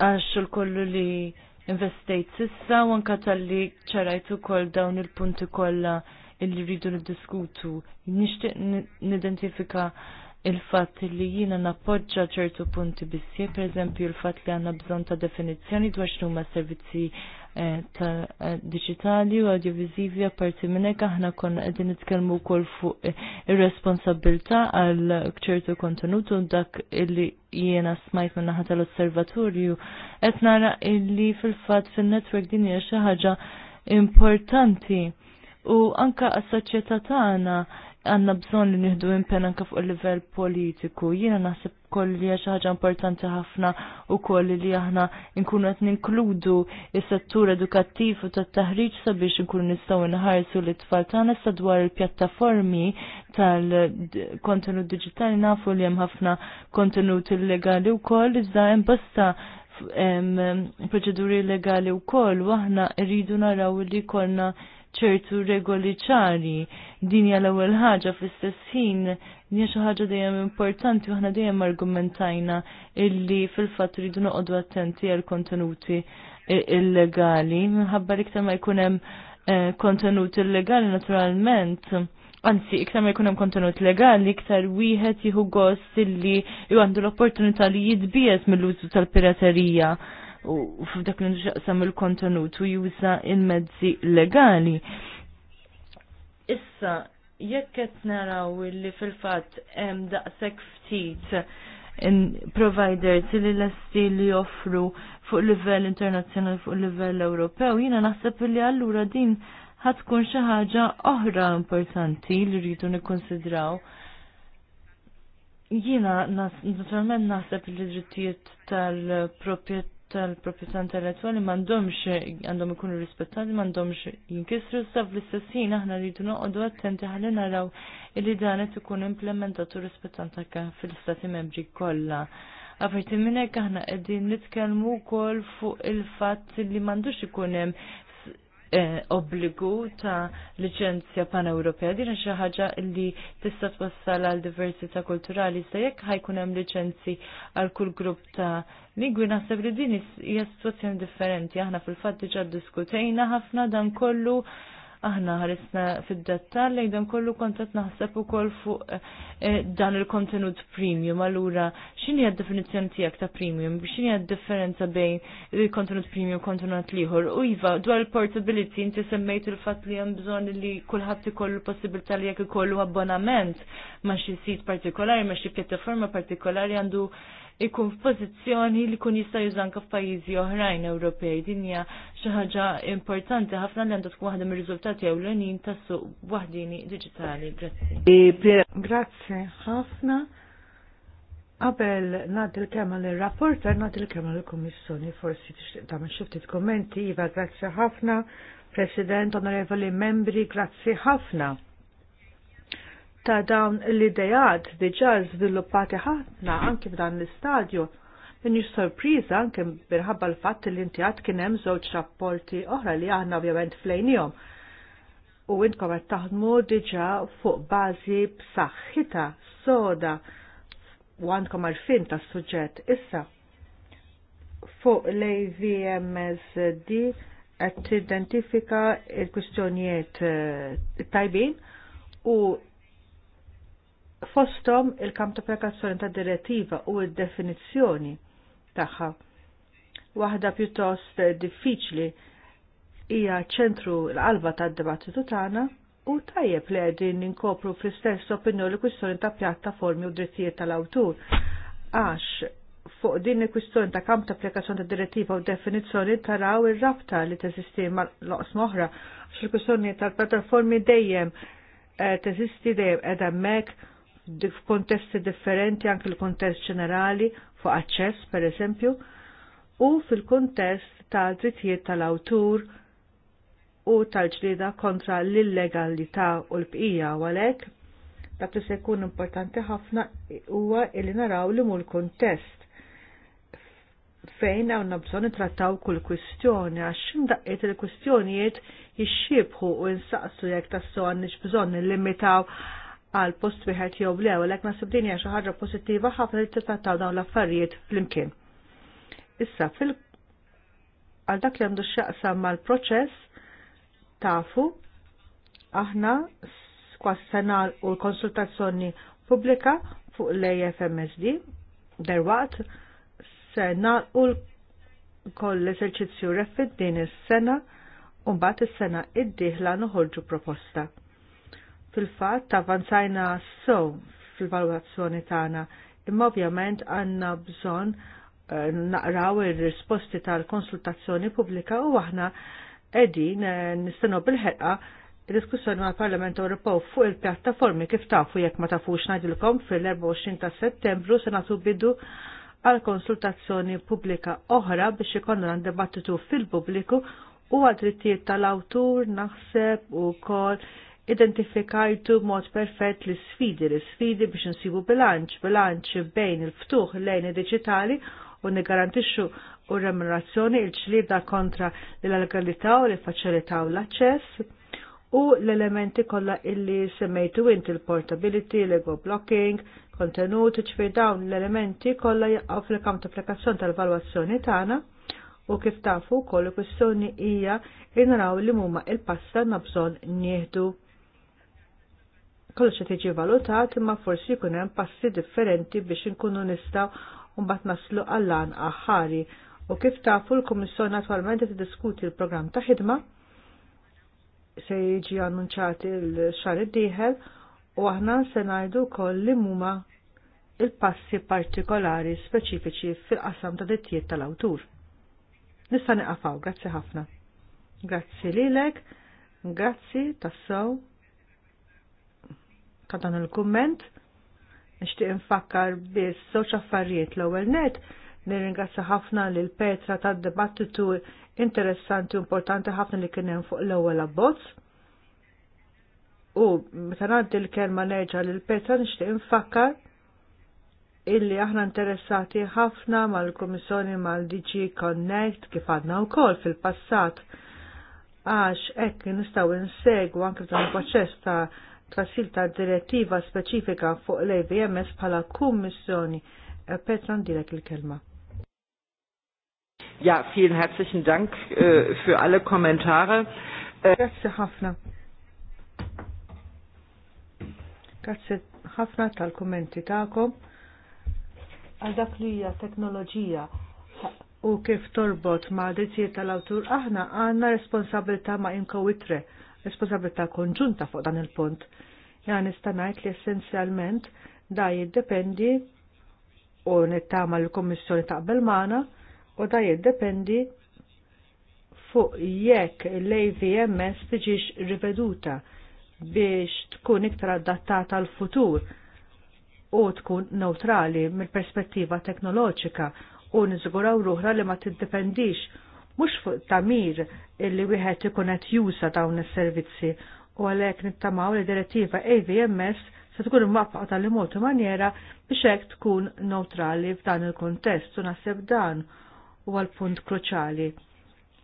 għax l-kollu li investejt sissa u anka tal-li ċarajtu kol dawn il-punti kolla illi rridu niddiskutu. Nixtieq nidentifika il-fatt li jiena nappoġġa ċertu punti bissi, per eżempju il-fatt li għandna bżonn ta' definizzjoni dwar x'huma servizzi eh, ta' eh, digitali u audiovisivi apparti minnek aħna konna għedin nitkelmu kol fuq eh, ir-responsabilta għal ċertu kontenutu dak illi jiena smajt minna ħata l-osservatorju qed nara illi fil-fatt fin netwerk din hija xi ħaġa importanti u anka as soċjetà tagħna għandna bżonn li nieħdu impen anka fuq il livell politiku. Jiena naħseb koll li xi ħaġa importanti ħafna wkoll li aħna nkunu qed ninkludu s settur edukattiv u tat-taħriġ sabiex nkunu nistgħu nħarsu l tfal tagħna sa dwar il-pjattaformi tal-kontenut diġitali nafu li hemm ħafna kontenut illegali wkoll iżda hemm bosta proċeduri legali wkoll u aħna rridu naraw li konna ċertu regoli ċari. Din l-ewwel ħaġa fl-istess ħin hija xi ħaġa dejjem importanti u aħna dejjem argumentajna illi fil-fatt iridu noqogħdu attenti għal kontenuti illegali minħabba li ma jkun hemm eh, kontenut illegali naturalment. Anzi, iktar ma jkun hemm kontenut legali, iktar wieħed jieħu gost illi għandu l-opportunità li jitbies mill-użu tal-piraterija u f'dak li nxaqsam il-kontenut u juża il-mezzi legali. Issa, jekk qed naraw li fil-fatt hemm daqshekk ftit providers li lesti li joffru fuq livell internazzjonali fuq livell Ewropew, jiena naħseb li allura din ħatkun xi ħaġa oħra importanti li rridu nikkonsidraw. Jiena naturalment naħseb li drittijiet tal-proprjetà tal-proprjetà intellettwali m'għandhomx għandhom ikunu rispettati, m'għandhomx jinkisru sa fl-istess aħna rridu noqogħdu attenti ħalli naraw li dan qed ikun implementatu u fil-Stati Membri kollha. Għaparti minnek aħna qegħdin nitkellmu wkoll fuq il-fatt li m'għandux ikun hemm Eh, obbligu ta' liċenzja pan-Ewropea. Dina xi ħaġa li tista' twassal għal diversità kulturali sa jekk ħajkun hemm liċenzji għal kull grupp ta' lingwi naħseb li din hija situazzjoni differenti. Aħna fil-fatt diġà diskutejna ħafna dan kollu aħna ħarisna fid dettall li dan kollu kontat naħseb ukoll fuq eh, dan il-kontenut premium. Allura x'inhi d-definizzjoni tiegħek ta' premium? Xini d-differenza bejn il-kontenut premium u kontenut ieħor? U iva, dwar il-portability inti semmejt il-fatt li hemm bżonn li kulħadd ikollu possibilità li jekk ikollu abbonament ma' xi sit partikolari, ma' xi pjattaforma partikolari għandu ikun pozizjoni li kun jista' jużanka f'pajjiżi oħrajn Ewropej. Dinja xi ħaġa importanti ħafna li għandha tkun waħda mir-riżultati ewlenin tas-suq waħdini diġitali. Grazzi. E, grazzi ħafna. Qabel nagħti l-kelma lir-rapporter nagħti l-kelma lill-Kummissjoni forsi tixtieq tagħmel xi ftit kummenti, iva grazzi ħafna. President, onorevoli membri, grazzi ħafna ta' dawn l-idejat diġa żviluppati ħafna anke f'dan l-istadju. Minix sorpriza anke minħabba l-fatt li inti għad kien hemm żewġ rapporti oħra li aħna ovvjament flejnihom. U intkom qed taħdmu diġa fuq bażi b'saħħita soda u għandkom għalfin tas-suġġett issa. Fuq l-AVMSD qed tidentifika l-kwistjonijiet eh, tajbin u fostom il-kamp ta' applikazzjoni ta' direttiva u id-definizzjoni tagħha. Waħda pjuttost diffiċli hija ċentru l-qalba tad-dibattitu tagħna u tajjeb li qegħdin ninkopru fl-istess opinjoni l-kwistjoni ta' pjattaformi u drittijiet tal-awtur. Għax fuq din il-kwistjoni ta' kamp ta' applikazzjoni ta' direttiva u definizzjoni taraw ir-rabta li teżisti mal-loqs oħra, għax il-kwistjoni tal-pjattaformi dejjem eh, teżisti dejjem qiegħda hemmhekk f'kontesti differenti anke l-kontest ġenerali fuq aċċess per eżempju u fil-kontest ta' drittijiet tal-awtur u tal-ġlida kontra l-illegalità u l-bqija u għalhekk dak li se jkun importanti ħafna huwa li naraw li mu l-kontest fejn għawna bżon trattaw kull kwistjoni, għax imdaqqiet il-kwistjonijiet jixxibħu u jinsaqsu jekk tassu għannix bżonn nillimitaw għal post wieħed jew blew lek nasib din hija xi ħaġa pożittiva ħafna li titrattaw dawn l-affarijiet flimkien. Issa fil għal dak li għandu x-xaqsam mal-proċess tafu aħna kwas senar u konsultazzjoni pubblika fuq l-AFMSD derwaqt senal u koll l-eżerċizzju din is-sena u mbagħad is-sena id-dieħla noħorġu proposta fil-fatt tavanzajna so fil-valutazzjoni tagħna. Imma ovvjament għandna bżonn eh, naqraw ir-risposti tal-konsultazzjoni pubblika u aħna qegħdin eh, nistennu bil-ħeqqa diskussjoni mal parlament Ewropew fuq il-pjattaformi kif tafu jekk ma tafux ngħidilkom fil-24 ta' Settembru se nagħtu bidu għal konsultazzjoni pubblika oħra biex ikonna dibattitu fil-pubbliku u għad drittijiet tal-awtur naħseb u kol identifikajtu mod perfett l sfidi l sfidi biex nsibu bilanċ, bilanċ bejn il-ftuħ lejn il-digitali u negarantixxu u remunerazzjoni il da kontra l-legalità u li u l-aċċess u l-elementi kollha illi semmejtu int il-portability, l-ego blocking, kontenut, ċfir dawn l-elementi kollha jaqgħu fil-kamp ta' applikazzjoni tal-valwazzjoni tagħna u kif tafu kollu kwestjoni hija inraw li muma il-pasta nabżon nieħdu kollox qed jiġi valutat imma forsi jkun hemm passi differenti biex inkunu nistgħu mbagħad naslu għall-għan aħħari. U kif tafu l-Kummissjoni attwalment qed diskuti l-programm ta' ħidma se jiġi annunċat l-xar id-dieħel u aħna se ngħidu wkoll li huma il-passi partikolari speċifiċi fil-qasam ta' dettijiet tal-awtur. Nista' niqafaw, grazzi ħafna. Grazzi lilek, grazzi tassew ta' dan il-kumment. Nixtieq infakkar biss żewġ affarijiet l-ewwel net nirringrazzja ħafna lil Petra tad-dibattitu interessanti u importanti ħafna li kien hemm fuq l-ewwel abbozz. U meta ngħaddi l-kelma nerġa' lil Petra nixtieq infakkar illi aħna interessati ħafna mal kummissjoni mal-DG Connect kif għadna wkoll fil-passat għax hekk nistgħu insegwu anke dan il-proċess ta' tfasil ta' direttiva speċifika fuq l-AVMS bħala kummissjoni. Eh, Petran direk il-kelma. Ja, vielen herzlichen Dank äh, für alle Kommentare. Eh, Grazie ħafna. Grazie ħafna tal-kommenti ta'kom. Għal dak li hija teknoloġija u kif torbot ma' dizziet tal-awtur aħna għandna responsabilità ma' inkowitre responsabilità konġunta fuq dan il-punt. Jani nista' ngħid li essenzjalment da jiddependi u nittama l-Kommissjoni taqbel Mana, u da jiddependi fuq jekk l-AVMS tiġix riveduta biex tkun iktar adattata għal futur u tkun neutrali mill-perspettiva teknoloġika u niżguraw ruħra li ma tiddependix mhux fuq tamir illi wieħed ikun qed jusa dawn is-servizzi u għalhekk nittamaw li direttiva AVMS se tkun imwaffaqa tal-imortu manjera biex hekk tkun neutrali f'dan il kuntest u naħseb dan huwa l-punt kruċali.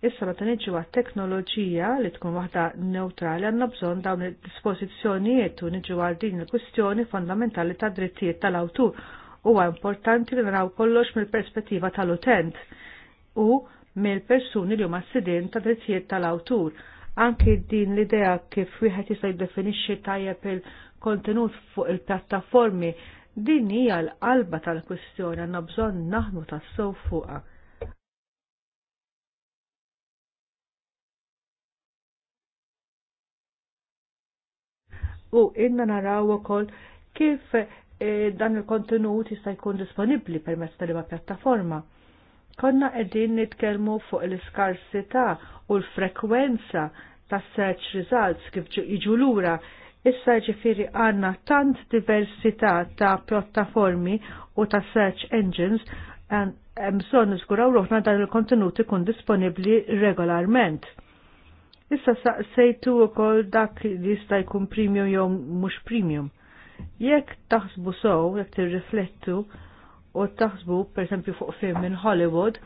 Issa meta niġu għat-teknoloġija li tkun waħda neutrali għandna bżonn dawn id-dispożizzjonijiet u niġu għal din il-kwistjoni fondamentali ta' drittijiet tal-awtur. Huwa importanti li naraw kollox mill-perspettiva tal-utent u mill-persuni li huma sidin ta' drittijiet tal-awtur. Anki din l-idea kif wieħed jista' jiddefinixxi tajjeb il-kontenut fuq il-pjattaformi din hija l-qalba tal-kwistjoni għandna bżonn naħnu tas-sew fuqha. U inna naraw ukoll kif eh, dan il-kontenut jista' jkun disponibbli permezz tal-liba pjattaforma konna edin nitkelmu fuq l-iskarsità u l-frekwenza ta' search results kif iġu lura. Issa ġifiri għanna tant diversità ta' pjattaformi u ta' search engines bżonn niżguraw ruħna dan il kontenuti kun disponibbli regolarment. Issa u wkoll dak li jista' jkun premium jew mhux premium. Jekk taħsbu sow, jekk tirriflettu, u taħsbu pereżempju fuq film minn Hollywood,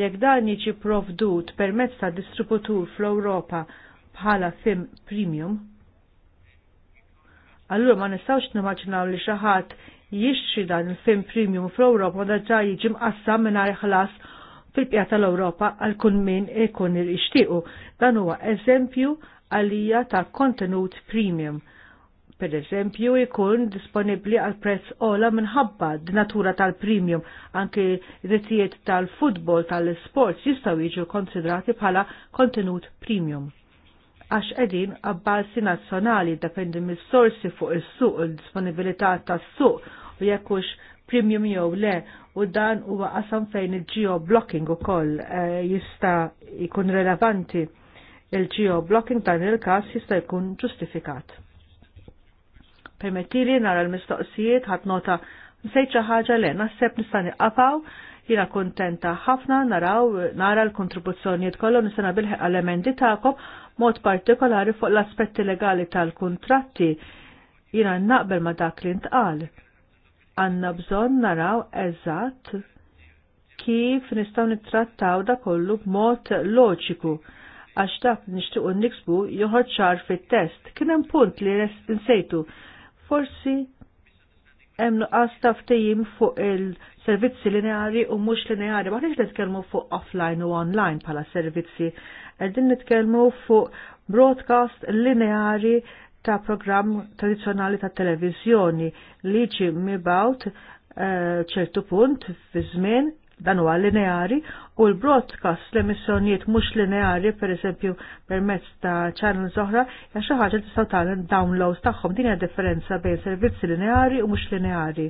jekk dan jiġi provdut permezz ta' distributur fl-Ewropa bħala film premium, allura ma nistgħux nimmaġinaw li xi ħadd jixtri dan il-film premium fl-Ewropa da ġa jiġi mqassam mingħajr ħlas fil-pjata l-Ewropa għal kun min ikun irixtiequ. Dan huwa eżempju għalija ta' kontenut premium per eżempju, ikun disponibli għal prezz ola minħabba d-natura tal-premium, anke rizziet tal-futbol, tal-sports jistaw jiġu konsidrati bħala kontenut premium. Għax edin għabbalsi nazzjonali dependi mis-sorsi fuq il-suq, il-disponibilità tas-suq u jekkux premium jew le u dan huwa qasam fejn il geoblocking blocking ukoll eh, jista' jkun relevanti il geoblocking blocking dan il-każ jista' jkun ġustifikat Permettili nara l-mistoqsijiet, ħat nota msejċa ħaġa le, naħseb nista' niqqafaw, jina kontenta ħafna naraw nara l-kontribuzzjonijiet kollu nistana bilħeq elementi ta'kom mod partikolari fuq l-aspetti legali tal-kontratti jina naqbel ma dak li ntqal. Għanna bżon naraw eżatt kif nistaw nittrattaw da kollu b'mod loġiku għax dak nixtiequ niksbu joħorġ ċar fit-test. Kien hemm punt li nsejtu Forsi hemm nuqqas ta' ftehim fuq il-servizzi lineari u mhux lineari. Maħniex nitkellmu fuq offline u online bħala servizzi. Qegħdin nitkellmu fuq broadcast lineari ta' programm tradizzjonali ta' televizjoni li ġi mibgħut eh, ċertu punt fi żmien dan huwa lineari u l-broadcast l-emissjonijiet mhux lineari pereżempju permezz ta' channels oħra hija xi ħaġa tista' tagħmel downloads tagħhom din hija differenza bejn servizzi lineari u mhux lineari.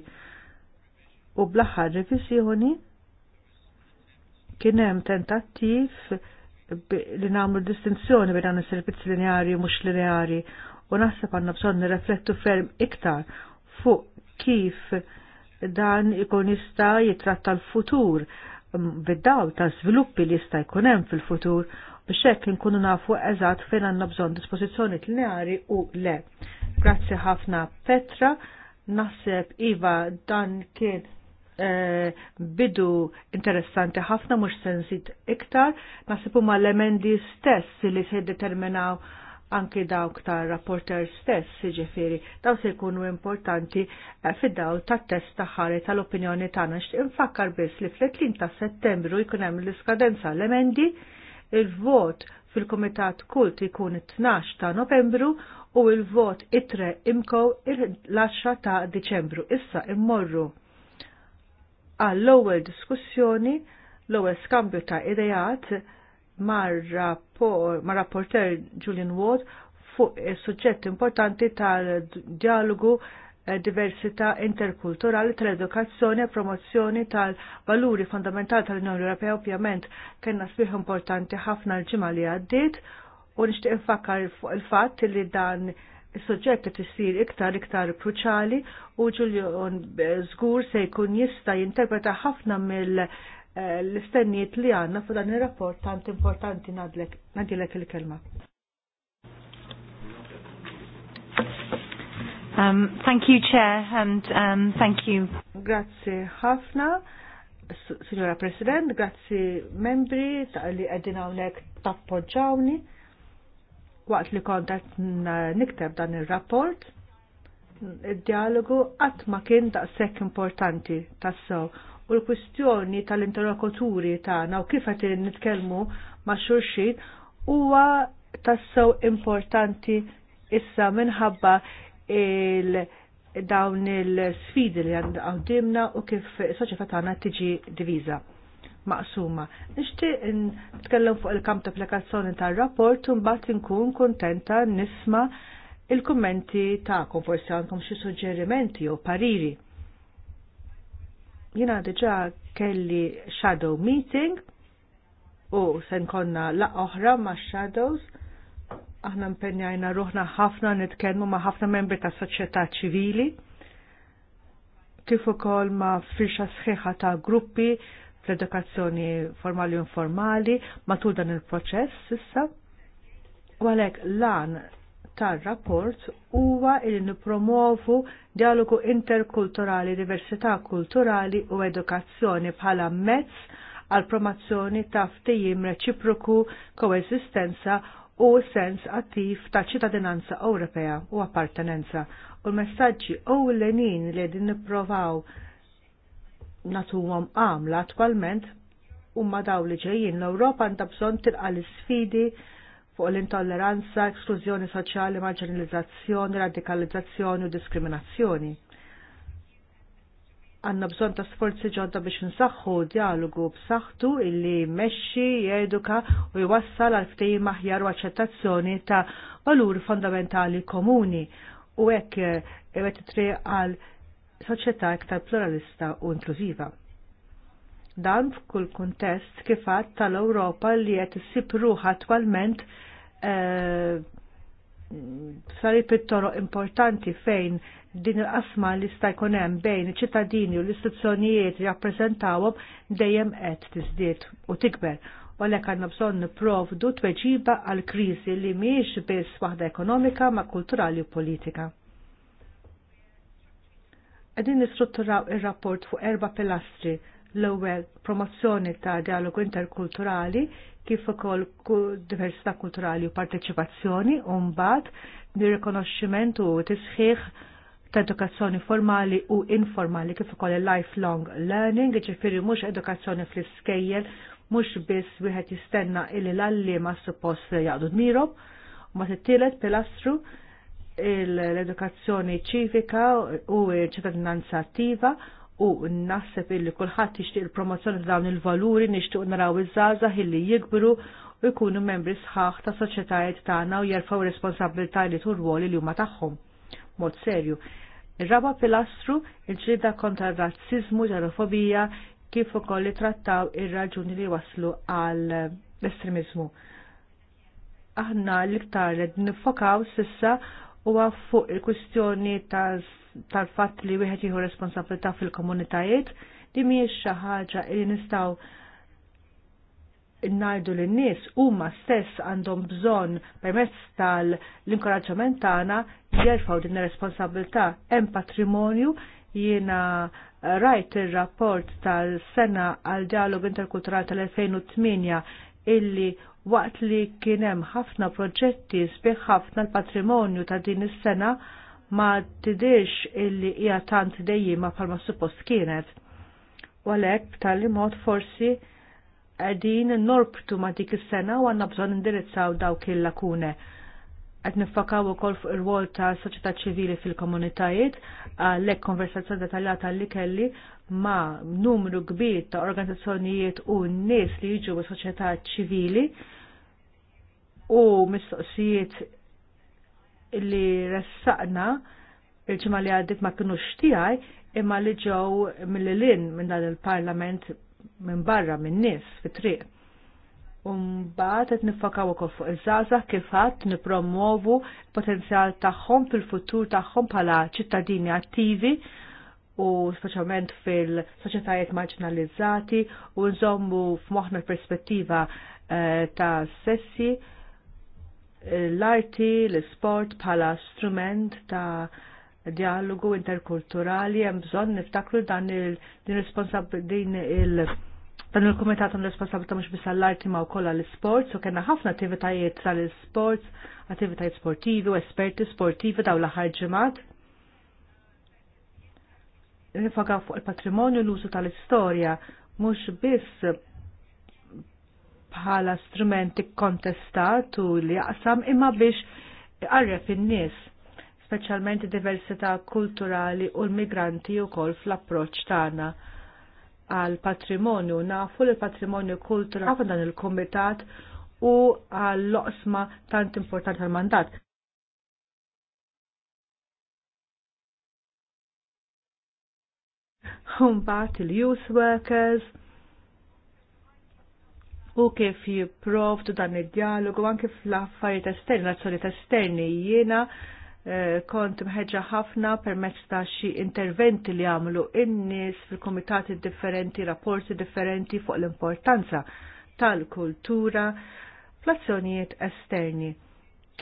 U bl-aħħar revisjoni kien hemm tentattiv li nagħmlu distinzjoni bejn dawn is-servizzi lineari u mhux lineari u naħseb għandna bżonn nirreflettu ferm iktar fuq kif dan ikun jista' jitratta l-futur bid-daw ta' sviluppi li jista' jkun hemm fil-futur biex hekk inkunu nafu eżatt fejn għandna bżonn dispożizzjoni lineari u le. Grazzi ħafna Petra, naħseb Iva dan kien eh, bidu interessanti ħafna mhux sensit iktar, naħseb huma l-emendi stess li se jiddeterminaw anki dawk ta' rapporter stess, ġifiri, daw se jkunu importanti eh, fid-daw ta' test ta' ħare tal-opinjoni tagħna infakkar biss li fl-30 ta' settembru jkun hemm l-iskadenza l-emendi, il-vot fil-Komitat Kult ikun 12 ta' Novembru u il-vot itre imkow il-10 ta' Deċembru. Issa immorru għall-ewwel diskussjoni, l-ewwel skambju ta' idejat mar rapporter Julian Ward fuq eh, suġġett importanti tal-dialogu eh, diversità interkulturali tal-edukazzjoni e promozzjoni tal-valuri fondamentali tal-Unjoni Ewropea ovvjament kellna sbieħ importanti ħafna l-ġimgħa li għaddiet u nixtieq infakkar fuq il-fatt li dan is-suġġett tisir iktar iktar kruċali u Ġuljon eh, żgur se jkun jista' jinterpreta ħafna mill- Eh, l-istennijiet li għanna fu dan il-rapport tant importanti nadilek il-kelma. Um, thank you, Chair, and um, thank you. Grazie ħafna, Signora President, grazie membri ta' li għedina għonek tappoġġawni waqt li kontat nikteb dan il-rapport il dialogu għatma ma kien daqshekk importanti tassew u l-kwistjoni tal-interlokuturi tagħna u kif qed nitkellmu ma' xulxin huwa tassew importanti issa minħabba il dawn il-sfidi li għandimna u kif soċjetà tagħna tiġi diviża maqsuma. Nixtieq nitkellem fuq il-kamp ta' applikazzjoni tar-rapport u mbagħad inkun kuntenta nisma' il-kummenti tagħkom forsi għandkom xi suġġerimenti jew pariri. Jina diġa kelli shadow meeting u sen konna la oħra ma shadows aħna mpenjajna ruħna ħafna nitkellmu ma ħafna membri ta' soċjetà ċivili kif ukoll ma' firxa sħiħa ta' gruppi fl-edukazzjoni formali u informali matul dan il-proċess issa. U għalhekk lan tar-rapport huwa li nippromovu dialogu interkulturali, diversità kulturali u edukazzjoni bħala mezz għal promozzjoni ta' ftehim reċiproku, koesistenza u sens attiv ta' ċittadinanza Ewropea u appartenenza. U l-messagġi ewlenin li din nipprovaw natuhom għamla attwalment huma daw li ġejjin l-Ewropa għandha bżonn tilqa' l-isfidi fuq l-intolleranza, eksklużjoni soċjali, marġinalizzazzjoni, radikalizzazzjoni u diskriminazzjoni. Għanna bżon ta' sforzi ġodda biex nsaxħu dialogu b'saħħtu illi jmexxi, jeduka u jwassal għal ftehim aħjar u aċċettazzjoni ta' valur fondamentali komuni u hekk qed eh, triq għal soċjetà iktar pluralista u inklużiva. Dan f'kull kuntest kifat tal-Ewropa li qed issib ruħ attwalment Eh, sarri pittoro importanti fejn din il-qasma li sta jkun hemm bejn ċittadini u l-istituzzjonijiet li rappreżentawhom dejjem qed tiżdied u tikber u għalhekk għandna bżonn niprovdu tweġiba għal kriżi li mhijiex biss waħda ekonomika ma kulturali u politika. Qegħdin nistrutturaw ir rapport fuq erba pilastri l-ewwel promozzjoni ta' dialogu interkulturali kif ukoll diversità kulturali u parteċipazzjoni u mbagħad nirrikonoxximent u tisħiħ ta' edukazzjoni formali u informali kif ukoll il lifelong learning, ġifieri mhux edukazzjoni fl-iskejjel mhux biss wieħed jistenna illi l-allima suppost jaqdu dmirhom, ma tittielet pilastru l-edukazzjoni ċivika u ċittadinanza attiva u naħseb illi kulħadd jixtieq il-promozzjoni ta' dawn il-valuri nixtiq naraw iż-żgħażagħ illi jikbru u jkunu membri sħaħ ta' soċjetajiet tagħna u jerfgħu responsabilità li tu rwoli li huma tagħhom. Mod serju. Ir-raba pilastru il-ġrida kontra r-razzizmu, xenofobija, kif ukoll trattaw ir-raġuni li waslu għal estremizmu Aħna l-iktar li nifokaw sissa huwa fuq il-kwistjoni ta' tal-fatt li wieħed jieħu responsabilità fil-komunitajiet li mhijiex xi ħaġa li nistgħu ngħidu lin nies huma stess għandhom bżonn permezz tal-inkoraġġament tagħna jerfgħu din ir-responsabilità hemm patrimonju jiena rajt ir-rapport tal-sena għal dialog interkulturali tal-2008 illi waqt li kien hemm ħafna proġetti sbieħ ħafna l-patrimonju ta' din is-sena ma tidirx illi hija tant dejjima bħalma suppost kienet. U għalhekk tal-li mod forsi qegħdin norbtu ma dik is-sena u għandna bżonn indirizzaw dawk il-lakune. Qed nifakaw ukoll fuq ir wol ta' soċjetà ċivili fil-komunitajiet, għalhekk konversazzjoni detaljata li kelli ma' numru kbir ta' organizzazzjonijiet u n nies li jiġu soċjetà ċivili u mistoqsijiet li ressaqna il-ġimma li għaddit ma kinux tiegħi imma li ġew mill-lin minn dan il-Parlament minn barra minn nies fit-triq. Umbat qed nifakaw ukoll fuq iż-żgħażagħ kif ħadd nippromovu potenzjal tagħhom fil-futur tagħhom bħala ċittadini attivi u speċjalment fil-soċjetajiet marginalizzati u nżommu f'moħħna l-perspettiva eh, ta' sessi l-arti, l-sport bħala strument ta' dialogu interkulturali hemm bżonn niftakru dan il-din il- dan il-kumitat għandu responsabilità mhux biss għall-arti ma wkoll għall-isports u kellna ħafna attivitajiet tal-isports, attivitajiet sportivi u esperti sportivi daw l-aħħar ġimgħat. Nifoga fuq il-patrimonju l-użu tal-istorja mhux biss bħala strumenti kontestat u li jaqsam imma biex għarref in-nies, speċjalment diversità kulturali u l-migranti wkoll fl-approċċ tagħna għal patrimonju, nafu l patrimonju kulturali għafu dan il-komitat u għal loqsma tant importanti għal mandat. Humbat il-youth workers, u kif jiprovdu dan id-dialogu anke fl-affarijiet esterni, l-azzjonijiet esterni jiena eh, kont mħeġġa ħafna permezz ta' xi interventi li għamlu in-nies fil-komitati differenti, rapporti differenti fuq l-importanza tal-kultura fl-azzjonijiet esterni.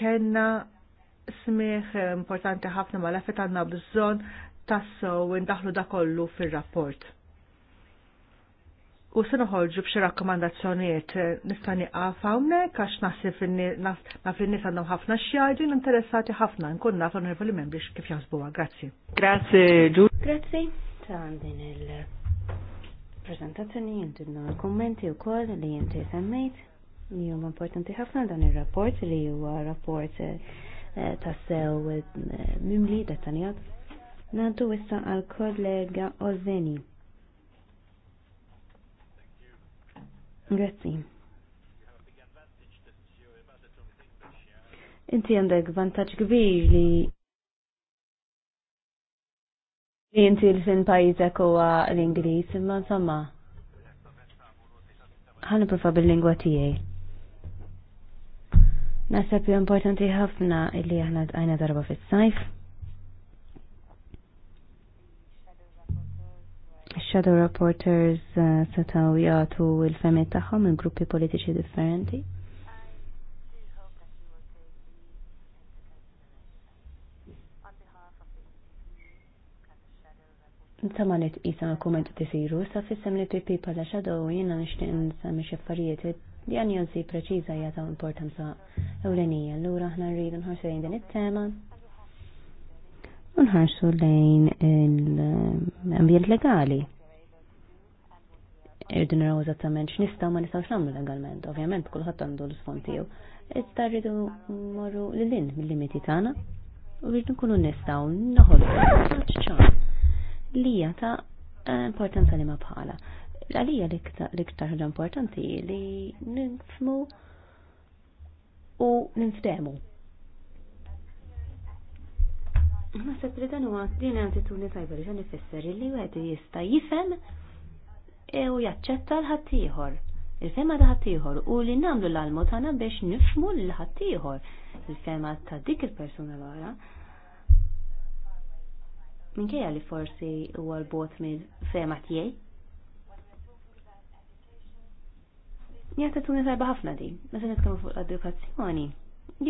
Kenna smieħ importanti ħafna ma' lafet għanna bżon u indaħlu da kollu fil-rapport u se noħorġu b'xi rakkomandazzjonijiet nista' nieqaf hawnhekk għax naħseb naf in-nies għandhom ħafna xjajdu interessati ħafna nkun naf onorevoli membri kif jaħsbuha. Grazzi. Grazzi, Ġu. Grazzi ta' għandin il-prezentazzjoni jintidna l-kommenti u wkoll li jinti semmejt li importanti ħafna dan il rapport li huwa rapport eh, ta' sew eh, mimli detanjat. Nantu wissa għal kollega Olveni. Grazzi. Inti għandek vantaġġ kbir li li inti l-fin pajizek u l-Ingliż, imma insomma. Ħan nipprova bil-lingwa tiegħi. Nasab importanti ħafna illi aħna għajna darba fit sajf shadow reporters uh, setaw jagħtu il-femiet tagħhom minn gruppi politiċi differenti. Nsama li tqisam il-kumenti tisiru, sa fissem li PP pala shadow jiena nixtieq nsemmi xi affarijiet li għanjozi preċiża jagħtaw importanza ewlenija, allura aħna rridu nħarsu din it-tema unħarsu lejn l-ambjent legali. Irridu naraw eżattament x'nistgħu ma nistgħux nagħmlu legalment, ovvjament kulħadd għandu l-isfond tiegħu. Iżda rridu morru lil-in mill-limiti tagħna u rridu nkunu nistgħu noħolqu ċar li hija ta' importanza li ma bħala. Għalija l-iktar ħaġa importanti li nifmu u ninfdemu Naħseb li dan huwa din attitudni tajba li xan ifisser li wieħed jista' jifhem u jaċċetta l-ħadd ieħor. Il-fema ta' ħaddieħor u li nagħmlu l-almu tagħna biex nifhmu l ħaddieħor il-fema ta' dik il-persuna l-oħra. Minkejja li forsi huwa l-bot mill fema tiegħi. tuni tajba ħafna di, meta nitkellmu fuq l-edukazzjoni.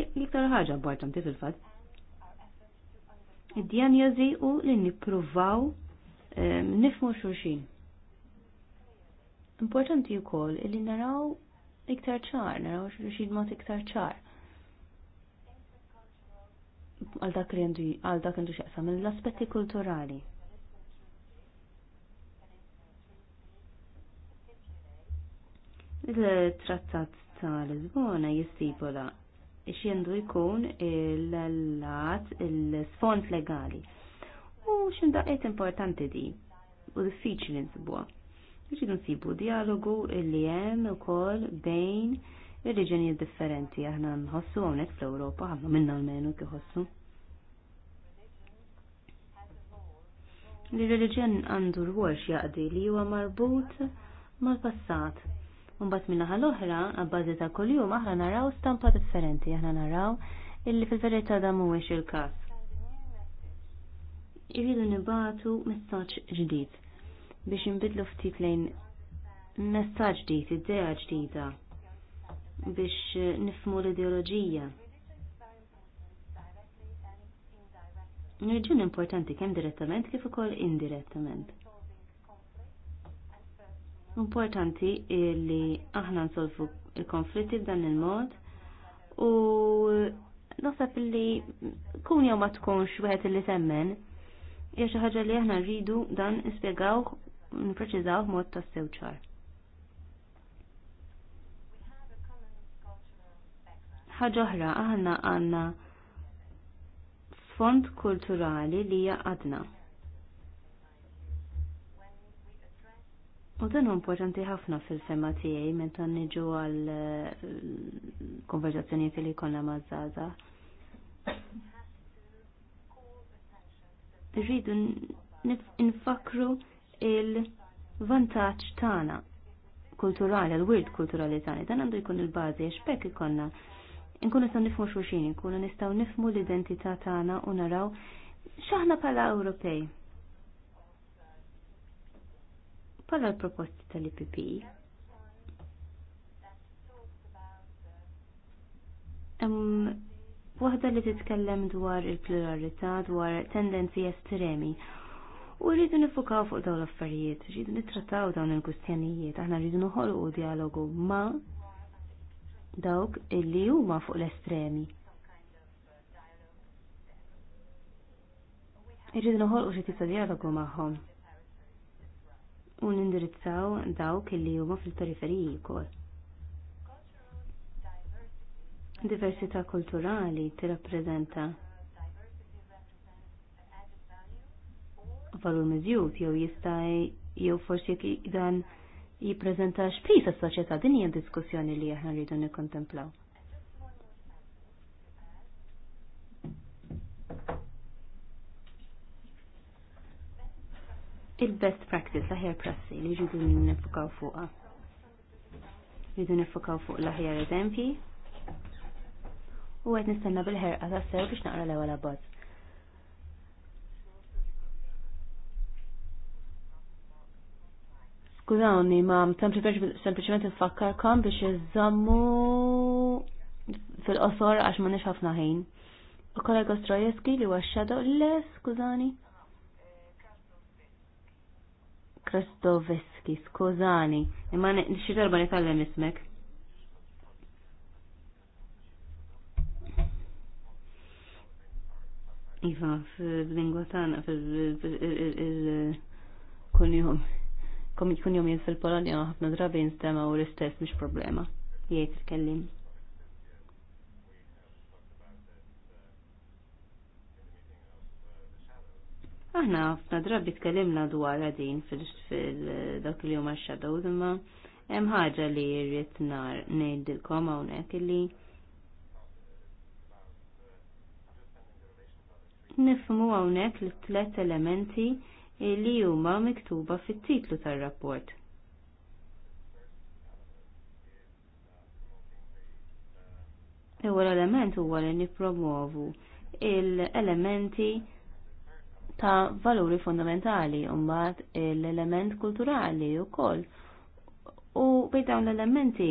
L-iktar ħaġa importanti fil-fatt id-dijanjozi u li nippruvaw ehm, nifmu xurxin. Importanti u wkoll li naraw iktar ċar, naraw xurxin mod iktar ċar. Għal dak li għal dak għandu minn l-aspetti kulturali. Il-trattat ta' Lisbona jistipula x'jendu jkun l lat il-sfond legali. U x'imdaqqiet importanti di u diffiċli nsibuha. Biex nsibu dialogu li hemm ukoll bejn ir-reġjonijiet differenti aħna nħossu hawnhekk fl-Ewropa ħafna minna l-menu kieħossu. li reliġjon għandu rwol x'jaqdi li huwa marbut mal-passat Mbagħad minnaħa l-oħra, għabbażi ta' kuljum aħna naraw stampa differenti, aħna naraw illi fil-verità da mhuwiex il-każ. Irridu nibatu messaġġ ġdid biex inbidlu ftit lejn messaġġ ġdid, idea ġdida biex nifmu l-ideoloġija. Nirġun importanti kemm direttament kif ukoll indirettament. Importanti li aħna nsolfu il-konflitti b'dan il-mod u naħseb li kun jew ma tkunx wieħed li semmen hija xi ħaġa li aħna rridu dan nispjegaw nippreċiżaw b'mod tassew ċar. ħaġa oħra aħna għandna sfond kulturali li hija għadna. U dan importanti ħafna fil-fema tiegħi meta niġu għal eh, konverġazzjonijiet li jkollna ma' Zaza. Irridu nfakru il-vantaġġ tagħna kulturali, l-wirt kulturali tagħna. Dan għandu jkun il-bażi għax bekk ikollna nkunu nistgħu nifhmu xulxin, nkunu nistgħu nifhmu l-identità tagħna u naraw x'aħna bħala Ewropej pala l-proposti tal-IPP. Wahda li titkellem dwar il-pluralità, dwar tendenzi estremi. U rridu nifukaw fuq dawn l-affarijiet, rridu nittrattaw dawn il-kustjanijiet, aħna rridu noħolqu dialogu ma dawk illi huma fuq l-estremi. Irridu noħolqu xi tip ta' dialogu magħhom u nindirizzaw dawk li huma fil-periferiji wkoll. Diversità kulturali tirrappreżenta valur miżjud jew jista' jew forsi jekk dan jippreżenta x'pisa s-soċjetà din hija diskussjoni li aħna rridu nikkontemplaw. il-best practice laħjar prassi li ġidu nifukaw fuqa. Ġidu nifukaw fuq laħjar eżempji u għed nistanna bil-ħerqa ta' sew biex naqra l-ewwel abbozz. Skużawni, ma sempliċement kam biex jizzammu fil-qosor għax ma ħafna ħin. U kollega Strojewski li huwa shadow le, skużani. Krastoveski, skużani, imma xi darba nitgħallem ismek. Iva, fil-lingwa tagħna fil-kunjum. Kom jkun jom fil-Polonja ħafna drabi nistema u l-istess mhux problema. Jgħid kellim Aħna ħafna drabi tkellimna dwar din fil-dak li huma shadows imma hemm ħaġa li jrid nar ngħidilkom hawnhekk illi nifmu hawnhekk li tliet elementi li huma miktuba fit-titlu tar-rapport. Ewwel element huwa li nippromovu l-elementi ta' valuri fondamentali mbagħad l-element kulturali u koll. U bej dawn l-elementi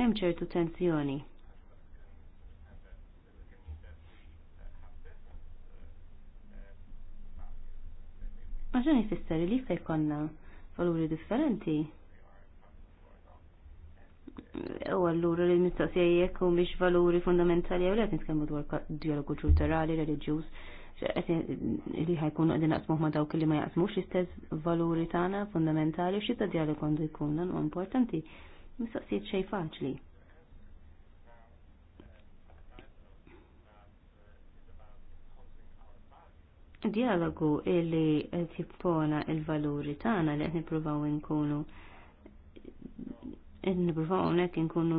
hemm ċertu tensjoni. Għaxan jfisser li fejkonna valuri differenti u għallura li mistoqsija jekk u miex valuri fundamentali għu għet nitkellmu dwar dialogu kulturali, religjus, li ħajkun għadin naqsmuħ ma dawk li ma jaqsmux istess valuri tagħna fundamentali u xita dialogu għandu jkun u importanti. Mistoqsijiet xej faċli. dialogu illi tippona il-valuri tagħna li qed nippruvaw nkunu nipruvaw hawnhekk inkunu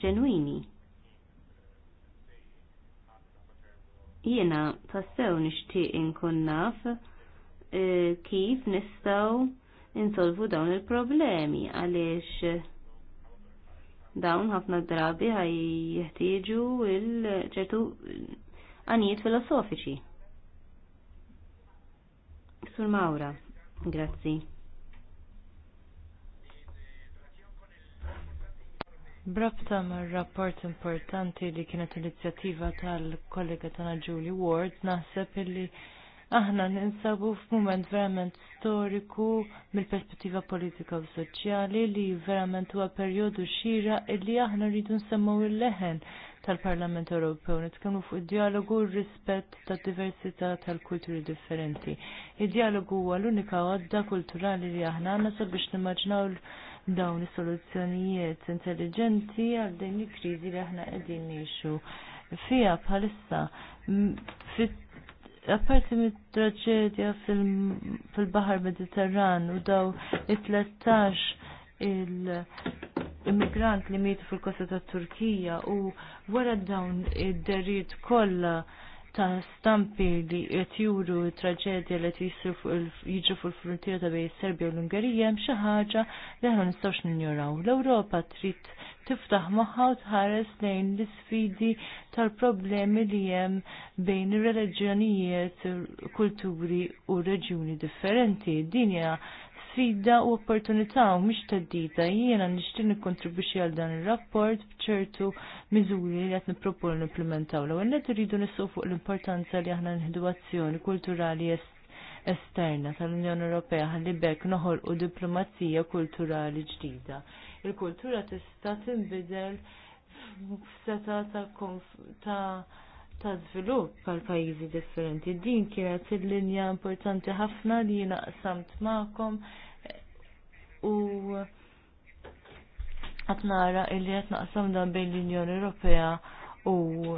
ġenwini. Jiena tassew nixtieq inkun naf eh, kif nistgħu insolvu dawn il-problemi għaliex dawn ħafna drabi ħaj jeħtieġu il-ċertu għanijiet filosofiċi. Sur Maura, grazzi. Brabta mar rapport importanti li kienet l inizjattiva tal-kollega tana Julie Ward, naħseb illi aħna ninsabu f'mument verament storiku mill-perspettiva politika u soċjali li verament huwa perjodu xira illi aħna rridu nsemmaw il-leħen tal-Parlament Ewropew nitkellmu fuq id-dialogu u r-rispett tad-diversità tal-kulturi differenti. Id-dialogu huwa l-unika għadda kulturali li aħna għandna sabiex nimmaġnaw l dawn is-soluzzjonijiet intelligenti għal din il-kriżi li aħna qegħdin nixu fija bħalissa apparti mit traġedja fil baħar Mediterran u daw it-13 il-immigrant li mietu fil-kosta ta' Turkija u wara dawn id-derit kollha ta' stampi li qed juru traġedja li qed jiġu fuq il-frontiera ta' bejn is-Serbja u l-Ungerija hemm xi ħaġa li aħna nistgħux ninjuraw. L-Ewropa trid tiftaħ moħħa u tħares lejn l-isfidi tal-problemi li hemm bejn ir-reliġjonijiet, kulturi u reġjuni differenti. Din hija sfida u opportunità u mhix teddida jiena nixtieq nikkontribwixxi għal dan ir-rapport b'ċertu miżuri li qed nipproponu nimplementaw. L-ewwel qed iridu nisqu fuq l-importanza li aħna nħidu azzjoni kulturali esterna tal-Unjoni Ewropea ħalli bekk noħolqu diplomazija kulturali ġdida. Il-kultura tista' tinbidel f'seta ta' ta' ta' żvilupp għal pajjiżi differenti. Din kienet il-linja importanti ħafna li jina qsamt ma'kom u qed nara li qed naqsam dan bejn l-Unjoni Ewropea u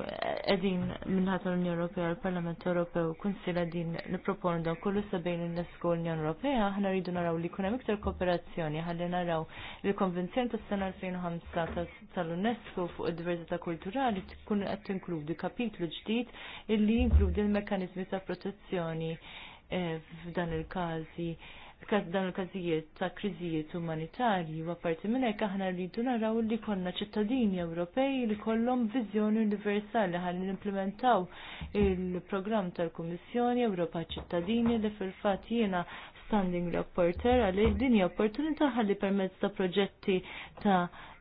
edin minnħat l-Unjoni Ewropea l-Parlament Ewropew kunsil edin niproponu dan kollu sabajn l-UNESCO l-Unjoni Ewropea aħna rridu naraw li kunem iktar kooperazzjoni ħalli naraw li l-Konvenzjoni tas-sena 2005 tal-UNESCO fuq id-diversità kulturali tkun qed tinkludi kapitlu ġdid illi jinkludi l-mekkaniżmi ta' protezzjoni eh, f'dan il-każi dan il-każijiet ta' kriżijiet umanitarji u apparti minn hekk aħna rridu naraw li konna ċittadini Ewropej li kollhom viżjoni universali ħalli nimplementaw il-programm tal-Kummissjoni Ewropa ċittadini li fil-fatt jiena standing rapporter għalli din hija opportunità ħalli permezz ta' proġetti ta'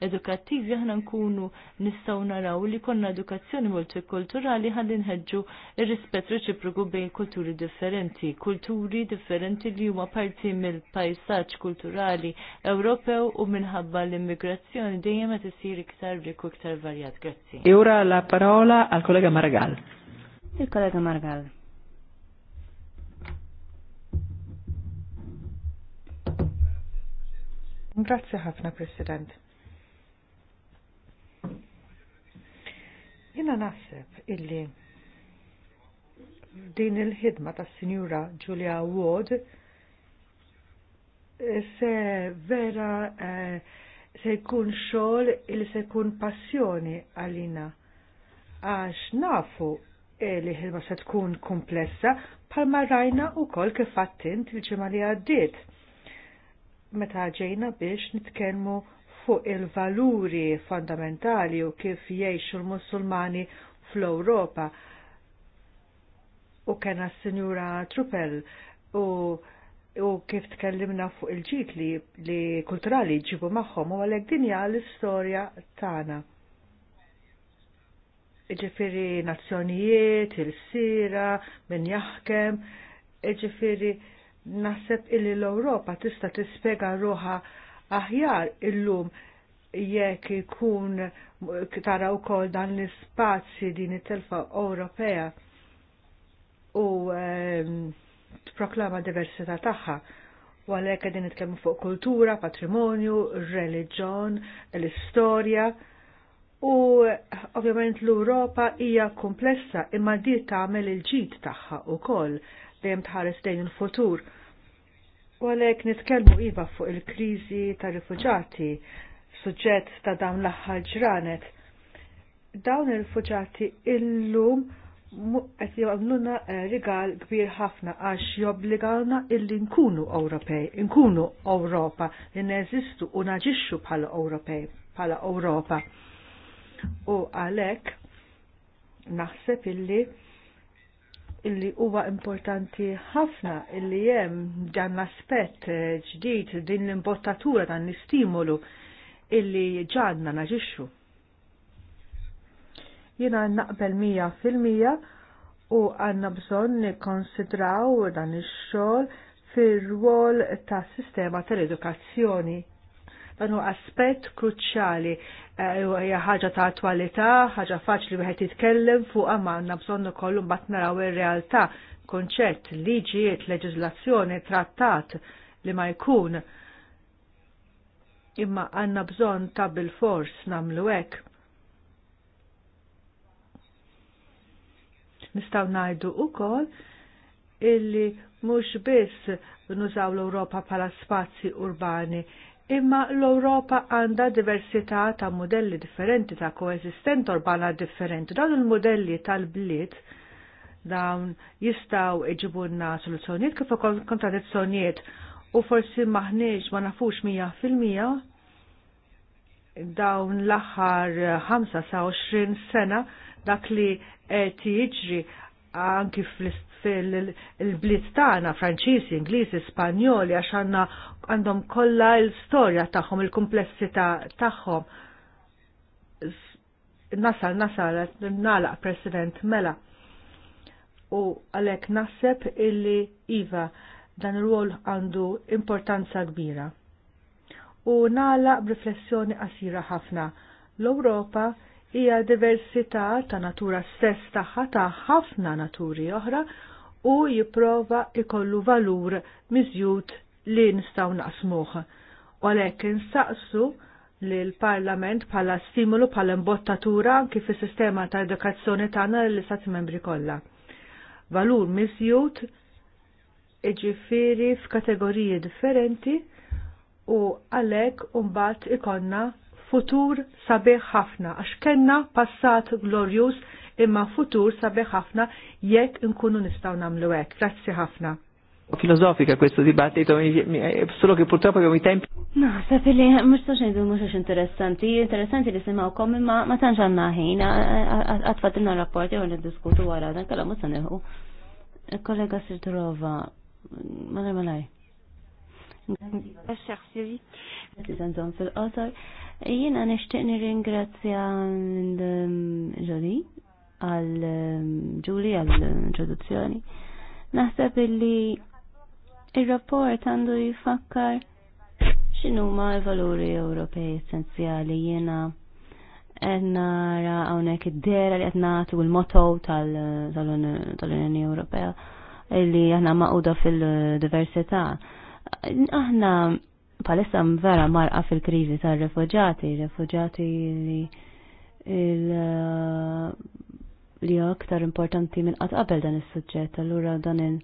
edukattivi aħna nkunu nistgħu naraw li konna edukazzjoni multikulturali ħalli nħeġġu ir-rispett reċiproku bejn kulturi differenti, kulturi differenti li huma parti mill-pajsaġġ kulturali Ewropew u minħabba l-immigrazzjoni dejjem qed isir iktar riku iktar varjat. Grazzi. Iura e la parola al kollega Maragall. Il-kollega Maragall. Grazzi ħafna, President. Jina naħseb illi din il-ħidma ta' Sinjura Julia Ward eh, se vera eh, se jkun xogħol illi se jkun passjoni għalina għax nafu li ħidma se tkun komplessa palma rajna u kol kif il-ġimgħa li għaddiet meta ġejna biex nitkellmu fuq il-valuri fondamentali u kif jgħixu l-Musulmani fl-Ewropa. U kena s-Sinjura Truppel u, u kif tkellimna fuq il-ġit li, li kulturali ġibu magħhom u għalhekk din hija l-istorja tagħna. Iġifiri nazzjonijiet, il-sira, min jaħkem, ġifiri Naħseb illi l-Ewropa tista' tispjega roħa aħjar illum jekk ikun tara wkoll dan l-ispazji din it-telfa Ewropea u ehm, tproklama diversità tagħha u għalhekk qegħdin nitkellmu fuq kultura, patrimonju, reliġjon, l-istorja. U ovvjament l-Europa hija komplessa imma di tagħmel il-ġid tagħha wkoll dejjem tħares dejn il-futur. U għalhekk nitkellmu iva fuq il-kriżi tar-rifuġati, suġġett ta' dawn l-aħħar ġranet. Dawn il-rifuġati illum qed jagħmluna eh, rigal kbir ħafna għax jobbligawna illi nkunu Ewropej, nkunu Ewropa, li neżistu u naġixxu bħala Ewropej, bħala Ewropa. U għalhekk naħseb illi illi huwa importanti ħafna illi hemm dan l-aspett eh, ġdid din l-imbottatura dan l-istimolu illi ġanna naġiċu. Jina naqbel mija fil-mija u għanna bżonn nikkonsidraw dan ix-xogħol fir-rwol tas sistema tal-edukazzjoni dan huwa aspett kruċjali eh, hija ħaġa ta' attwalità, ħaġa faċli wieħed jitkellem fuq ma għandna bżonn ukoll mbagħad naraw ir-realtà, konċett, liġijiet, leġiżlazzjoni, trattat li ma jkun. Imma għandna bżonn ta' bil-fors nagħmlu hekk. Nistgħu ngħidu wkoll illi mhux biss nużaw l-Ewropa bħala spazji urbani, imma l-Europa għanda diversità ta' modelli differenti ta' koesistent urbana differenti. Dawn il-modelli tal-bliet dawn jistaw iġibunna soluzzjoniet kif ukoll kontradizzjonijiet u forsi maħniex ma nafux mija fil-mija dawn l-aħħar 5 sa 20 sena dak li qed jiġri anki fil-bliet tagħna Franċiżi, Ingliżi, Spanjoli għax għandna għandhom kollha l-istorja tagħhom, il-komplessità tagħhom. Nasal, nasal, nala, President Mela. U għalhekk naħseb illi Iva dan il rol għandu importanza kbira. U nala b'riflessjoni qasira ħafna. L-Ewropa hija diversità ta' natura stess tagħha ta' ħafna naturi oħra u jipprova ikollu valur miżjud li nistgħu naqsmuh. U għalhekk insaqsu li l-Parlament bħala stimulu bħala imbottatura anki fis sistema ta' edukazzjoni tagħna l istati membri kollha. Valur miżjud iġifieri f'kategoriji differenti u għalhekk mbagħad ikonna futur sabiħ ħafna għax kenna passat glorjus imma futur sabiħ ħafna jekk nkunu nistgħu nagħmlu hekk. Grazzi ħafna. Filosofika questo dibattito, solo che purtroppo abbiamo i tempi. Naħseb li eh, mhux tax ngħidu mhux interessanti, interessanti li simgħukom imma ma tantx għandna ħin għatfadilna rapporti u niddiskutu wara dan kellha mhux se kollega Sirturova, malaj malaj. Għaxħaxħi. Għazizanżon fil-qosor. Jina nishtiq nir-ingrazzja ġoli għal ehm, ġuli għal introduzzjoni. Naħseb illi il-rapport għandu jifakkar xinu ma l-valuri Ewropej essenzjali jena ra għonek id-dera li tu il-motto tal-Unjoni Ewropea illi għahna maquda fil-diversità Aħna palissa mvera marqa fil-krizi tal-refugġati, refugġati li il li aktar importanti minn qatt qabel dan is-suġġett, allura dan il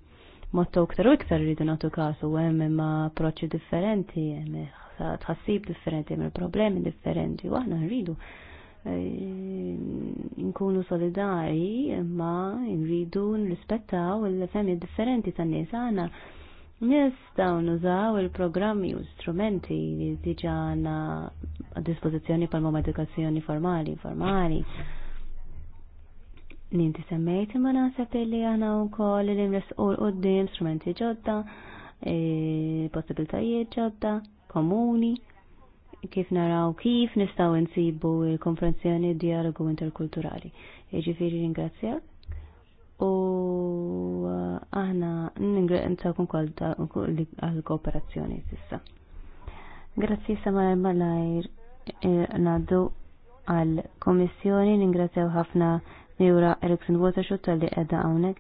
motto iktar u iktar rridu nagħtu kasu hemm imma approċċi differenti, hemm tħassib differenti, hemm problemi differenti u aħna nridu eh, nkunu solidari imma nridu nrispettaw il-femi differenti tan-nies għana Nistaw nużaw il-programmi u strumenti li diġana a dispozizjoni pal mom edukazzjoni formali, informali. Ninti semmejt imma nasab li għana u koll li mres u l-qoddim strumenti ġodda, e, possibiltajiet ġodda, komuni, kif naraw kif nistaw nsibu il-konferenzjoni dialogu interkulturali. Iġifiri ringrazzjak u uh, aħna n-ingreqentakum għal-kooperazzjoni sissa. Grazzi samar malajr eh, naddu għal-komissjoni, ningrazzjaw ħafna Miura Erickson Watershut tal-li edha għawnek.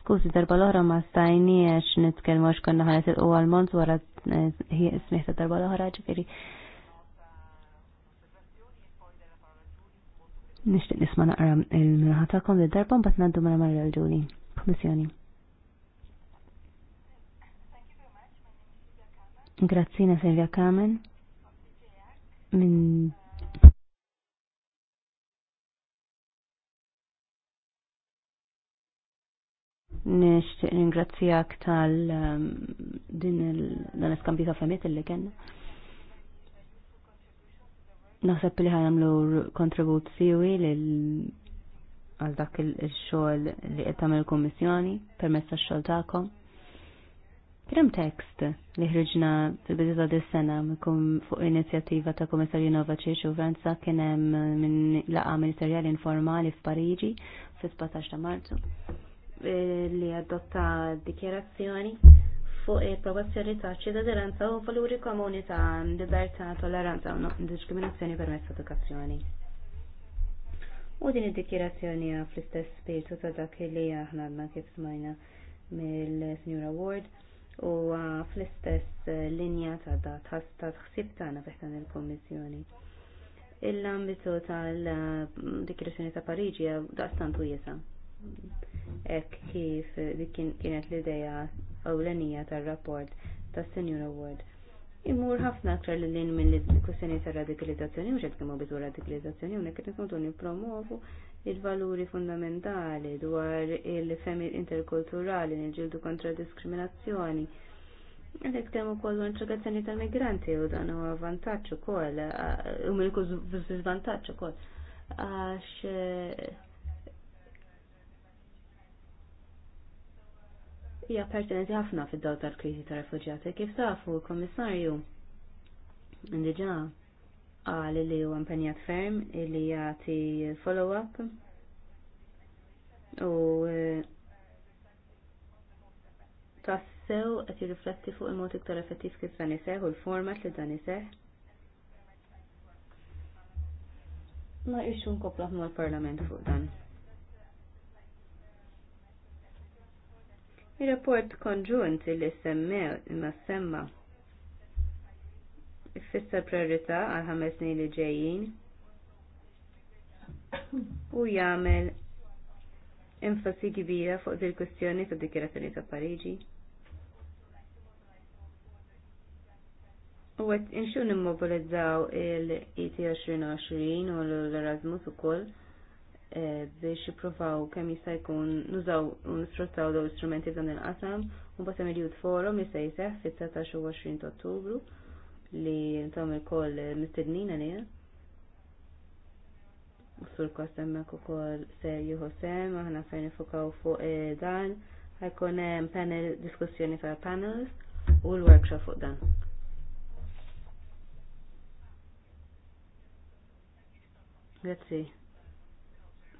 Skużi darba l-ohra ma stajniex nitkelmu konna ħanet il u għal mont wara eh, smieħta darba l-ohra ġifiri Nishtiq nisma naqra il-minħatakom li darba bat naddu mara mela marra l-ġuni. Komissjoni. Grazzina Silvia Kamen min. nishtiq ringrazzjak tal um, din l-iskambju ta' il li kena. Naħseb li ħanamlu kontribut siwi għal dak il-xogħol li qed tagħmel kummissjoni permezz tax-xogħol tagħkom. Krem tekst li ħriġna fil-bidu ta' dis-sena fuq inizjattiva ta' Kummissarju Novacic u Franza kien hemm minn laqgħa ministerjali informali f'Pariġi fis-17 ta' Marzu eh, li adotta dikjerazzjoni fuq il-promozzjoni ta' ċittadinanza u valuri komuni ta' libertà, tolleranza u diskriminazzjoni permezz edukazzjoni. U din id-dikjerazzjoni fl-istess spiritu ta' dak li aħna għandna kif smajna mill-Signora Ward u fl-istess linja ta' da tħasta tħsib tagħna fiħtan il-Kommissjoni il ambitu tal-dikirazzjoni ta' Parigi daqstantu jesa. Ek kif dik kienet l-ideja ewlenija tar-rapport tas-Senior Award. Imur ħafna aktar l lin minn kwestjoni ta' radikalizzazzjoni, mhux mux għedkimu bitu radikalizzazzjoni, unek qed dwar nippromovu il-valuri fundamentali dwar il-femi interkulturali, nil-ġildu kontra diskriminazzjoni. Għalek temu kollu integrazzjoni tal-migranti u dan u għavantaċu kol, u milku żvantaġġ kol, Għax hija pertinenti ħafna fid-daw tal-kriżi ta' refuġjati kif tafu l-Kommissarju indiġa qal li huwa impenjat ferm li jagħti follow-up u eh, tassew qed jirrifletti fuq il-mod iktar effettiv kif dan iseħħ u l-format li dan iseħħ. Ma irxu nkopla mal-Parlament fuq dan. Il-rapport konġunt li semmew imma semma fissa priorità għal ħames snin li ġejjin u jagħmel enfasi kbira fuq il kustjoni ta' dikjerazzjoni ta' Pariġi. U għet inxu nimmobilizzaw il-ET 2020 u l-Erasmus u koll Eh, biex jipprovaw kemm jista' jkun nużaw u nisfruttaw l istrumenti f'dan il-qasam u bata hemm il-Youth Forum jista' jseħħ fit-19 u 20 ta' Ottubru li ntom il-koll mistednin għalija. Sur kost hemmhekk ukoll ser jieħu sem aħna fejn nifukaw fuq eh, dan ħajkun hemm panel diskussjoni ta' panels u l-workshop fuq dan. Grazie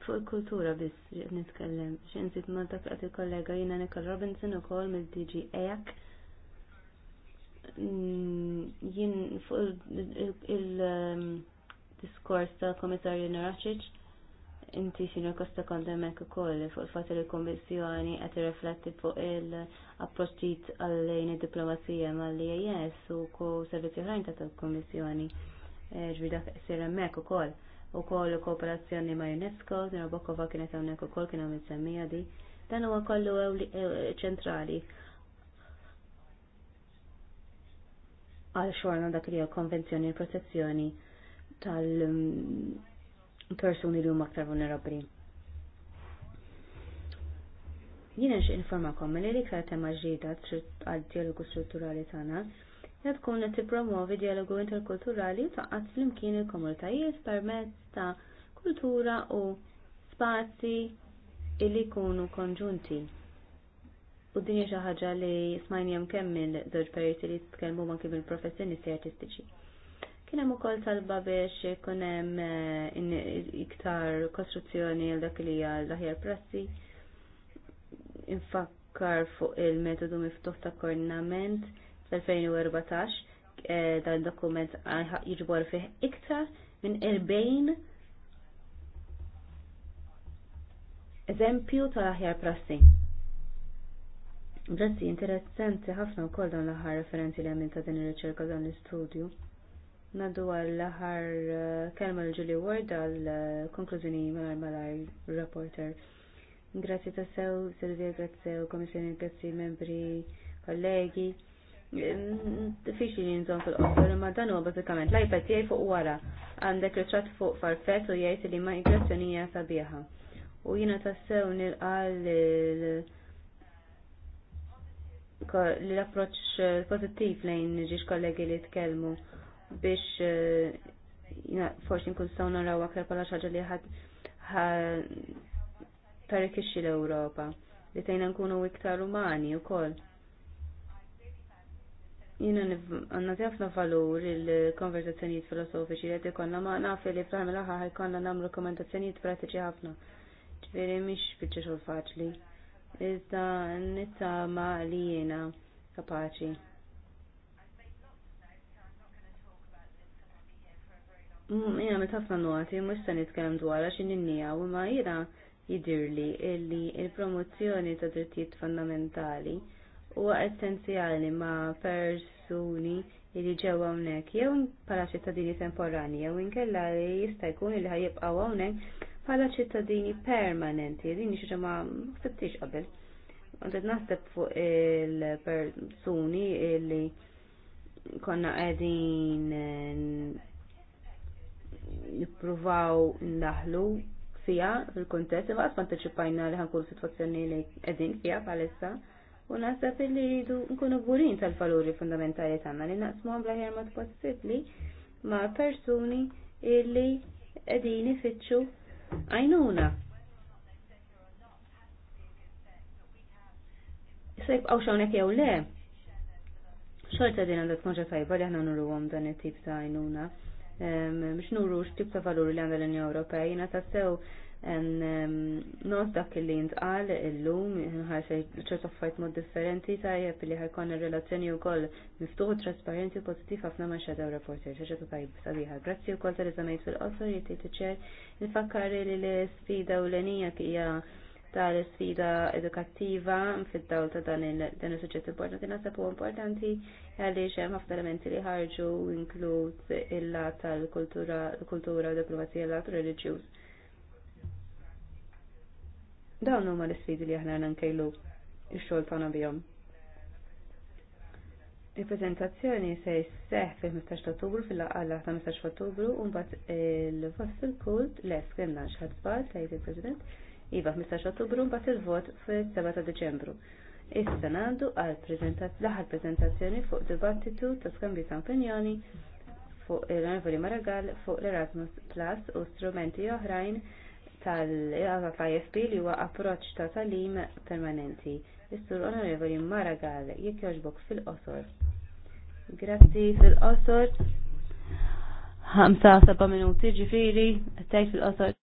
fuq il-kultura biss nitkellem. Xinsit ma dak għat il-kollega jina Nicole Robinson u kol mill-DG EAC. Mm, jien fuq il-diskors um, tal komissarju Naracic, inti xinu kosta kondemek u ukoll fuq il-fat il-kommissjoni għat rifletti fuq il-approċċit għallejn il-diplomazija mal-IAS u ko servizzi ħrajn ta' komissjoni eh, ġvidak s-siremmek u ukoll u koll kooperazzjoni ma' UNESCO, Sinjor Bokova kienet hawnhekk ukoll kien hawn semmija di. Dan huwa kollu ċentrali. Għal xorna dak li konvenzjoni protezzjoni tal-persuni li huma aktar vulnerabbli. Jiena nix informakom li l-iktar tema ġdida għal dialogu strutturali tagħna li tkun qed tippromovi dialogu interkulturali u taqqat flimkien il-komunitajiet permezz ta' kultura u spazi illi jkunu konġunti. U din xi ħaġa li smajni hemm kemm il żewġ periti li tkellmu kif il professjonisti artistiċi. Kien hemm ukoll talba biex ikun hemm eh, iktar kostruzzjoni għal dak li hija l-aħjar prassi. Infakkar fuq il-metodu miftuħ ta' koordinament fl-2014 eh, dan dokument eh, jiġbor fih iktar minn 40 eżempju tal-aħjar prassi. Prassi interessanti ħafna u koll dan l-aħħar referenzi li għamil ta' din ir-riċerka dan l-istudju. Naddu għall-aħħar eh, kelma l ġuli Ward għal-konklużjoni mal-malar reporter. Grazie ta' sew, Silvia, grazie u komissjoni, grazie membri, kollegi diffiċli li nżon fil-qosor imma dan huwa bażikament l-iPad tiegħi fuq wara għandek ritratt fuq farfett u jgħid li ma migrazzjoni hija sabiħa. U jiena tassew nilqal l-approċċ pożittiv lejn ġiex kollegi li tkellmu biex eh, forsi nkun staw naraw aktar bħala xaġa li ħad tarikixxi l-Ewropa li tejna nkunu iktar umani wkoll jina għanna tjafna falur il-konverzazzjoniet filosofiċi li għed konna ma nafi li fl mill aħħar konna nam rekomendazzjoniet pratiċi ħafna. Ġveri miex bieċa xol faċli. Iżda nitta ma li jena kapaċi. me mm, tafna nuħati, mux sa nitkellem dwar għax innija u ma jira jidirli illi il-promozzjoni ta' drittijiet fundamentali huwa essenzjali ma' persuni li ġew hawnhekk jew bħala ċittadini temporani jew inkella li jista' jkun li ħajibqgħu hawnhekk bħala ċittadini permanenti din xi ma ħsibtix qabel. Għandet naħseb fuq il-persuni li konna qegħdin eh, nippruvaw ndaħlu fija il-kontest, ma' għasman t li ħankun situazzjoni li qegħdin fija bħalissa u naħseb illi jridu nkunu burin tal-valuri fundamentali tagħna li naqsmuhom bl-aħjar mod possibbli ma' persuni illi qegħdin ifittxu għajnuna. Sajb għaw xawnek jew le. Xorta din għandha tkun tajba li aħna għom dan it-tip ta' għajnuna biex nuru x-tip ta' valuri li għandha l-Unjoni Ewropea, jina ta' sew En not dak li jintqal illum ħarxa ċertu affarijiet mod differenti tajjeb li ħajkun ir-relazzjoni wkoll miftuħ trasparenti u pozittiv ħafna ma' xedew reporter xi ċertu tajjeb sabiħa. Grazzi wkoll tal iżamejt fil-qosor t ċer. nifakkar li l-sfida l-enija hija tal-sfida edukattiva fid-dawl ta' dan il-suġġett importanti nasab u importanti għaliex hemm ħafna elementi li ħarġu inkluz il la tal-kultura u diplomazija l-lat reliġjuż Dawn huma l-isfidi li aħna nkejlu x-xogħol tagħna bihom. Il-prezentazzjoni se jisseħ fil-15 ta' Ottubru fil-laqalla 15 Ottubru u mbagħad il vost il kult les kemm nagħx ħadbar tgħid il-President iva 15 Ottubru mbagħad il-vot fil-7 ta' Deċembru. Issa għandu għal l-aħħar prezentazzjoni fuq dibattitu ta' skambju ta' opinjoni fuq il-Onorevoli Maragall fuq l-Erasmus Plus u strumenti oħrajn tal-għazat ta' ifp li huwa approċ ta' talim permanenti. Is-sur Mara Gall, jekk joġbok fil-qosor. Grazzi fil-qosor. Ħamsa seba' minuti ġifieri, tgħid fil-qosor.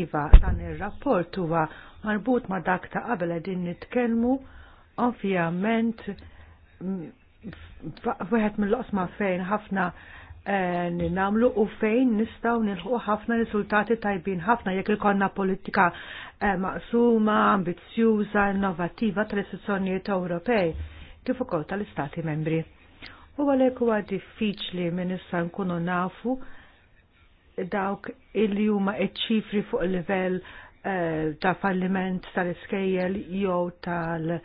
Iva, dan ir-rapport huwa marbut ma' dak ta' qabel qegħdin nitkellmu ovvjament Wieħed mill osma fejn ħafna eh, ninamlu u fejn nistaw nilħu ħafna risultati tajbin ħafna jekk konna politika eh, maqsuma, ambizjuża, innovativa tal-istituzzjonijiet Ewropej kif ukoll tal-Istati membri. U għalhekk huwa diffiċli minn issa nkunu nafu dawk illi huma ċifri fuq il-livell eh, ta' falliment tal-iskejjel jew tal-, -tal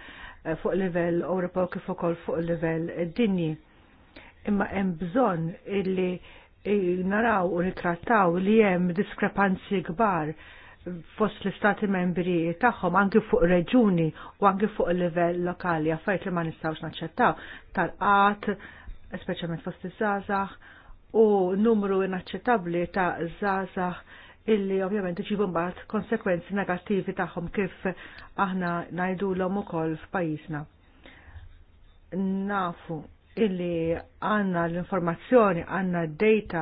Eh, fuq livell Ewropew kif ukoll fuq livell dinji. Imma hemm bżonn illi naraw u nitrattaw li hemm diskrepanzi kbar fost l-istati membri tagħhom anki fuq reġuni u anki fuq livell lokali affarijiet li ma nistgħux naċċettaw tal-qat, speċjalment fost iż-żgħażagħ u numru inaċċettabbli ta' żgħażagħ illi ovvjament iġibu mbagħad konsekwenzi negattivi tagħhom kif aħna ngħidulhom ukoll f'pajjiżna. Nafu illi għanna l-informazzjoni, għanna d-data,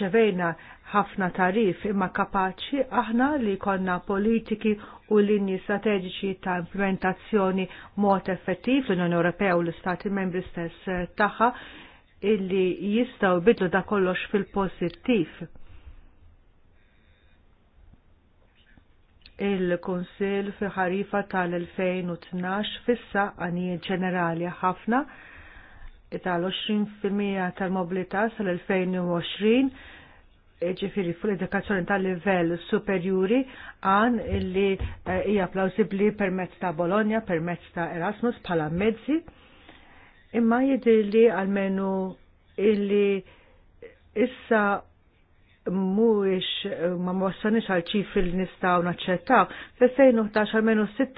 ċevejna ħafna tarif imma kapaċi aħna li konna politiki u linji strateġiċi ta' implementazzjoni mod effettiv l-Unjoni Ewropea u l-Stati membri stess tagħha illi jistgħu bidlu da kollox fil-pozittiv il-Konsil fi ħarifa tal-2012 fissa għanijiet ġenerali ħafna tal-20% tal-mobilità sal-2020 ġifiri fuq l-edukazzjoni tal-livell superjuri għan illi eh, hija plausibli permezz ta' Bologna, permezz ta' Erasmus bħala mezzi. Imma jidir li għalmenu illi issa mhuwiex eh, ma mwassanix għal ċif li nistgħu naċċettaw. Fis-2011 menu 6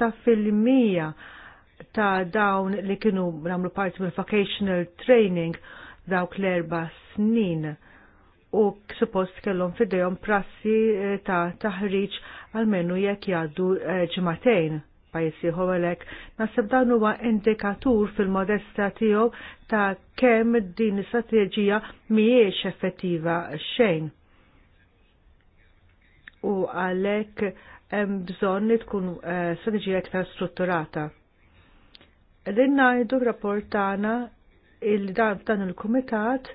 ta' dawn li kienu nagħmlu parti mill vocational training dawk l-erba snin u suppost kellhom fidejhom prassi eh, ta' taħriġ għalmenu jekk jgħaddu eh, ġimatejn pajjiż ieħor għalhekk. Naħseb dan huwa indikatur fil-modesta tiegħu ta' kemm din l-istrateġija mhijiex effettiva xejn u għalhekk hemm bżonn li tkun eh, strateġija iktar strutturata. Din ngħidu rapportana il dan dan il-kumitat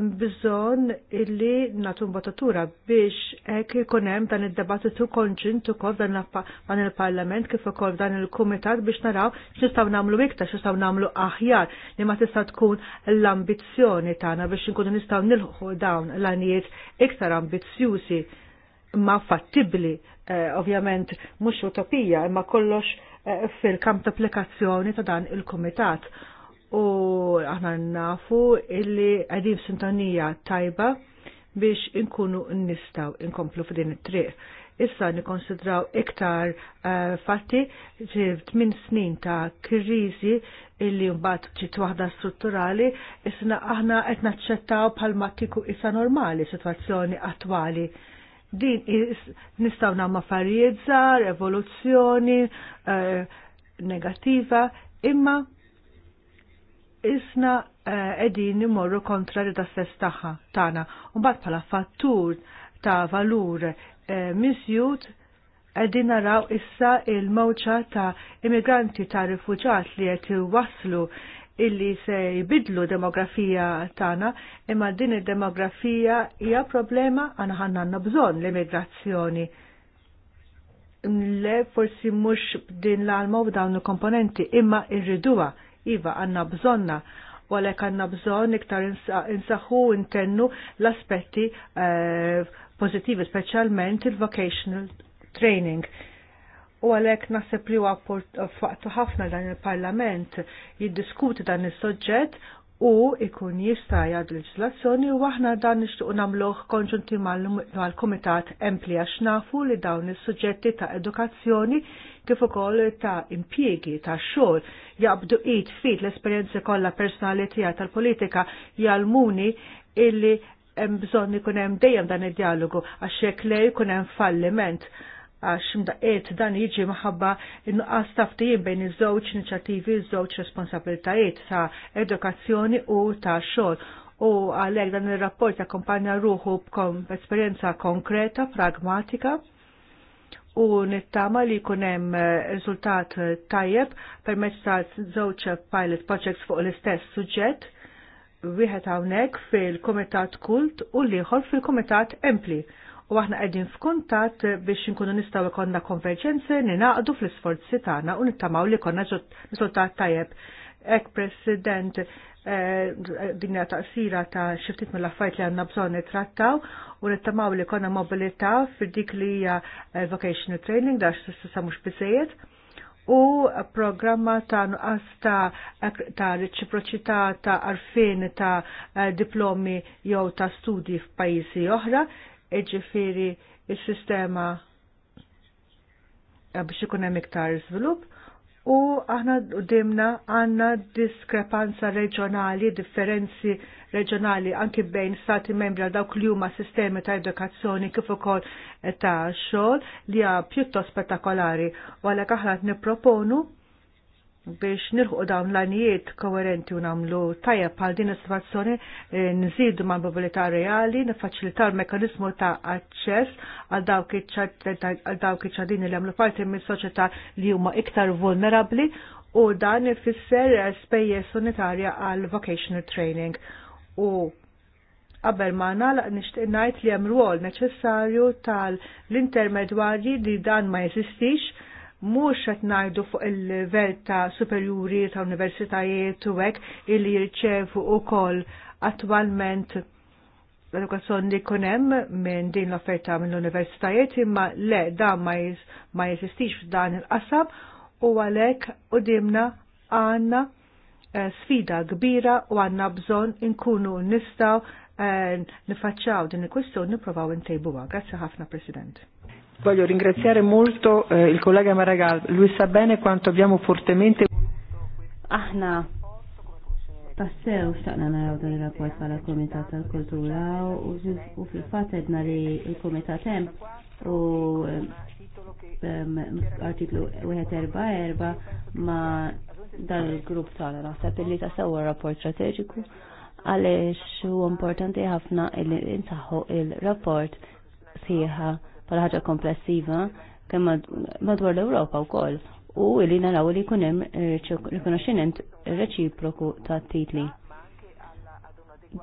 bżon illi natum batatura biex ek ikonem dan id-debattitu konġint tukol dan il-parlament kif ukoll dan il-kumitat biex naraw xistaw nagħmlu iktar, xistaw nagħmlu aħjar li ma tista' tkun l-ambizzjoni tagħna biex inkunu nistgħu nilħu dawn l għaniet iktar ambizzjużi ma fattibli, eh, ovvjament mhux utopija, imma kollox eh, fil-kamp ta' applikazzjoni ta' dan il-kumitat u aħna nafu illi għadib sintonija tajba biex inkunu nistaw inkomplu f'din it-triq. Issa nikonsidraw iktar uh, fatti f'tmin snin ta' kriżi illi mbagħad ġiet waħda strutturali, issa aħna qed naċċettaw bħalma kieku issa normali sitwazzjoni attwali din nistaw nagħmlu affarijiet żgħar, evoluzzjoni, eh, negattiva imma isna eh, edin imorru kontra rida stess taħħa tana. Umbat pala fattur ta' valur eh, misjut edin naraw issa il-mawċa ta' immigranti ta' rifuġat li għet waslu illi se jibidlu demografija tana imma din il-demografija hija problema għana ħannanna bżon l-immigrazzjoni. Le forsi mux din l-alma u dawn il-komponenti imma irriduwa. Il Iva, għanna bżonna u għalek għanna bżon iktar insaħu intennu l-aspetti eh, pozitivi, specialment il-vocational training. U għalek nasib li faqtu ħafna dan il-parlament jiddiskuti dan il-soġġett u ikun jista jgħad leġislazzjoni u aħna dan nixtuq namluħ konġunti mal-Komitat Empli għax nafu li dawn is-suġġetti ta' edukazzjoni kif ukoll ta' impjiegi ta' xogħol jabdu id fit l-esperienzi kollha personali tal-politika jalmuni illi hemm bżonn ikun hemm dejjem dan id-dialogu għax hekk le jkun hemm falliment għax mdaqqiet dan jiġi maħabba nuqqas taftijin bejn iż-żewġ inċattivi, iż-żewġ responsabilitajiet ta' edukazzjoni u ta' xogħol. U għalhekk dan ir-rapport jakkompanja ruħu b'kom esperjenza konkreta, pragmatika u nittama li kunem eh, rizultat eh, tajjeb permezz ta' żewġ pilot projects fuq l-istess suġġett wieħed hawnhekk fil-Kumitat Kult u l-ieħor fil-Kumitat Empli. U aħna qegħdin f'kuntatt biex inkunu nistgħu ikonna konverġenzi ninaqdu fl-isforzi tagħna u nittamaw li konna riżultat tajjeb. Ek President, Eh, dinja taqsira ta' xiftit mill-affajt li għanna bżon trattaw u nittamaw li konna mobilita fil dik li hija eh, vocational training da' s-sissa mux bisejiet u programma ta' nuqqas ta' reċiproċità ta' arfin ta' eh, diplomi jew ta' studi f'pajjiżi oħra, iġifieri il-sistema biex ikun hemm iktar żvilupp u aħna dimna għanna diskrepanza reġjonali, differenzi reġjonali anki bejn stati membri għal dawk li huma sistemi ta' edukazzjoni kif ukoll ta' xogħol li hija pjuttost spettakolari u għalhekk aħna nipproponu biex nirħu dawn l-anijiet koherenti u namlu tajja pal din is-situazzjoni eh, nżidu ma' mobilità reali, nifaċilita l-mekanizmu ta' aċċess għal dawk iċ-ċadini li għamlu parti minn soċjetà li huma iktar vulnerabli u dan ifisser spejjeż sanitarja għal vocational training. U qabel ma nagħlaq nixtieq ngħid li hemm rwol neċessarju tal-intermedwarji li dan ma jeżistix mhux qed ngħidu fuq il-livell ta' superjuri ta' universitajiet u hekk illi jirċevu wkoll attwalment l-edukazzjoni li jkun hemm minn din l-offerta minn l-universitajiet imma le dan ma jeżistix f'dan il-qasam u għalhekk qudiemna għandna eh, sfida kbira u għandna bżonn inkunu nistgħu eh, nifaċċaw din il-kwistjoni nippruvaw intejbuha. Grazzi ħafna President. Voglio ringraziare molto eh, il collega Maragall, lui sa bene quanto abbiamo fortemente Aħna tassew xtaqna naraw dan il-rapport bħala komitat tal-kultura u fil fatt edna li il-komitat hemm u artiklu 144 ma dan il-grupp tagħna naħseb illi tassew rapport strateġiku għaliex hu importanti ħafna illi insaħħu il-rapport sieħa pala ħaġa komplessiva kemm madwar l-Ewropa wkoll u li naraw li jkun hemm eh, rikonoxximent reċiproku ta' titli.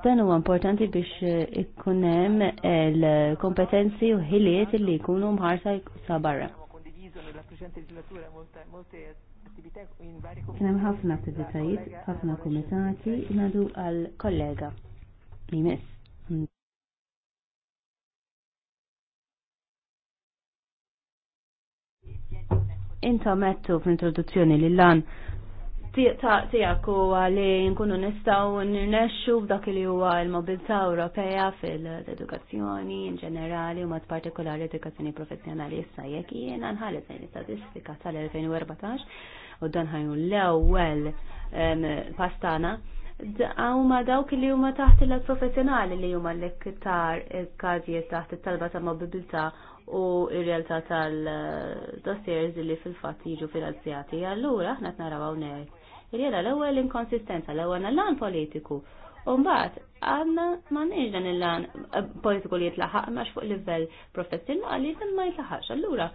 Dan huwa importanti biex eh, ikun hemm il-kompetenzi eh, u ħiliet li jkunu mħarsa sa barra. Kien hemm ħafna attivitajiet, ħafna kumitati, nadu għal kollega. Jmiss. Inta mettu fl-introduzzjoni li lan tijak u li nkunu nistaw nirnexxu b'dak li huwa l-mobilità Ewropea fil-edukazzjoni in ġenerali u mat partikolari edukazzjoni professjonali issa jekk jiena nħallet lejn statistika tal-2014 u dan ħajnu l-ewwel pastana huma dawk li huma taħt il professjonali li huma l-iktar każijiet taħt it-talba ta' mobilità u ir-realtà tal-dossiers li fil-fatt jiġu finanzjati. Allura aħna qed naraw hawnhekk. Irjela l-ewwel inkonsistenza, l-ewwel lan politiku. U mbagħad għandna m'għandniex dan il-lan eh, politiku li jitlaħaq max fuq livell professjonali sem ma jitlaħaqx. Allura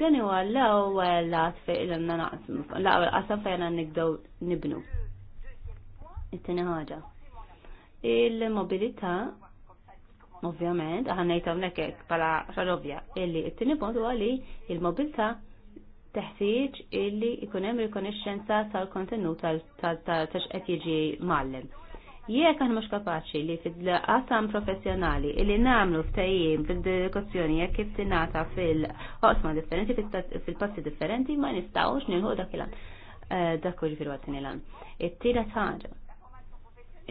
dan huwa l-ewwel lat fejn għandna naqsmu, l-ewwel qasam fejn nibdew nibnu. It-tieni ħaġa. Il-mobilità Ovvjament, għannejt għamlek pala xarobja illi it-tini punt huwa li il-mobilta teħtieġ illi ikun hemm tal-kontenut tal taċqet jiġi mallem. Jekk għan mux kapaċi li fil-qasam professjonali illi nagħmlu ftehim fid-diskussjoni jekk kif tingħata fil-qosma differenti fil-passi differenti ma nistawx nilħu dak il-għan. Eh, dak u għan it tira ħaġa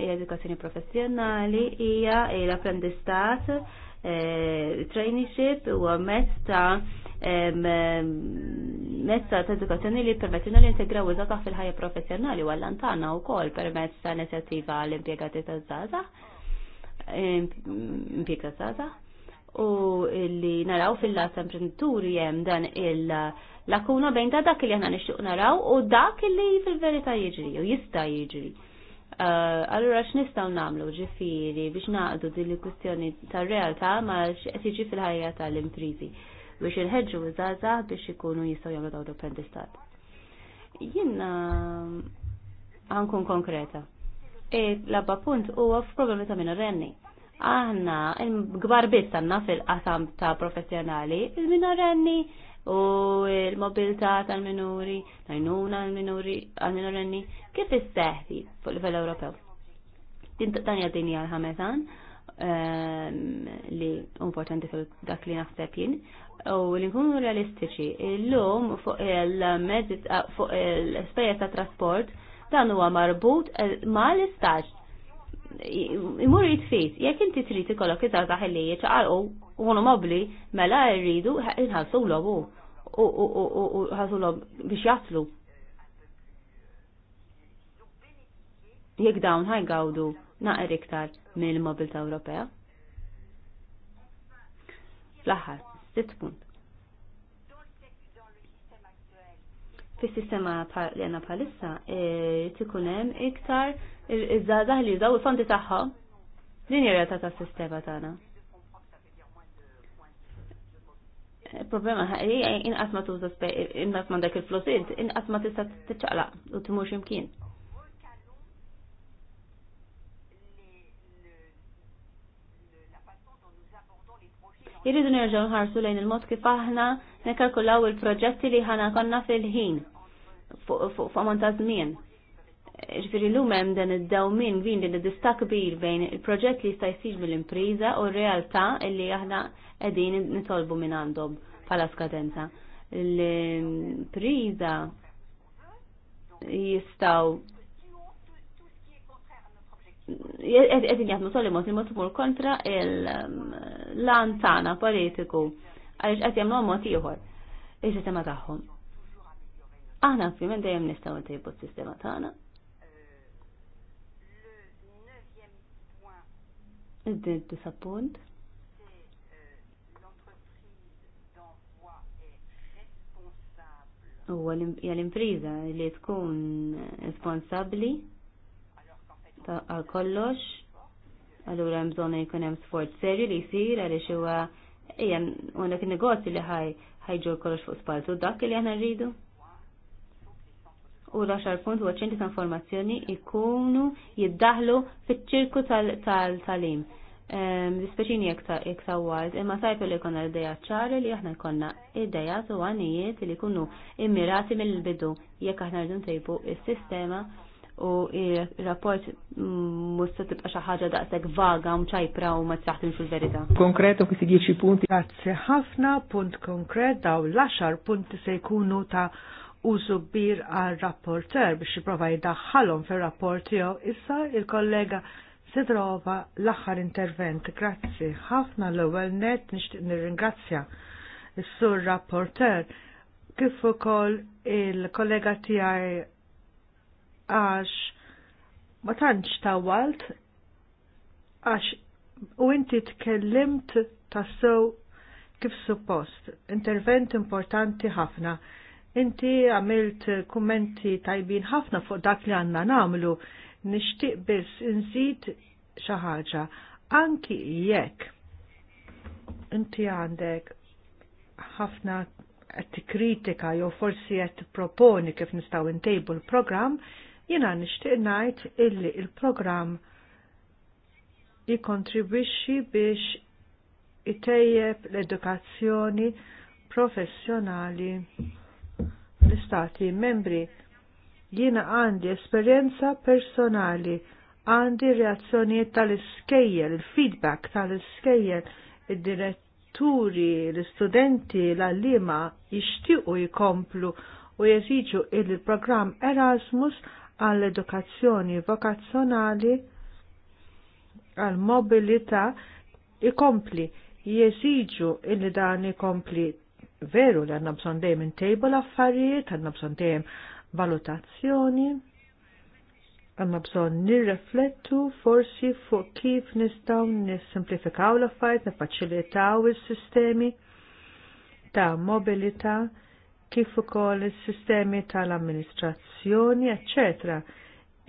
edukazzjoni professjonali hija l-apprendistat eh, traineeship u mezz ta' mezz ta' edukazzjoni li permettina li integraw iż-żazax fil-ħajja professjonali u għall-antana wkoll permezz ta' inizjattiva l-impjegati ta' żazax impjega żazax u li naraw fil-lat imprenditori jem dan il-lakuna bejn ta' dak li aħna nixtieq naraw u dak li fil-verità jiġri u jista' jiġri. Eh, allura x'nistgħu nagħmlu ġifieri biex naqdu din il-kwistjoni tar-realtà ma x'qed jiġi fil-ħajja tal-imprizi biex inħeġġu ħedġu żgħażagħ biex ikunu jistgħu jagħmlu dawn l-apprendistat. Jiena ħankun konkreta. E l-abba punt huwa f'problemi ta' minn renni. Aħna gbar biss għandna fil-qasam ta' professjonali, il-minorenni renni u l-mobilità tal-minuri, l-għajnuna għal-minuri, għal-minorenni, kif isseħti fuq l l-level Ewropew? Dan għaddini għal-ħametan ehm, li importanti dak li naħseb jien u li nkunu realistiċi. l-lum fuq il-mezz fuq l-espejjeż ta' trasport dan huwa marbut eh, mal istaġ imur jitfit, jek inti trid ikollok iżgħażagħ li jiċaqalqu u mobbli mela rridu inħallsu lobu u ħazulhom biex jaslu. Jekk dawn ħajgawdu naqer iktar mill-mobilità Ewropea. Fl-aħħar, sitt punt. Fis-sistema li għandna bħalissa tikun e, hemm iktar iż-żgħażagħ li jużaw il-fondi tagħhom. Din hija ta tas-sistema tagħna. problema ħajja inqas ma tuża inqas m'għandek il-flus int, inqas ma tista' tiċċaqlaq u timur imkien. Irridu nerġgħu nħarsu lejn il-mod kif aħna nekkalkulaw il-proġetti li ħana konna fil-ħin fuq fu, ta' żmien ġifiri l-lumem dan id-dawmin bin din id-dista kbir bejn il-proġett li jista' jsir mill-impriża u r-realtà li aħna qegħdin nitolbu minn għandhom bħala skadenza. L-impriża jistaw qegħdin jaħdmu soli mod imod tmur kontra l antana politiku għaliex qed jagħmlu mod ieħor is-sistema tagħhom. Aħna ovvjament dejjem nistgħu ntejbu s-sistema tagħna Id-did disappunt. l impriza li tkun responsabbli għal kollox, allura hemm jkun hemm sforz serju li jsir għaliex huwa hija għandek negozju li ħaj ħajġu kollox fuq spaltu dak li aħna rridu u l-10 punt huwa ċentri ta' informazzjoni ikunu jiddaħlu fiċ-ċirku tal-talim. Dispeċini ehm, jek sawwalt, imma tajp li konna l-ideja ċari li aħna konna ideja u għanijiet li kunu immirati mill-bidu jekk aħna rridu ntejbu il-sistema u il-rapport musta tibqa xi ħaġa daqshekk vaga u mċajpra u ma tsaħtim fil-verità. Konkretu kif dieċi punti. Grazzi ħafna punt konkret daw l axar punti se jkunu ta' u subbir għal rapporter biex jiprofa jidaħħalhom fir-rapport tiegħu issa il-kollega Sidrova l-aħħar intervent. Grazzi ħafna l-ewwel net nixtieq nirringrazzja is-sur rapporter kif ukoll il-kollega tiegħi għax ma tantx tawalt għax u inti tkellimt tassew kif suppost, intervent importanti ħafna Inti għamilt kummenti tajbin ħafna fuq dak li għanna namlu, nishtiq biss nżid xi ħaġa. Anki jekk inti għandek ħafna qed kritika jew forsi qed proponi kif nistgħu intejbu l-programm, jiena nixtieq ngħid illi il-programm jikontribwixxi biex itejjeb l-edukazzjoni professjonali l-istati membri. Jiena għandi esperjenza personali, għandi reazzjonijiet tal-iskejjel, il-feedback tal-iskejjel, id-diretturi, l-istudenti, l-allima jixtiequ jkomplu u jeżiġu il-programm Erasmus għall-edukazzjoni vokazzjonali għal mobilità ikompli jeżiġu il dan ikompli veru li għanna bżon dejjem intejbol affarijiet għanna bżon dejjem valutazzjoni, għanna bżon nirreflettu forsi fuq kif nistaw nissimplifikaw l-affarijiet, nifaċilitaw il-sistemi ta' mobilita, kif ukoll is-sistemi tal-amministrazzjoni, eccetera.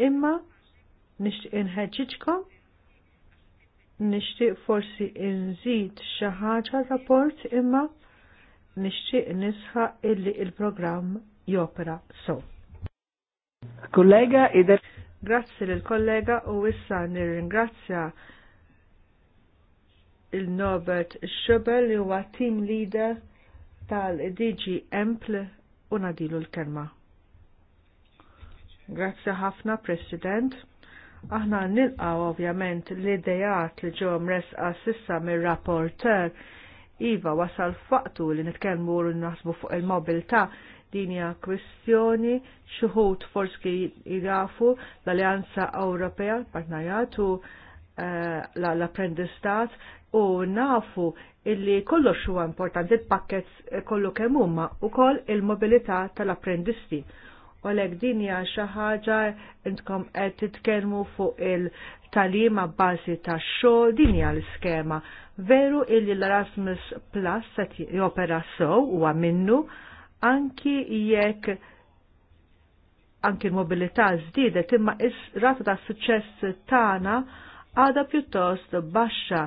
Imma nixtieq inħeġġiġkom nixtieq forsi inżid xi ħaġa rapport imma nixtieq nisħa illi il-programm jopera so. Kollega Ider. Grazzi lil kollega u issa nirringrazzja il-Norbert Schubel li huwa team leader tal-DG Empl u nadilu l-kelma. Grazzi ħafna, President. Aħna nilqaw ovvjament l-idejat li ġew resqa sissa mir-rapporter Iva wasal faqtu li nitkellmu u naħsbu fuq il-mobilta dinja kwestjoni xuħut forski jirafu l-Alleanza Ewropea, partnerjat u eh, l-apprendistat u nafu illi kollox huwa importanti il pakket eh, kollu kemm huma koll il-mobilità tal-apprendisti u lek dinja xaħġa intkom qed titkellmu fuq il-talima bażi ta' xogħol dinja l-iskema. Veru illi l-Erasmus Plus set jopera sew huwa minnu anki jekk anki l-mobilità żdiedet imma is-rata ta' suċċess tagħna għada pjuttost baxxa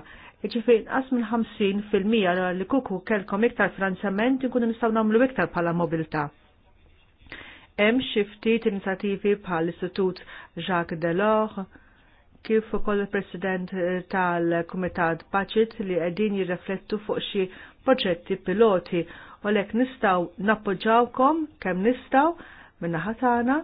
ġifir inqas minn 50% fil-mija li kuku kelkom iktar franzament, nkunu nistgħu nagħmlu iktar bħala mobilità hemm xi ftit inizjattivi bħal istitut Jacques Delors kif ukoll il-President tal-Kumitat Paċit li qegħdin jirreflettu fuq xi proġetti piloti u lek nistgħu nappoġġawkom kemm nistgħu minnaħa tagħna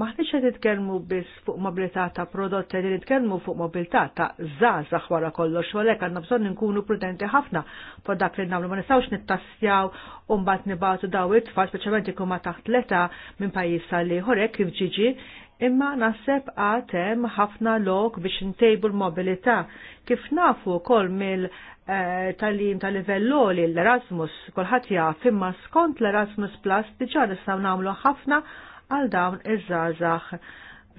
maħniċ qed bis biss fuq mobilità ta' prodotti li nitkellmu fuq mobilità ta' żgħażagħ wara kollox u għalhekk għandna bżonn inkunu prudenti ħafna fuq dak li nagħmlu ma nistgħux nittassjaw u mbagħad nibatu daw it-tfal speċjalment ikun ma taħt leta minn pajjiż sal ieħor hekk kif ġiġi imma naħseb għad hemm ħafna lok biex intejbu l-mobilità kif nafu wkoll mill eh, tal-lim tal-livello li l-Erasmus, kolħat jaf, imma skont l-Erasmus Plus diġa nistaw namlu ħafna għal dawn iż-żazax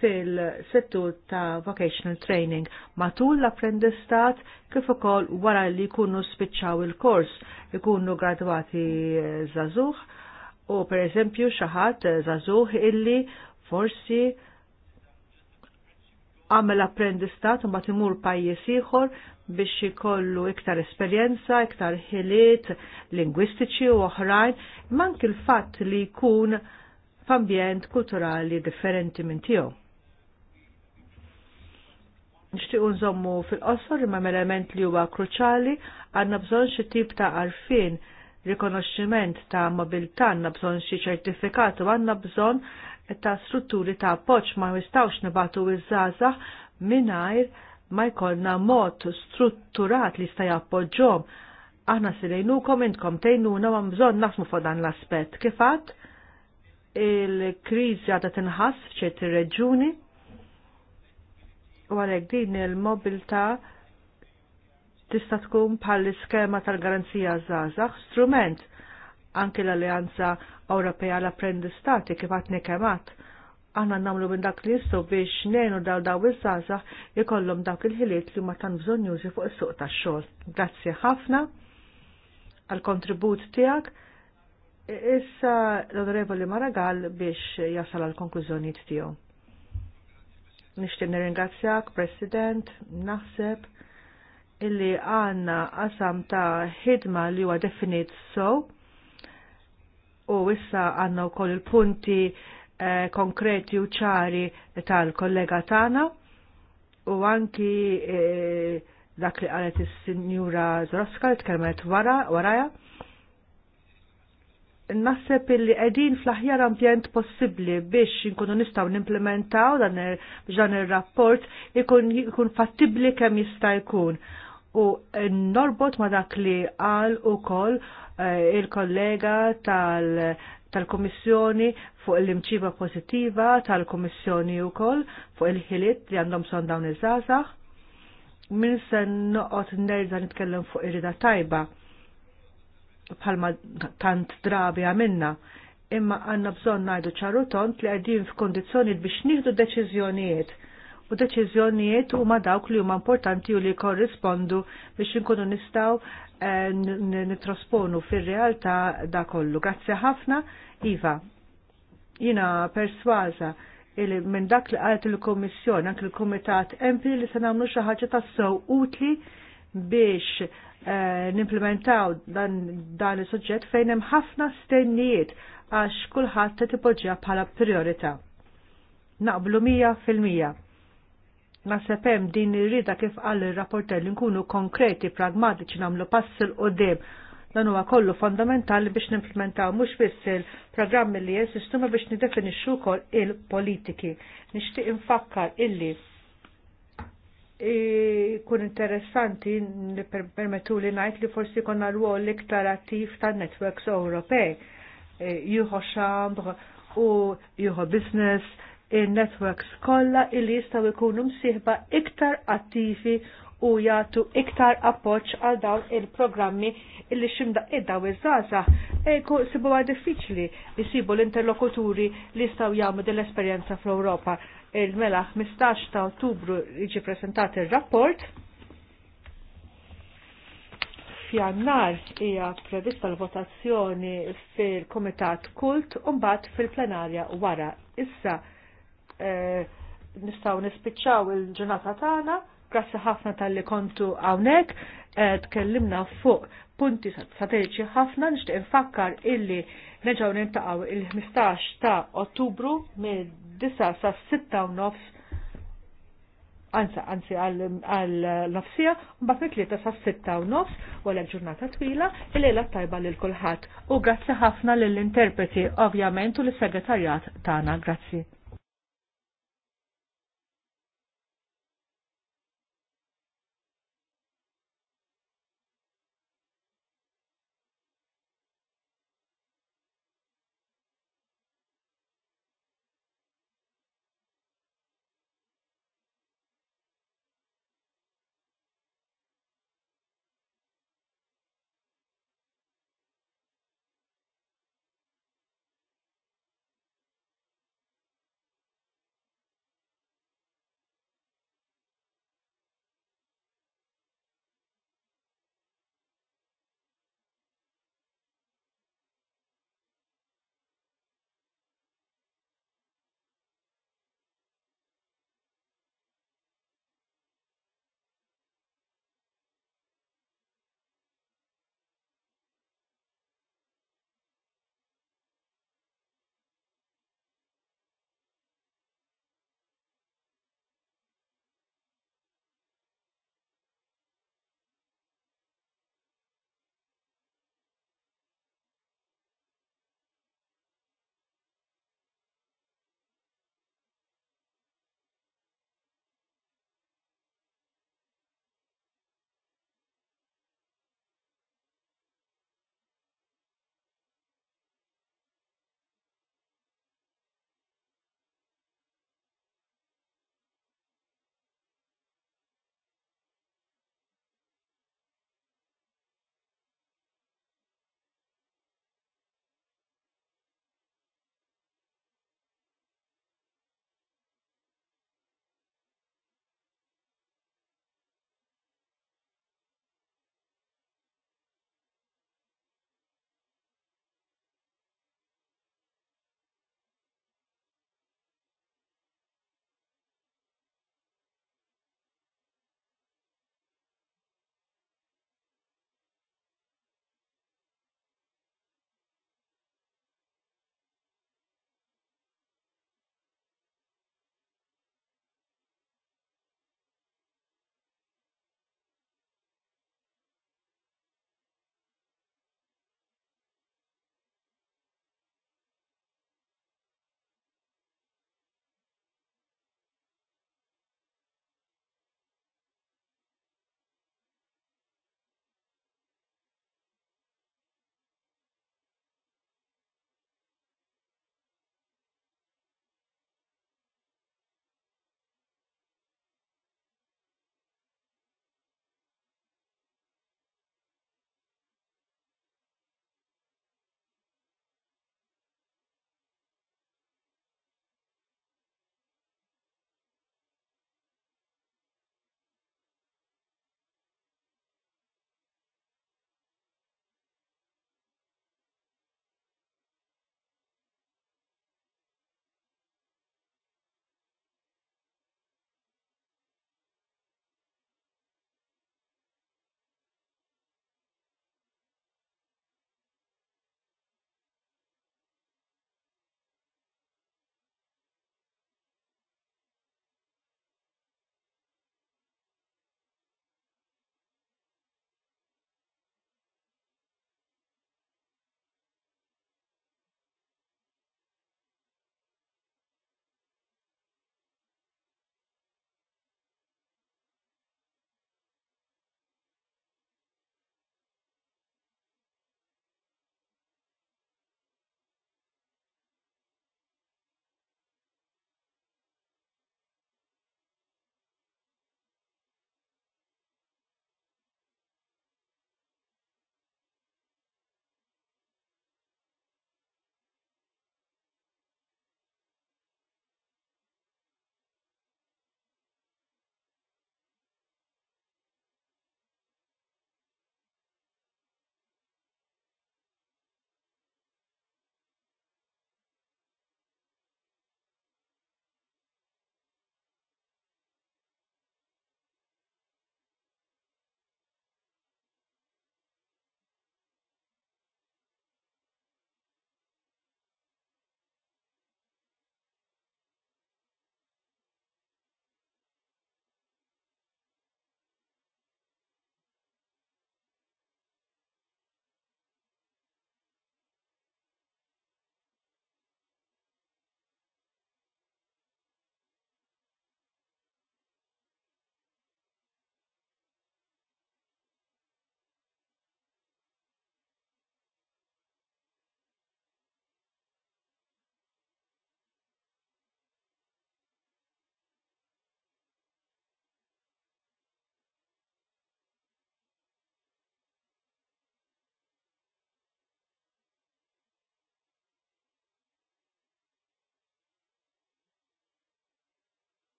fil-settur ta' vocational training matul l-apprendistat kif ukoll wara li jkunu spiċċaw il-kors ikunu gradwati żagħżugħ u pereżempju xi ħadd żagħżugħ illi forsi għamel apprendistat u ma timur pajjiż ieħor biex ikollu iktar esperjenza, iktar ħiliet lingwistiċi u oħrajn, mank il-fatt li jkun f'ambjent kulturali differenti minn tiegħu. Nixtiequ nżommu fil-qosor imma element li huwa kruċali għandna bżonn xi tip ta' arfin rikonoxximent ta' mobilità għandna bżonn xi ċertifikat u għandna bżonn ta' strutturi ta' appoġġ ma jistgħux nibatu iż-żgħażagħ mingħajr ma jkollna mod strutturat li sta jappoġġhom aħna se lejnukom intkom tejnuna ma bżonn nasmu fuq dan l-aspett. Kifat? il-kriżi għadha tinħass f'ċerti reġuni u għalhekk din il-mobilità tista' tkun bħall-iskema tal-garanzija żgħażagħ strument anke l-Alleanza Ewropea l-Apprendistati kif għatni kemat aħna nagħmlu minn dak li jistgħu biex ngħinu daw daw iż-żgħażagħ ikollhom dak il-ħiliet li ma tan bżonn jużi fuq is-suq tax-xogħol. Grazzi ħafna għal kontribut tiegħek Issa l-Onorevoli Maragall biex jasal għal konklużjonijiet tiegħu. Nixtieq nirringrazzjak, President, naħseb illi għanna qasam ta' ħidma li huwa definit so u issa għanna wkoll il-punti eh, konkreti u ċari tal-kollega tagħna u anki eh, dak li qalet is-Sinjura Zroska li tkellmet wara waraja nasseb illi qegħdin fl-aħjar ambjent possibbli biex inkunu nistgħu implementaw dan il-ġan ir-rapport ikun ikun fattibbli kemm jista' jkun. U norbot ma dak li qal ukoll eh, il-kollega tal komissjoni fuq l-imċiba pozittiva tal-Komissjoni wkoll fuq il-ħiliet li għandhom son dawn iż-żgħażagħ. Min se noqgħod nerġa' nitkellem fuq irida tajba bħalma tant drabi għamilna imma għanna bżon najdu ċarutont li għedin f'kondizjoni biex nieħdu deċiżjonijiet u deċiżjonijiet huma dawk li huma importanti u li korrispondu biex inkunu nistgħu eh, nitrosponu fir-realtà da kollu. Grazzi ħafna, Iva. Jina persważa il minn dak li għalt il komissjoni anke il-Kumitat MP li se nagħmlu xi ħaġa sew utli biex eh, nimplementaw dan, dan il-soġġett fejn hemm ħafna stennijiet għax kulħadd qed ipoġġiha bħala priorità. Naqblu mija fil-mija. Naħseb hemm din ir-rida kif qal ir-rapporter li nkunu konkreti, pragmatiċi nagħmlu pass il qudiem dan huwa kollu fondamentali biex nimplementaw mhux biss il-programmi li jesistu ma biex nidefinixxu wkoll il-politiki. Nixtieq infakkar illi kun interessanti li permetu li najt li forsi konna l-għol iktar attiv ta' networks Ewropej. E, juho xambr u juho business, il-networks e, kolla illi jistaw ikunum siħba iktar attivi u jatu iktar appoċ għal dawn il-programmi illi ximda id-daw iż-żaza. Eko sibu għad diffiċli jisibu l-interlokuturi li jistaw jgħamu dell-esperienza fl-Europa il-mela 15 ta' ottubru jiġi presentat il-rapport. Fjannar hija prevista l-votazzjoni fil-Komitat Kult u mbagħad fil-plenarja wara. Issa eh, nistaw nistgħu nispiċċaw il-ġurnata tagħna grazzi ħafna tal-li kontu għawnek, eh, tkellimna fuq punti strategiċi ħafna, nixtieq infakkar illi neġaw nintaqaw il-15 ta' ottubru mid disa sa sitta u nofs anza anzi għal nofsija mbagħad mitlieta sa sitta u nofs wara ġurnata twila il-lejla tajba lil kulħadd u grazzi ħafna lill-interpreti ovvjament u lis-segretarjat tagħna grazzi.